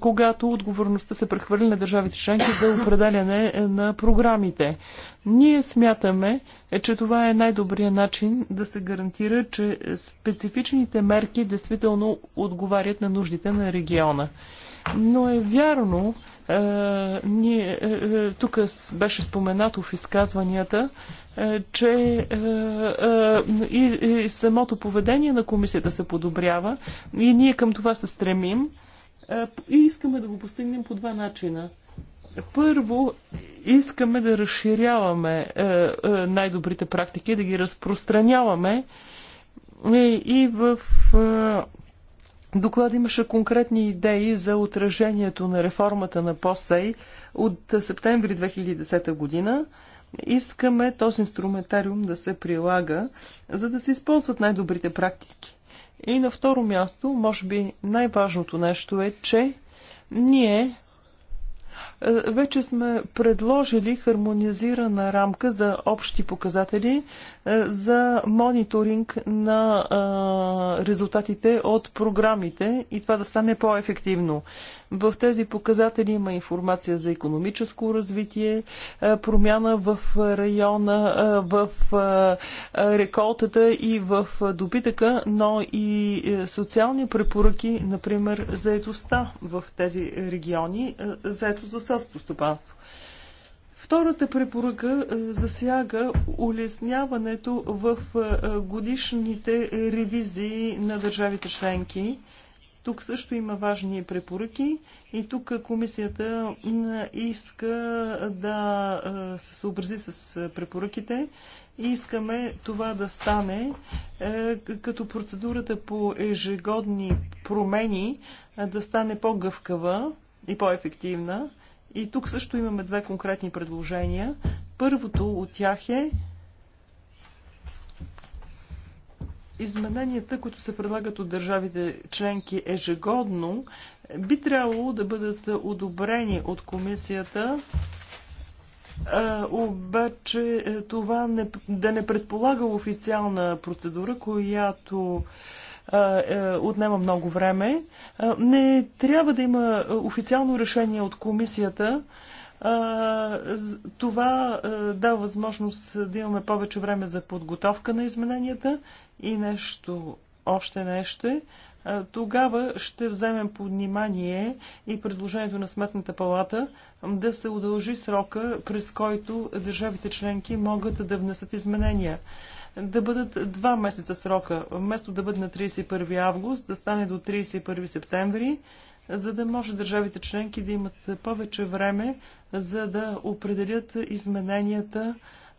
когато отговорността се прехвърли на държавите членки за определяне на програмите. Ние смятаме, е, че това е най-добрият начин да се гарантира, че специфичните мерки действително отговарят на нуждите на региона. Но е вярно, е, ние, е, тук беше споменато в изказванията, е, че е, е, и, самото поведение на комисията се подобрява и ние към това се стремим и искаме да го постигнем по два начина. Първо, искаме да разширяваме най-добрите практики, да ги разпространяваме и в доклад имаше конкретни идеи за отражението на реформата на ПОСЕЙ от септември 2010 година. Искаме този инструментариум да се прилага, за да се използват най-добрите практики. И на второ място, може би най-важното нещо е, че ние е, вече сме предложили хармонизирана рамка за общи показатели е, за мониторинг на е, резултатите от програмите и това да стане по-ефективно. В тези показатели има информация за економическо развитие, е, промяна в района, в реколтата и в добитъка, но и социални препоръки, например, заедостта в тези региони, заето за селско стопанство. Втората препоръка е, засяга улесняването в е, е, годишните ревизии на държавите членки. Тук също има важни препоръки и тук комисията иска да се съобрази с препоръките и искаме това да стане като процедурата по ежегодни промени да стане по-гъвкава и по-ефективна и тук също имаме две конкретни предложения. Първото от тях е измененията, които се предлагат от държавите членки ежегодно, би трябвало да бъдат одобрени от комисията, обаче е, това не, да не предполага официална процедура, която е, отнема много време. Не трябва да има официално решение от комисията. Това дава възможност да имаме повече време за подготовка на измененията и нещо, още нещо. Тогава ще вземем под внимание и предложението на Сметната палата да се удължи срока, през който държавите членки могат да внесат изменения да бъдат два месеца срока. Вместо да бъде на 31 август, да стане до 31 септември, за да може държавите членки да имат повече време, за да определят измененията,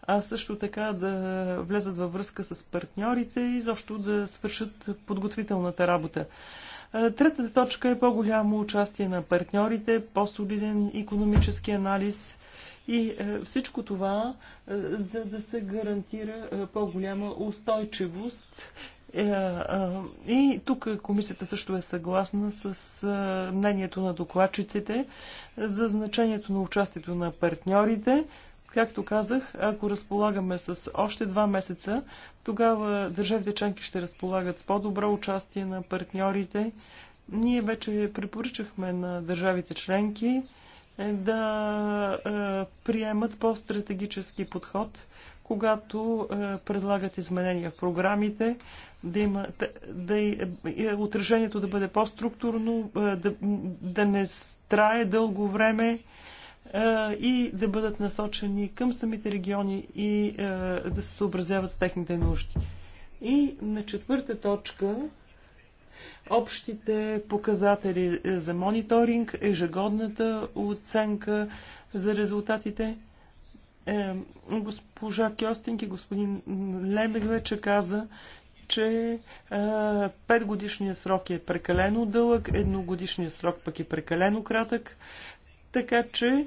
а също така да влезат във връзка с партньорите и защо да свършат подготвителната работа. Третата точка е по-голямо участие на партньорите, по-солиден економически анализ и е, всичко това за да се гарантира по-голяма устойчивост. Е, и тук комисията също е съгласна с мнението на докладчиците за значението на участието на партньорите. Както казах, ако разполагаме с още два месеца, тогава държавите членки ще разполагат с по-добро участие на партньорите. Ние вече препоръчахме на държавите членки е да е, приемат по-стратегически подход, когато е, предлагат изменения в програмите, да има, да, да, отражението да бъде по-структурно, да, да не трае дълго време и да бъдат насочени към самите региони и да се съобразяват с техните нужди. И на четвърта точка общите показатели е, за мониторинг, ежегодната оценка за резултатите. Е, госпожа Кьостинг и господин Лебег вече каза, че е, годишния срок е прекалено дълъг, едногодишният срок пък е прекалено кратък, така че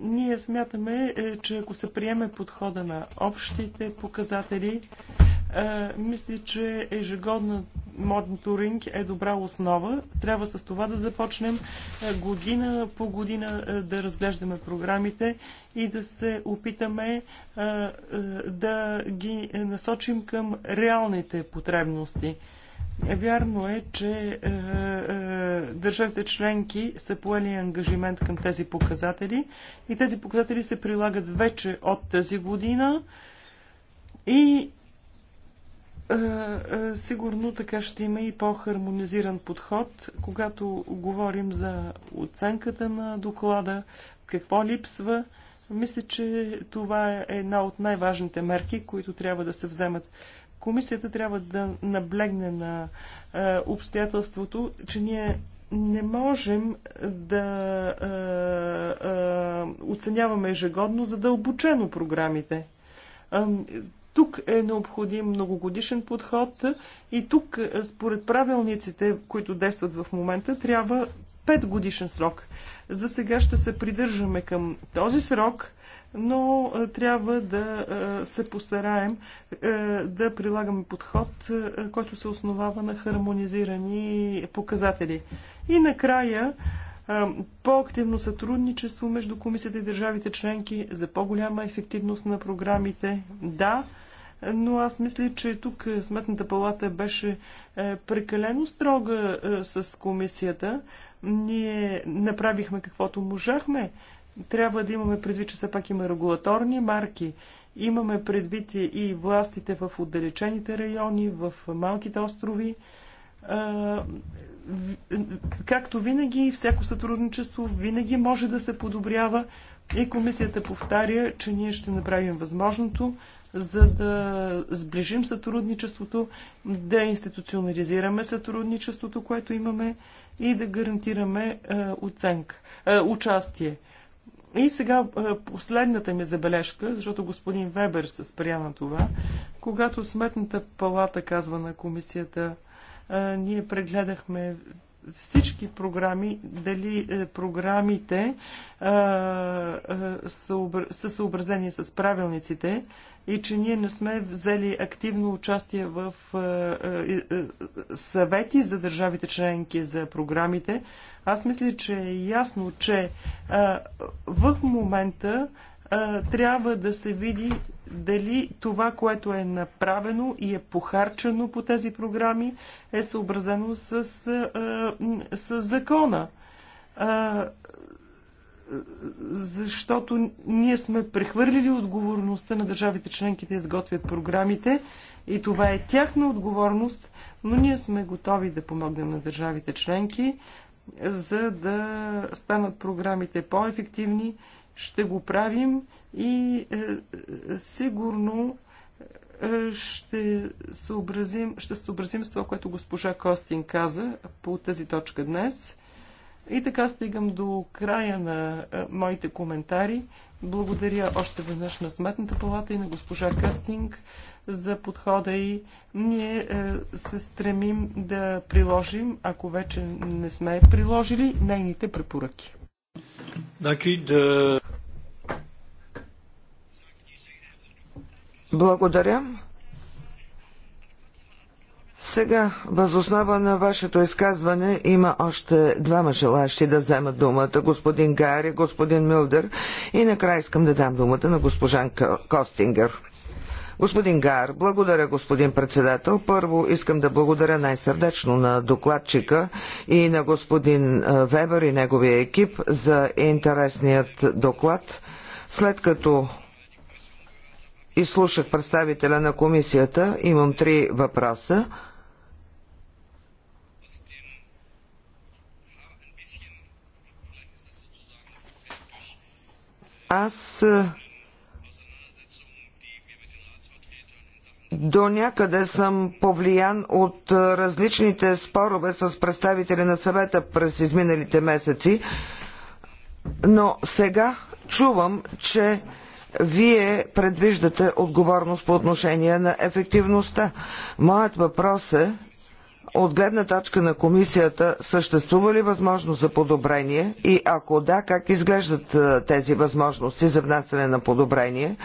ние смятаме, е, че ако се приеме подхода на общите показатели, е, мисля, че ежегодно мониторинг е добра основа. Трябва с това да започнем е, година по година да разглеждаме програмите и да се опитаме да ги насочим към реалните потребности. Вярно е, че е, е, държавите членки са поели ангажимент към тези показатели и тези показатели се прилагат вече от тази година и е, е, сигурно така ще има и по-хармонизиран подход, когато говорим за оценката на доклада, какво липсва, мисля, че това е една от най-важните мерки, които трябва да се вземат. Комисията трябва да наблегне на е, обстоятелството, че ние не можем да е, е, оценяваме ежегодно задълбочено програмите. Тук е необходим многогодишен подход и тук, е, според правилниците, които действат в момента, трябва 5 годишен срок. За сега ще се придържаме към този срок, но трябва да се постараем да прилагаме подход, който се основава на хармонизирани показатели. И накрая по-активно сътрудничество между комисията и държавите членки за по-голяма ефективност на програмите. Да, но аз мисля, че тук Сметната палата беше е, прекалено строга е, с комисията. Ние направихме каквото можахме. Трябва да имаме предвид, че все пак има регулаторни марки. Имаме предвид и властите в отдалечените райони, в малките острови. Както винаги, всяко сътрудничество винаги може да се подобрява и комисията повтаря, че ние ще направим възможното, за да сближим сътрудничеството, да институционализираме сътрудничеството, което имаме и да гарантираме е, оценка, е, участие. И сега е, последната ми забележка, защото господин Вебер се спря на това, когато Сметната палата казва на комисията, ние прегледахме всички програми, дали е, програмите е, е, са съобразени с правилниците и че ние не сме взели активно участие в съвети за държавите членки за програмите. Аз мисля, че е ясно, че в момента трябва да се види дали това, което е направено и е похарчено по тези програми, е съобразено с, с закона. Защото ние сме прехвърлили отговорността на държавите членки да изготвят програмите и това е тяхна отговорност, но ние сме готови да помогнем на държавите членки, за да станат програмите по-ефективни ще го правим и е, е, сигурно е, ще, съобразим, ще съобразим с това, което госпожа Костин каза по тази точка днес. И така стигам до края на е, моите коментари. Благодаря още веднъж на Сметната палата и на госпожа Кастинг за подхода и ние е, се стремим да приложим, ако вече не сме приложили, нейните препоръки. Dank u. Благодаря. Сега, възоснова на вашето изказване, има още двама желащи да вземат думата. Господин Гари, господин Милдер и накрая искам да дам думата на госпожан Костингер. Господин Гар, благодаря, господин председател. Първо искам да благодаря най-сърдечно на докладчика и на господин Вебер и неговия екип за интересният доклад. След като изслушах представителя на комисията. Имам три въпроса. Аз е, до някъде съм повлиян от е, различните спорове с представители на съвета през изминалите месеци, но сега чувам, че вие предвиждате отговорност по отношение на ефективността. Моят въпрос е, от гледна точка на комисията, съществува ли възможност за подобрение и ако да, как изглеждат тези възможности за внасяне на подобрение?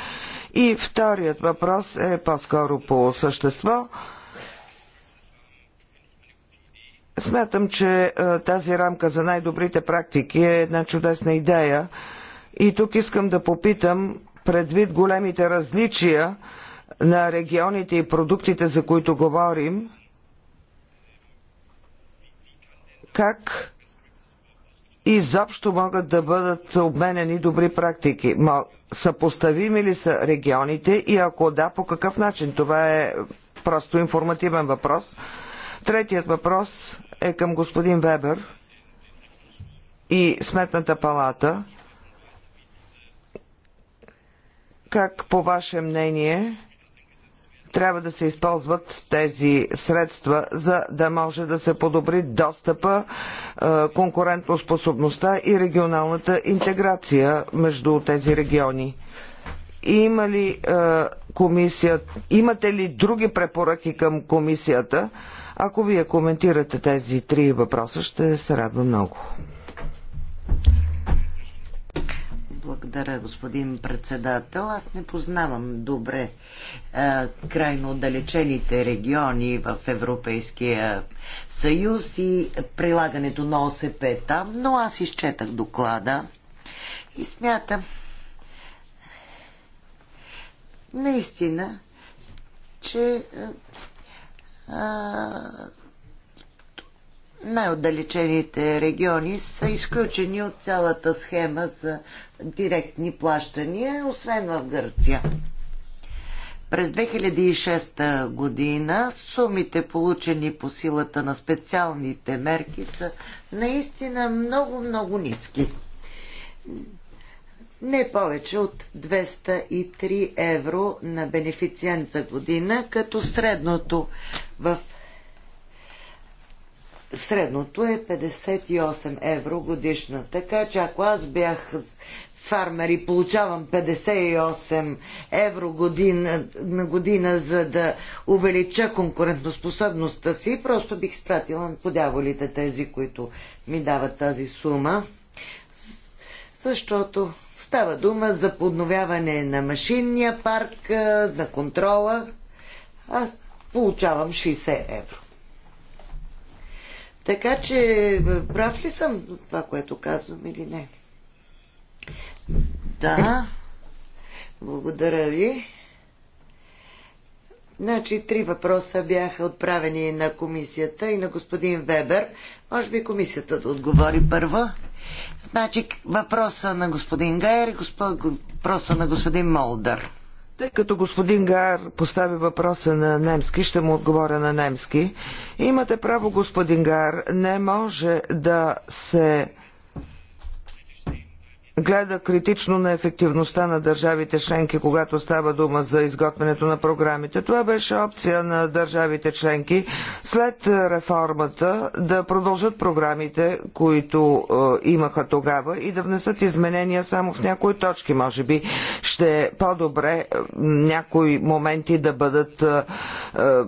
И вторият въпрос е по-скоро по същество. Смятам, че тази рамка за най-добрите практики е една чудесна идея. И тук искам да попитам предвид големите различия на регионите и продуктите, за които говорим, как изобщо могат да бъдат обменени добри практики? Съпоставими ли са регионите и ако да, по какъв начин? Това е просто информативен въпрос. Третият въпрос е към господин Вебер и Сметната палата – Как по ваше мнение трябва да се използват тези средства, за да може да се подобри достъпа, е, конкурентоспособността и регионалната интеграция между тези региони? Има ли е, комисията, имате ли други препоръки към комисията? Ако вие коментирате тези три въпроса, ще се радвам много. Благодаря, господин председател. Аз не познавам добре а, е, крайно отдалечените региони в Европейския съюз и прилагането на ОСП там, но аз изчетах доклада и смятам наистина, че а, е, е, най-отдалечените региони са изключени от цялата схема за директни плащания, освен в Гърция. През 2006 година сумите получени по силата на специалните мерки са наистина много-много ниски. Не повече от 203 евро на бенефициент за година, като средното в средното е 58 евро годишно. Така че ако аз бях фармер и получавам 58 евро година, на година, за да увелича конкурентоспособността си, просто бих спратила по дяволите тези, които ми дават тази сума. Защото става дума за подновяване на машинния парк, на контрола. Аз получавам 60 евро. Така че е, прав ли съм за това, което казвам или не? Да. Благодаря ви. Значи три въпроса бяха отправени на комисията и на господин Вебер. Може би комисията да отговори първа. Значи въпроса на господин Гайер и въпроса на господин Молдър. Тъй като господин Гар постави въпроса на немски, ще му отговоря на немски. Имате право, господин Гар, не може да се гледа критично на ефективността на държавите членки, когато става дума за изготвянето на програмите. Това беше опция на държавите членки след реформата да продължат програмите, които е, имаха тогава и да внесат изменения само в някои точки. Може би ще е по-добре е, някои моменти да бъдат е, е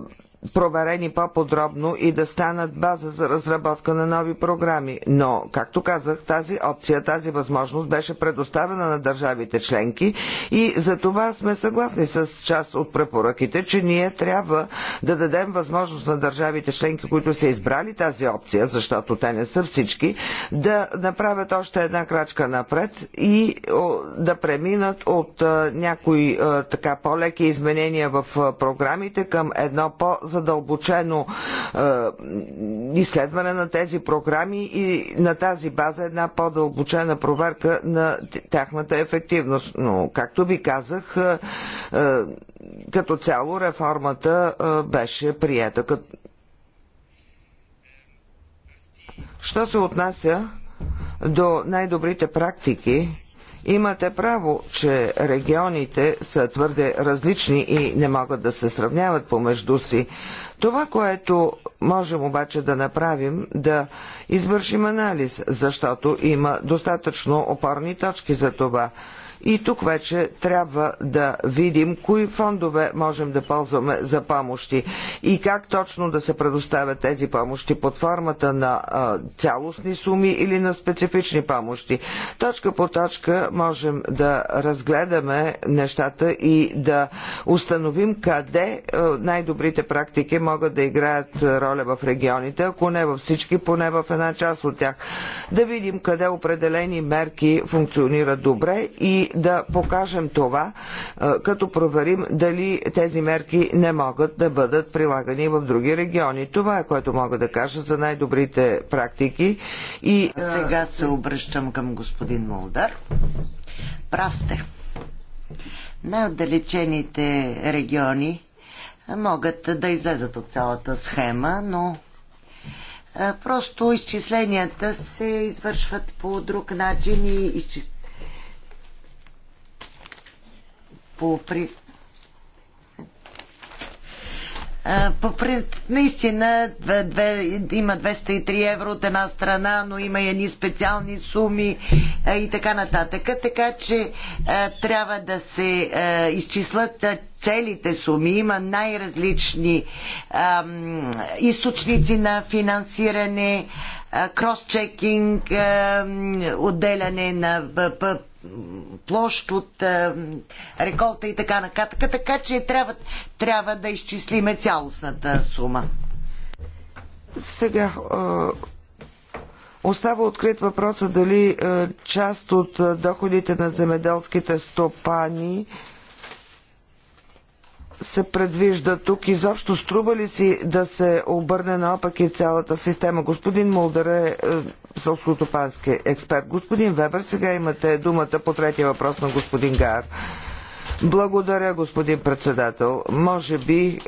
проверени по-подробно и да станат база за разработка на нови програми. Но, както казах, тази опция, тази възможност беше предоставена на държавите членки и за това сме съгласни с част от препоръките, че ние трябва да дадем възможност на държавите членки, които са избрали тази опция, защото те не са всички, да направят още една крачка напред и да преминат от някои така по-леки изменения в програмите към едно по по-задълбочено е, изследване на тези програми и на тази база една по-дълбочена проверка на тяхната ефективност. Но, както ви казах, е, е като цяло реформата е, беше приета. Що се отнася до най-добрите практики, Имате право, че регионите са твърде различни и не могат да се сравняват помежду си. Това, което можем обаче да направим, да извършим анализ, защото има достатъчно опорни точки за това. И тук вече трябва да видим кои фондове можем да ползваме за помощи и как точно да се предоставят тези помощи под формата на а, цялостни суми или на специфични помощи. Точка по точка можем да разгледаме нещата и да установим къде най-добрите практики могат да играят роля в регионите, ако не във всички, поне в една част от тях. Да видим къде определени мерки функционират добре и да покажем това, е, като проверим дали тези мерки не могат да бъдат прилагани в други региони. Това е което мога да кажа за най-добрите практики. И... Е, Сега се обръщам към господин Молдар. Прав сте. Най-отдалечените региони могат да излезат от цялата схема, но е, просто изчисленията се извършват по друг начин и изчисленията по при... По, наистина две, две, има 203 евро от една страна, но има и едни специални суми а, и така нататък. Така че а, трябва да се а, изчислят целите суми. Има най-различни източници на финансиране кросчекинг, отделяне на площ от а, реколта и така нататък. Така че трябва, трябва да изчислиме цялостната сума. Сега. а, Остава открит въпроса дали част от доходите на земеделските стопани се предвижда тук? Изобщо струва ли си да се обърне наопаки цялата система? Господин Молдър е, е сълскотопански експерт. Господин Вебер, сега имате думата по третия въпрос на господин Гар. Благодаря, господин председател. Може би е,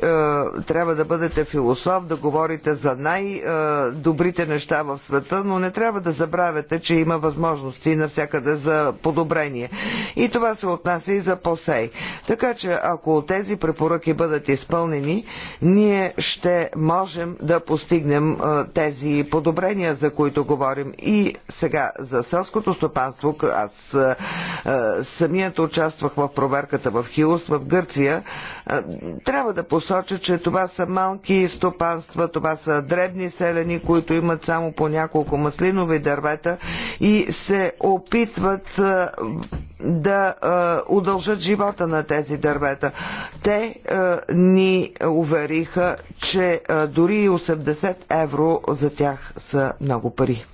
трябва да бъдете философ, да говорите за най-добрите неща в света, но не трябва да забравяте, че има възможности навсякъде за подобрение. И това се отнася и за посей. Така че, ако тези препоръки бъдат изпълнени, ние ще можем да постигнем е, тези подобрения, за които говорим. И сега за селското стопанство, аз е, самият участвах в проверката фабриката в Хилос в Гърция, трябва да посоча, че това са малки стопанства, това са дребни селени, които имат само по няколко маслинови дървета и се опитват да удължат живота на тези дървета. Те ни увериха, че дори 80 евро за тях са много пари.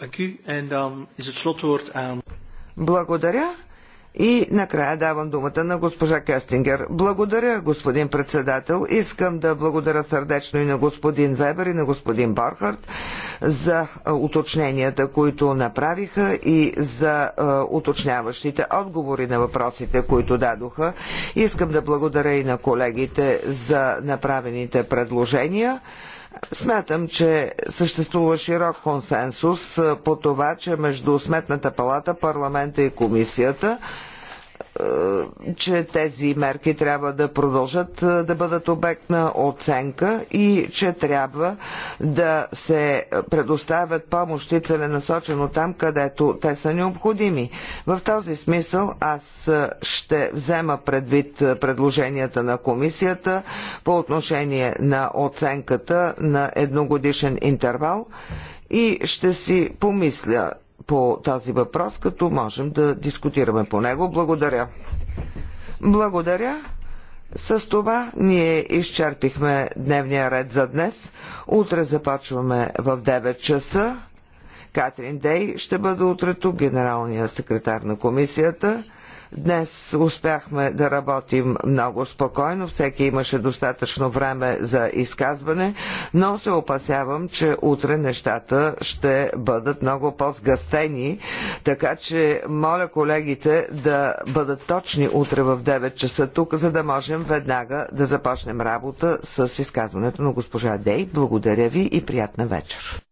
Thank you. And, um, is het slotwoord aan. Um, благодаря. И накрая давам думата на госпожа Кестингер. Благодаря, господин председател. Искам да благодаря сърдечно и на господин Вебер и на господин Бархарт за уточненията, които направиха и за уточняващите отговори на въпросите, които дадоха. Искам да благодаря и на колегите за направените предложения. Смятам, че съществува широк консенсус по това, че между Сметната палата, парламента и комисията че тези мерки трябва да продължат е, да бъдат обект на оценка и че трябва да се предоставят помощи целенасочено там, където те са необходими. В този смисъл аз е, ще взема предвид е, предложенията на комисията по отношение на оценката на едногодишен интервал и ще си помисля по този въпрос, като можем да дискутираме по него. Благодаря. Благодаря. С това ние изчерпихме дневния ред за днес. Утре започваме в 9 часа. Катрин Дей ще бъде утре тук, генералния секретар на комисията. Днес успяхме да работим много спокойно, всеки имаше достатъчно време за изказване, но се опасявам, че утре нещата ще бъдат много по-сгъстени, така че моля колегите да бъдат точни утре в 9 часа тук, за да можем веднага да започнем работа с изказването на госпожа Дей. Благодаря ви и приятна вечер.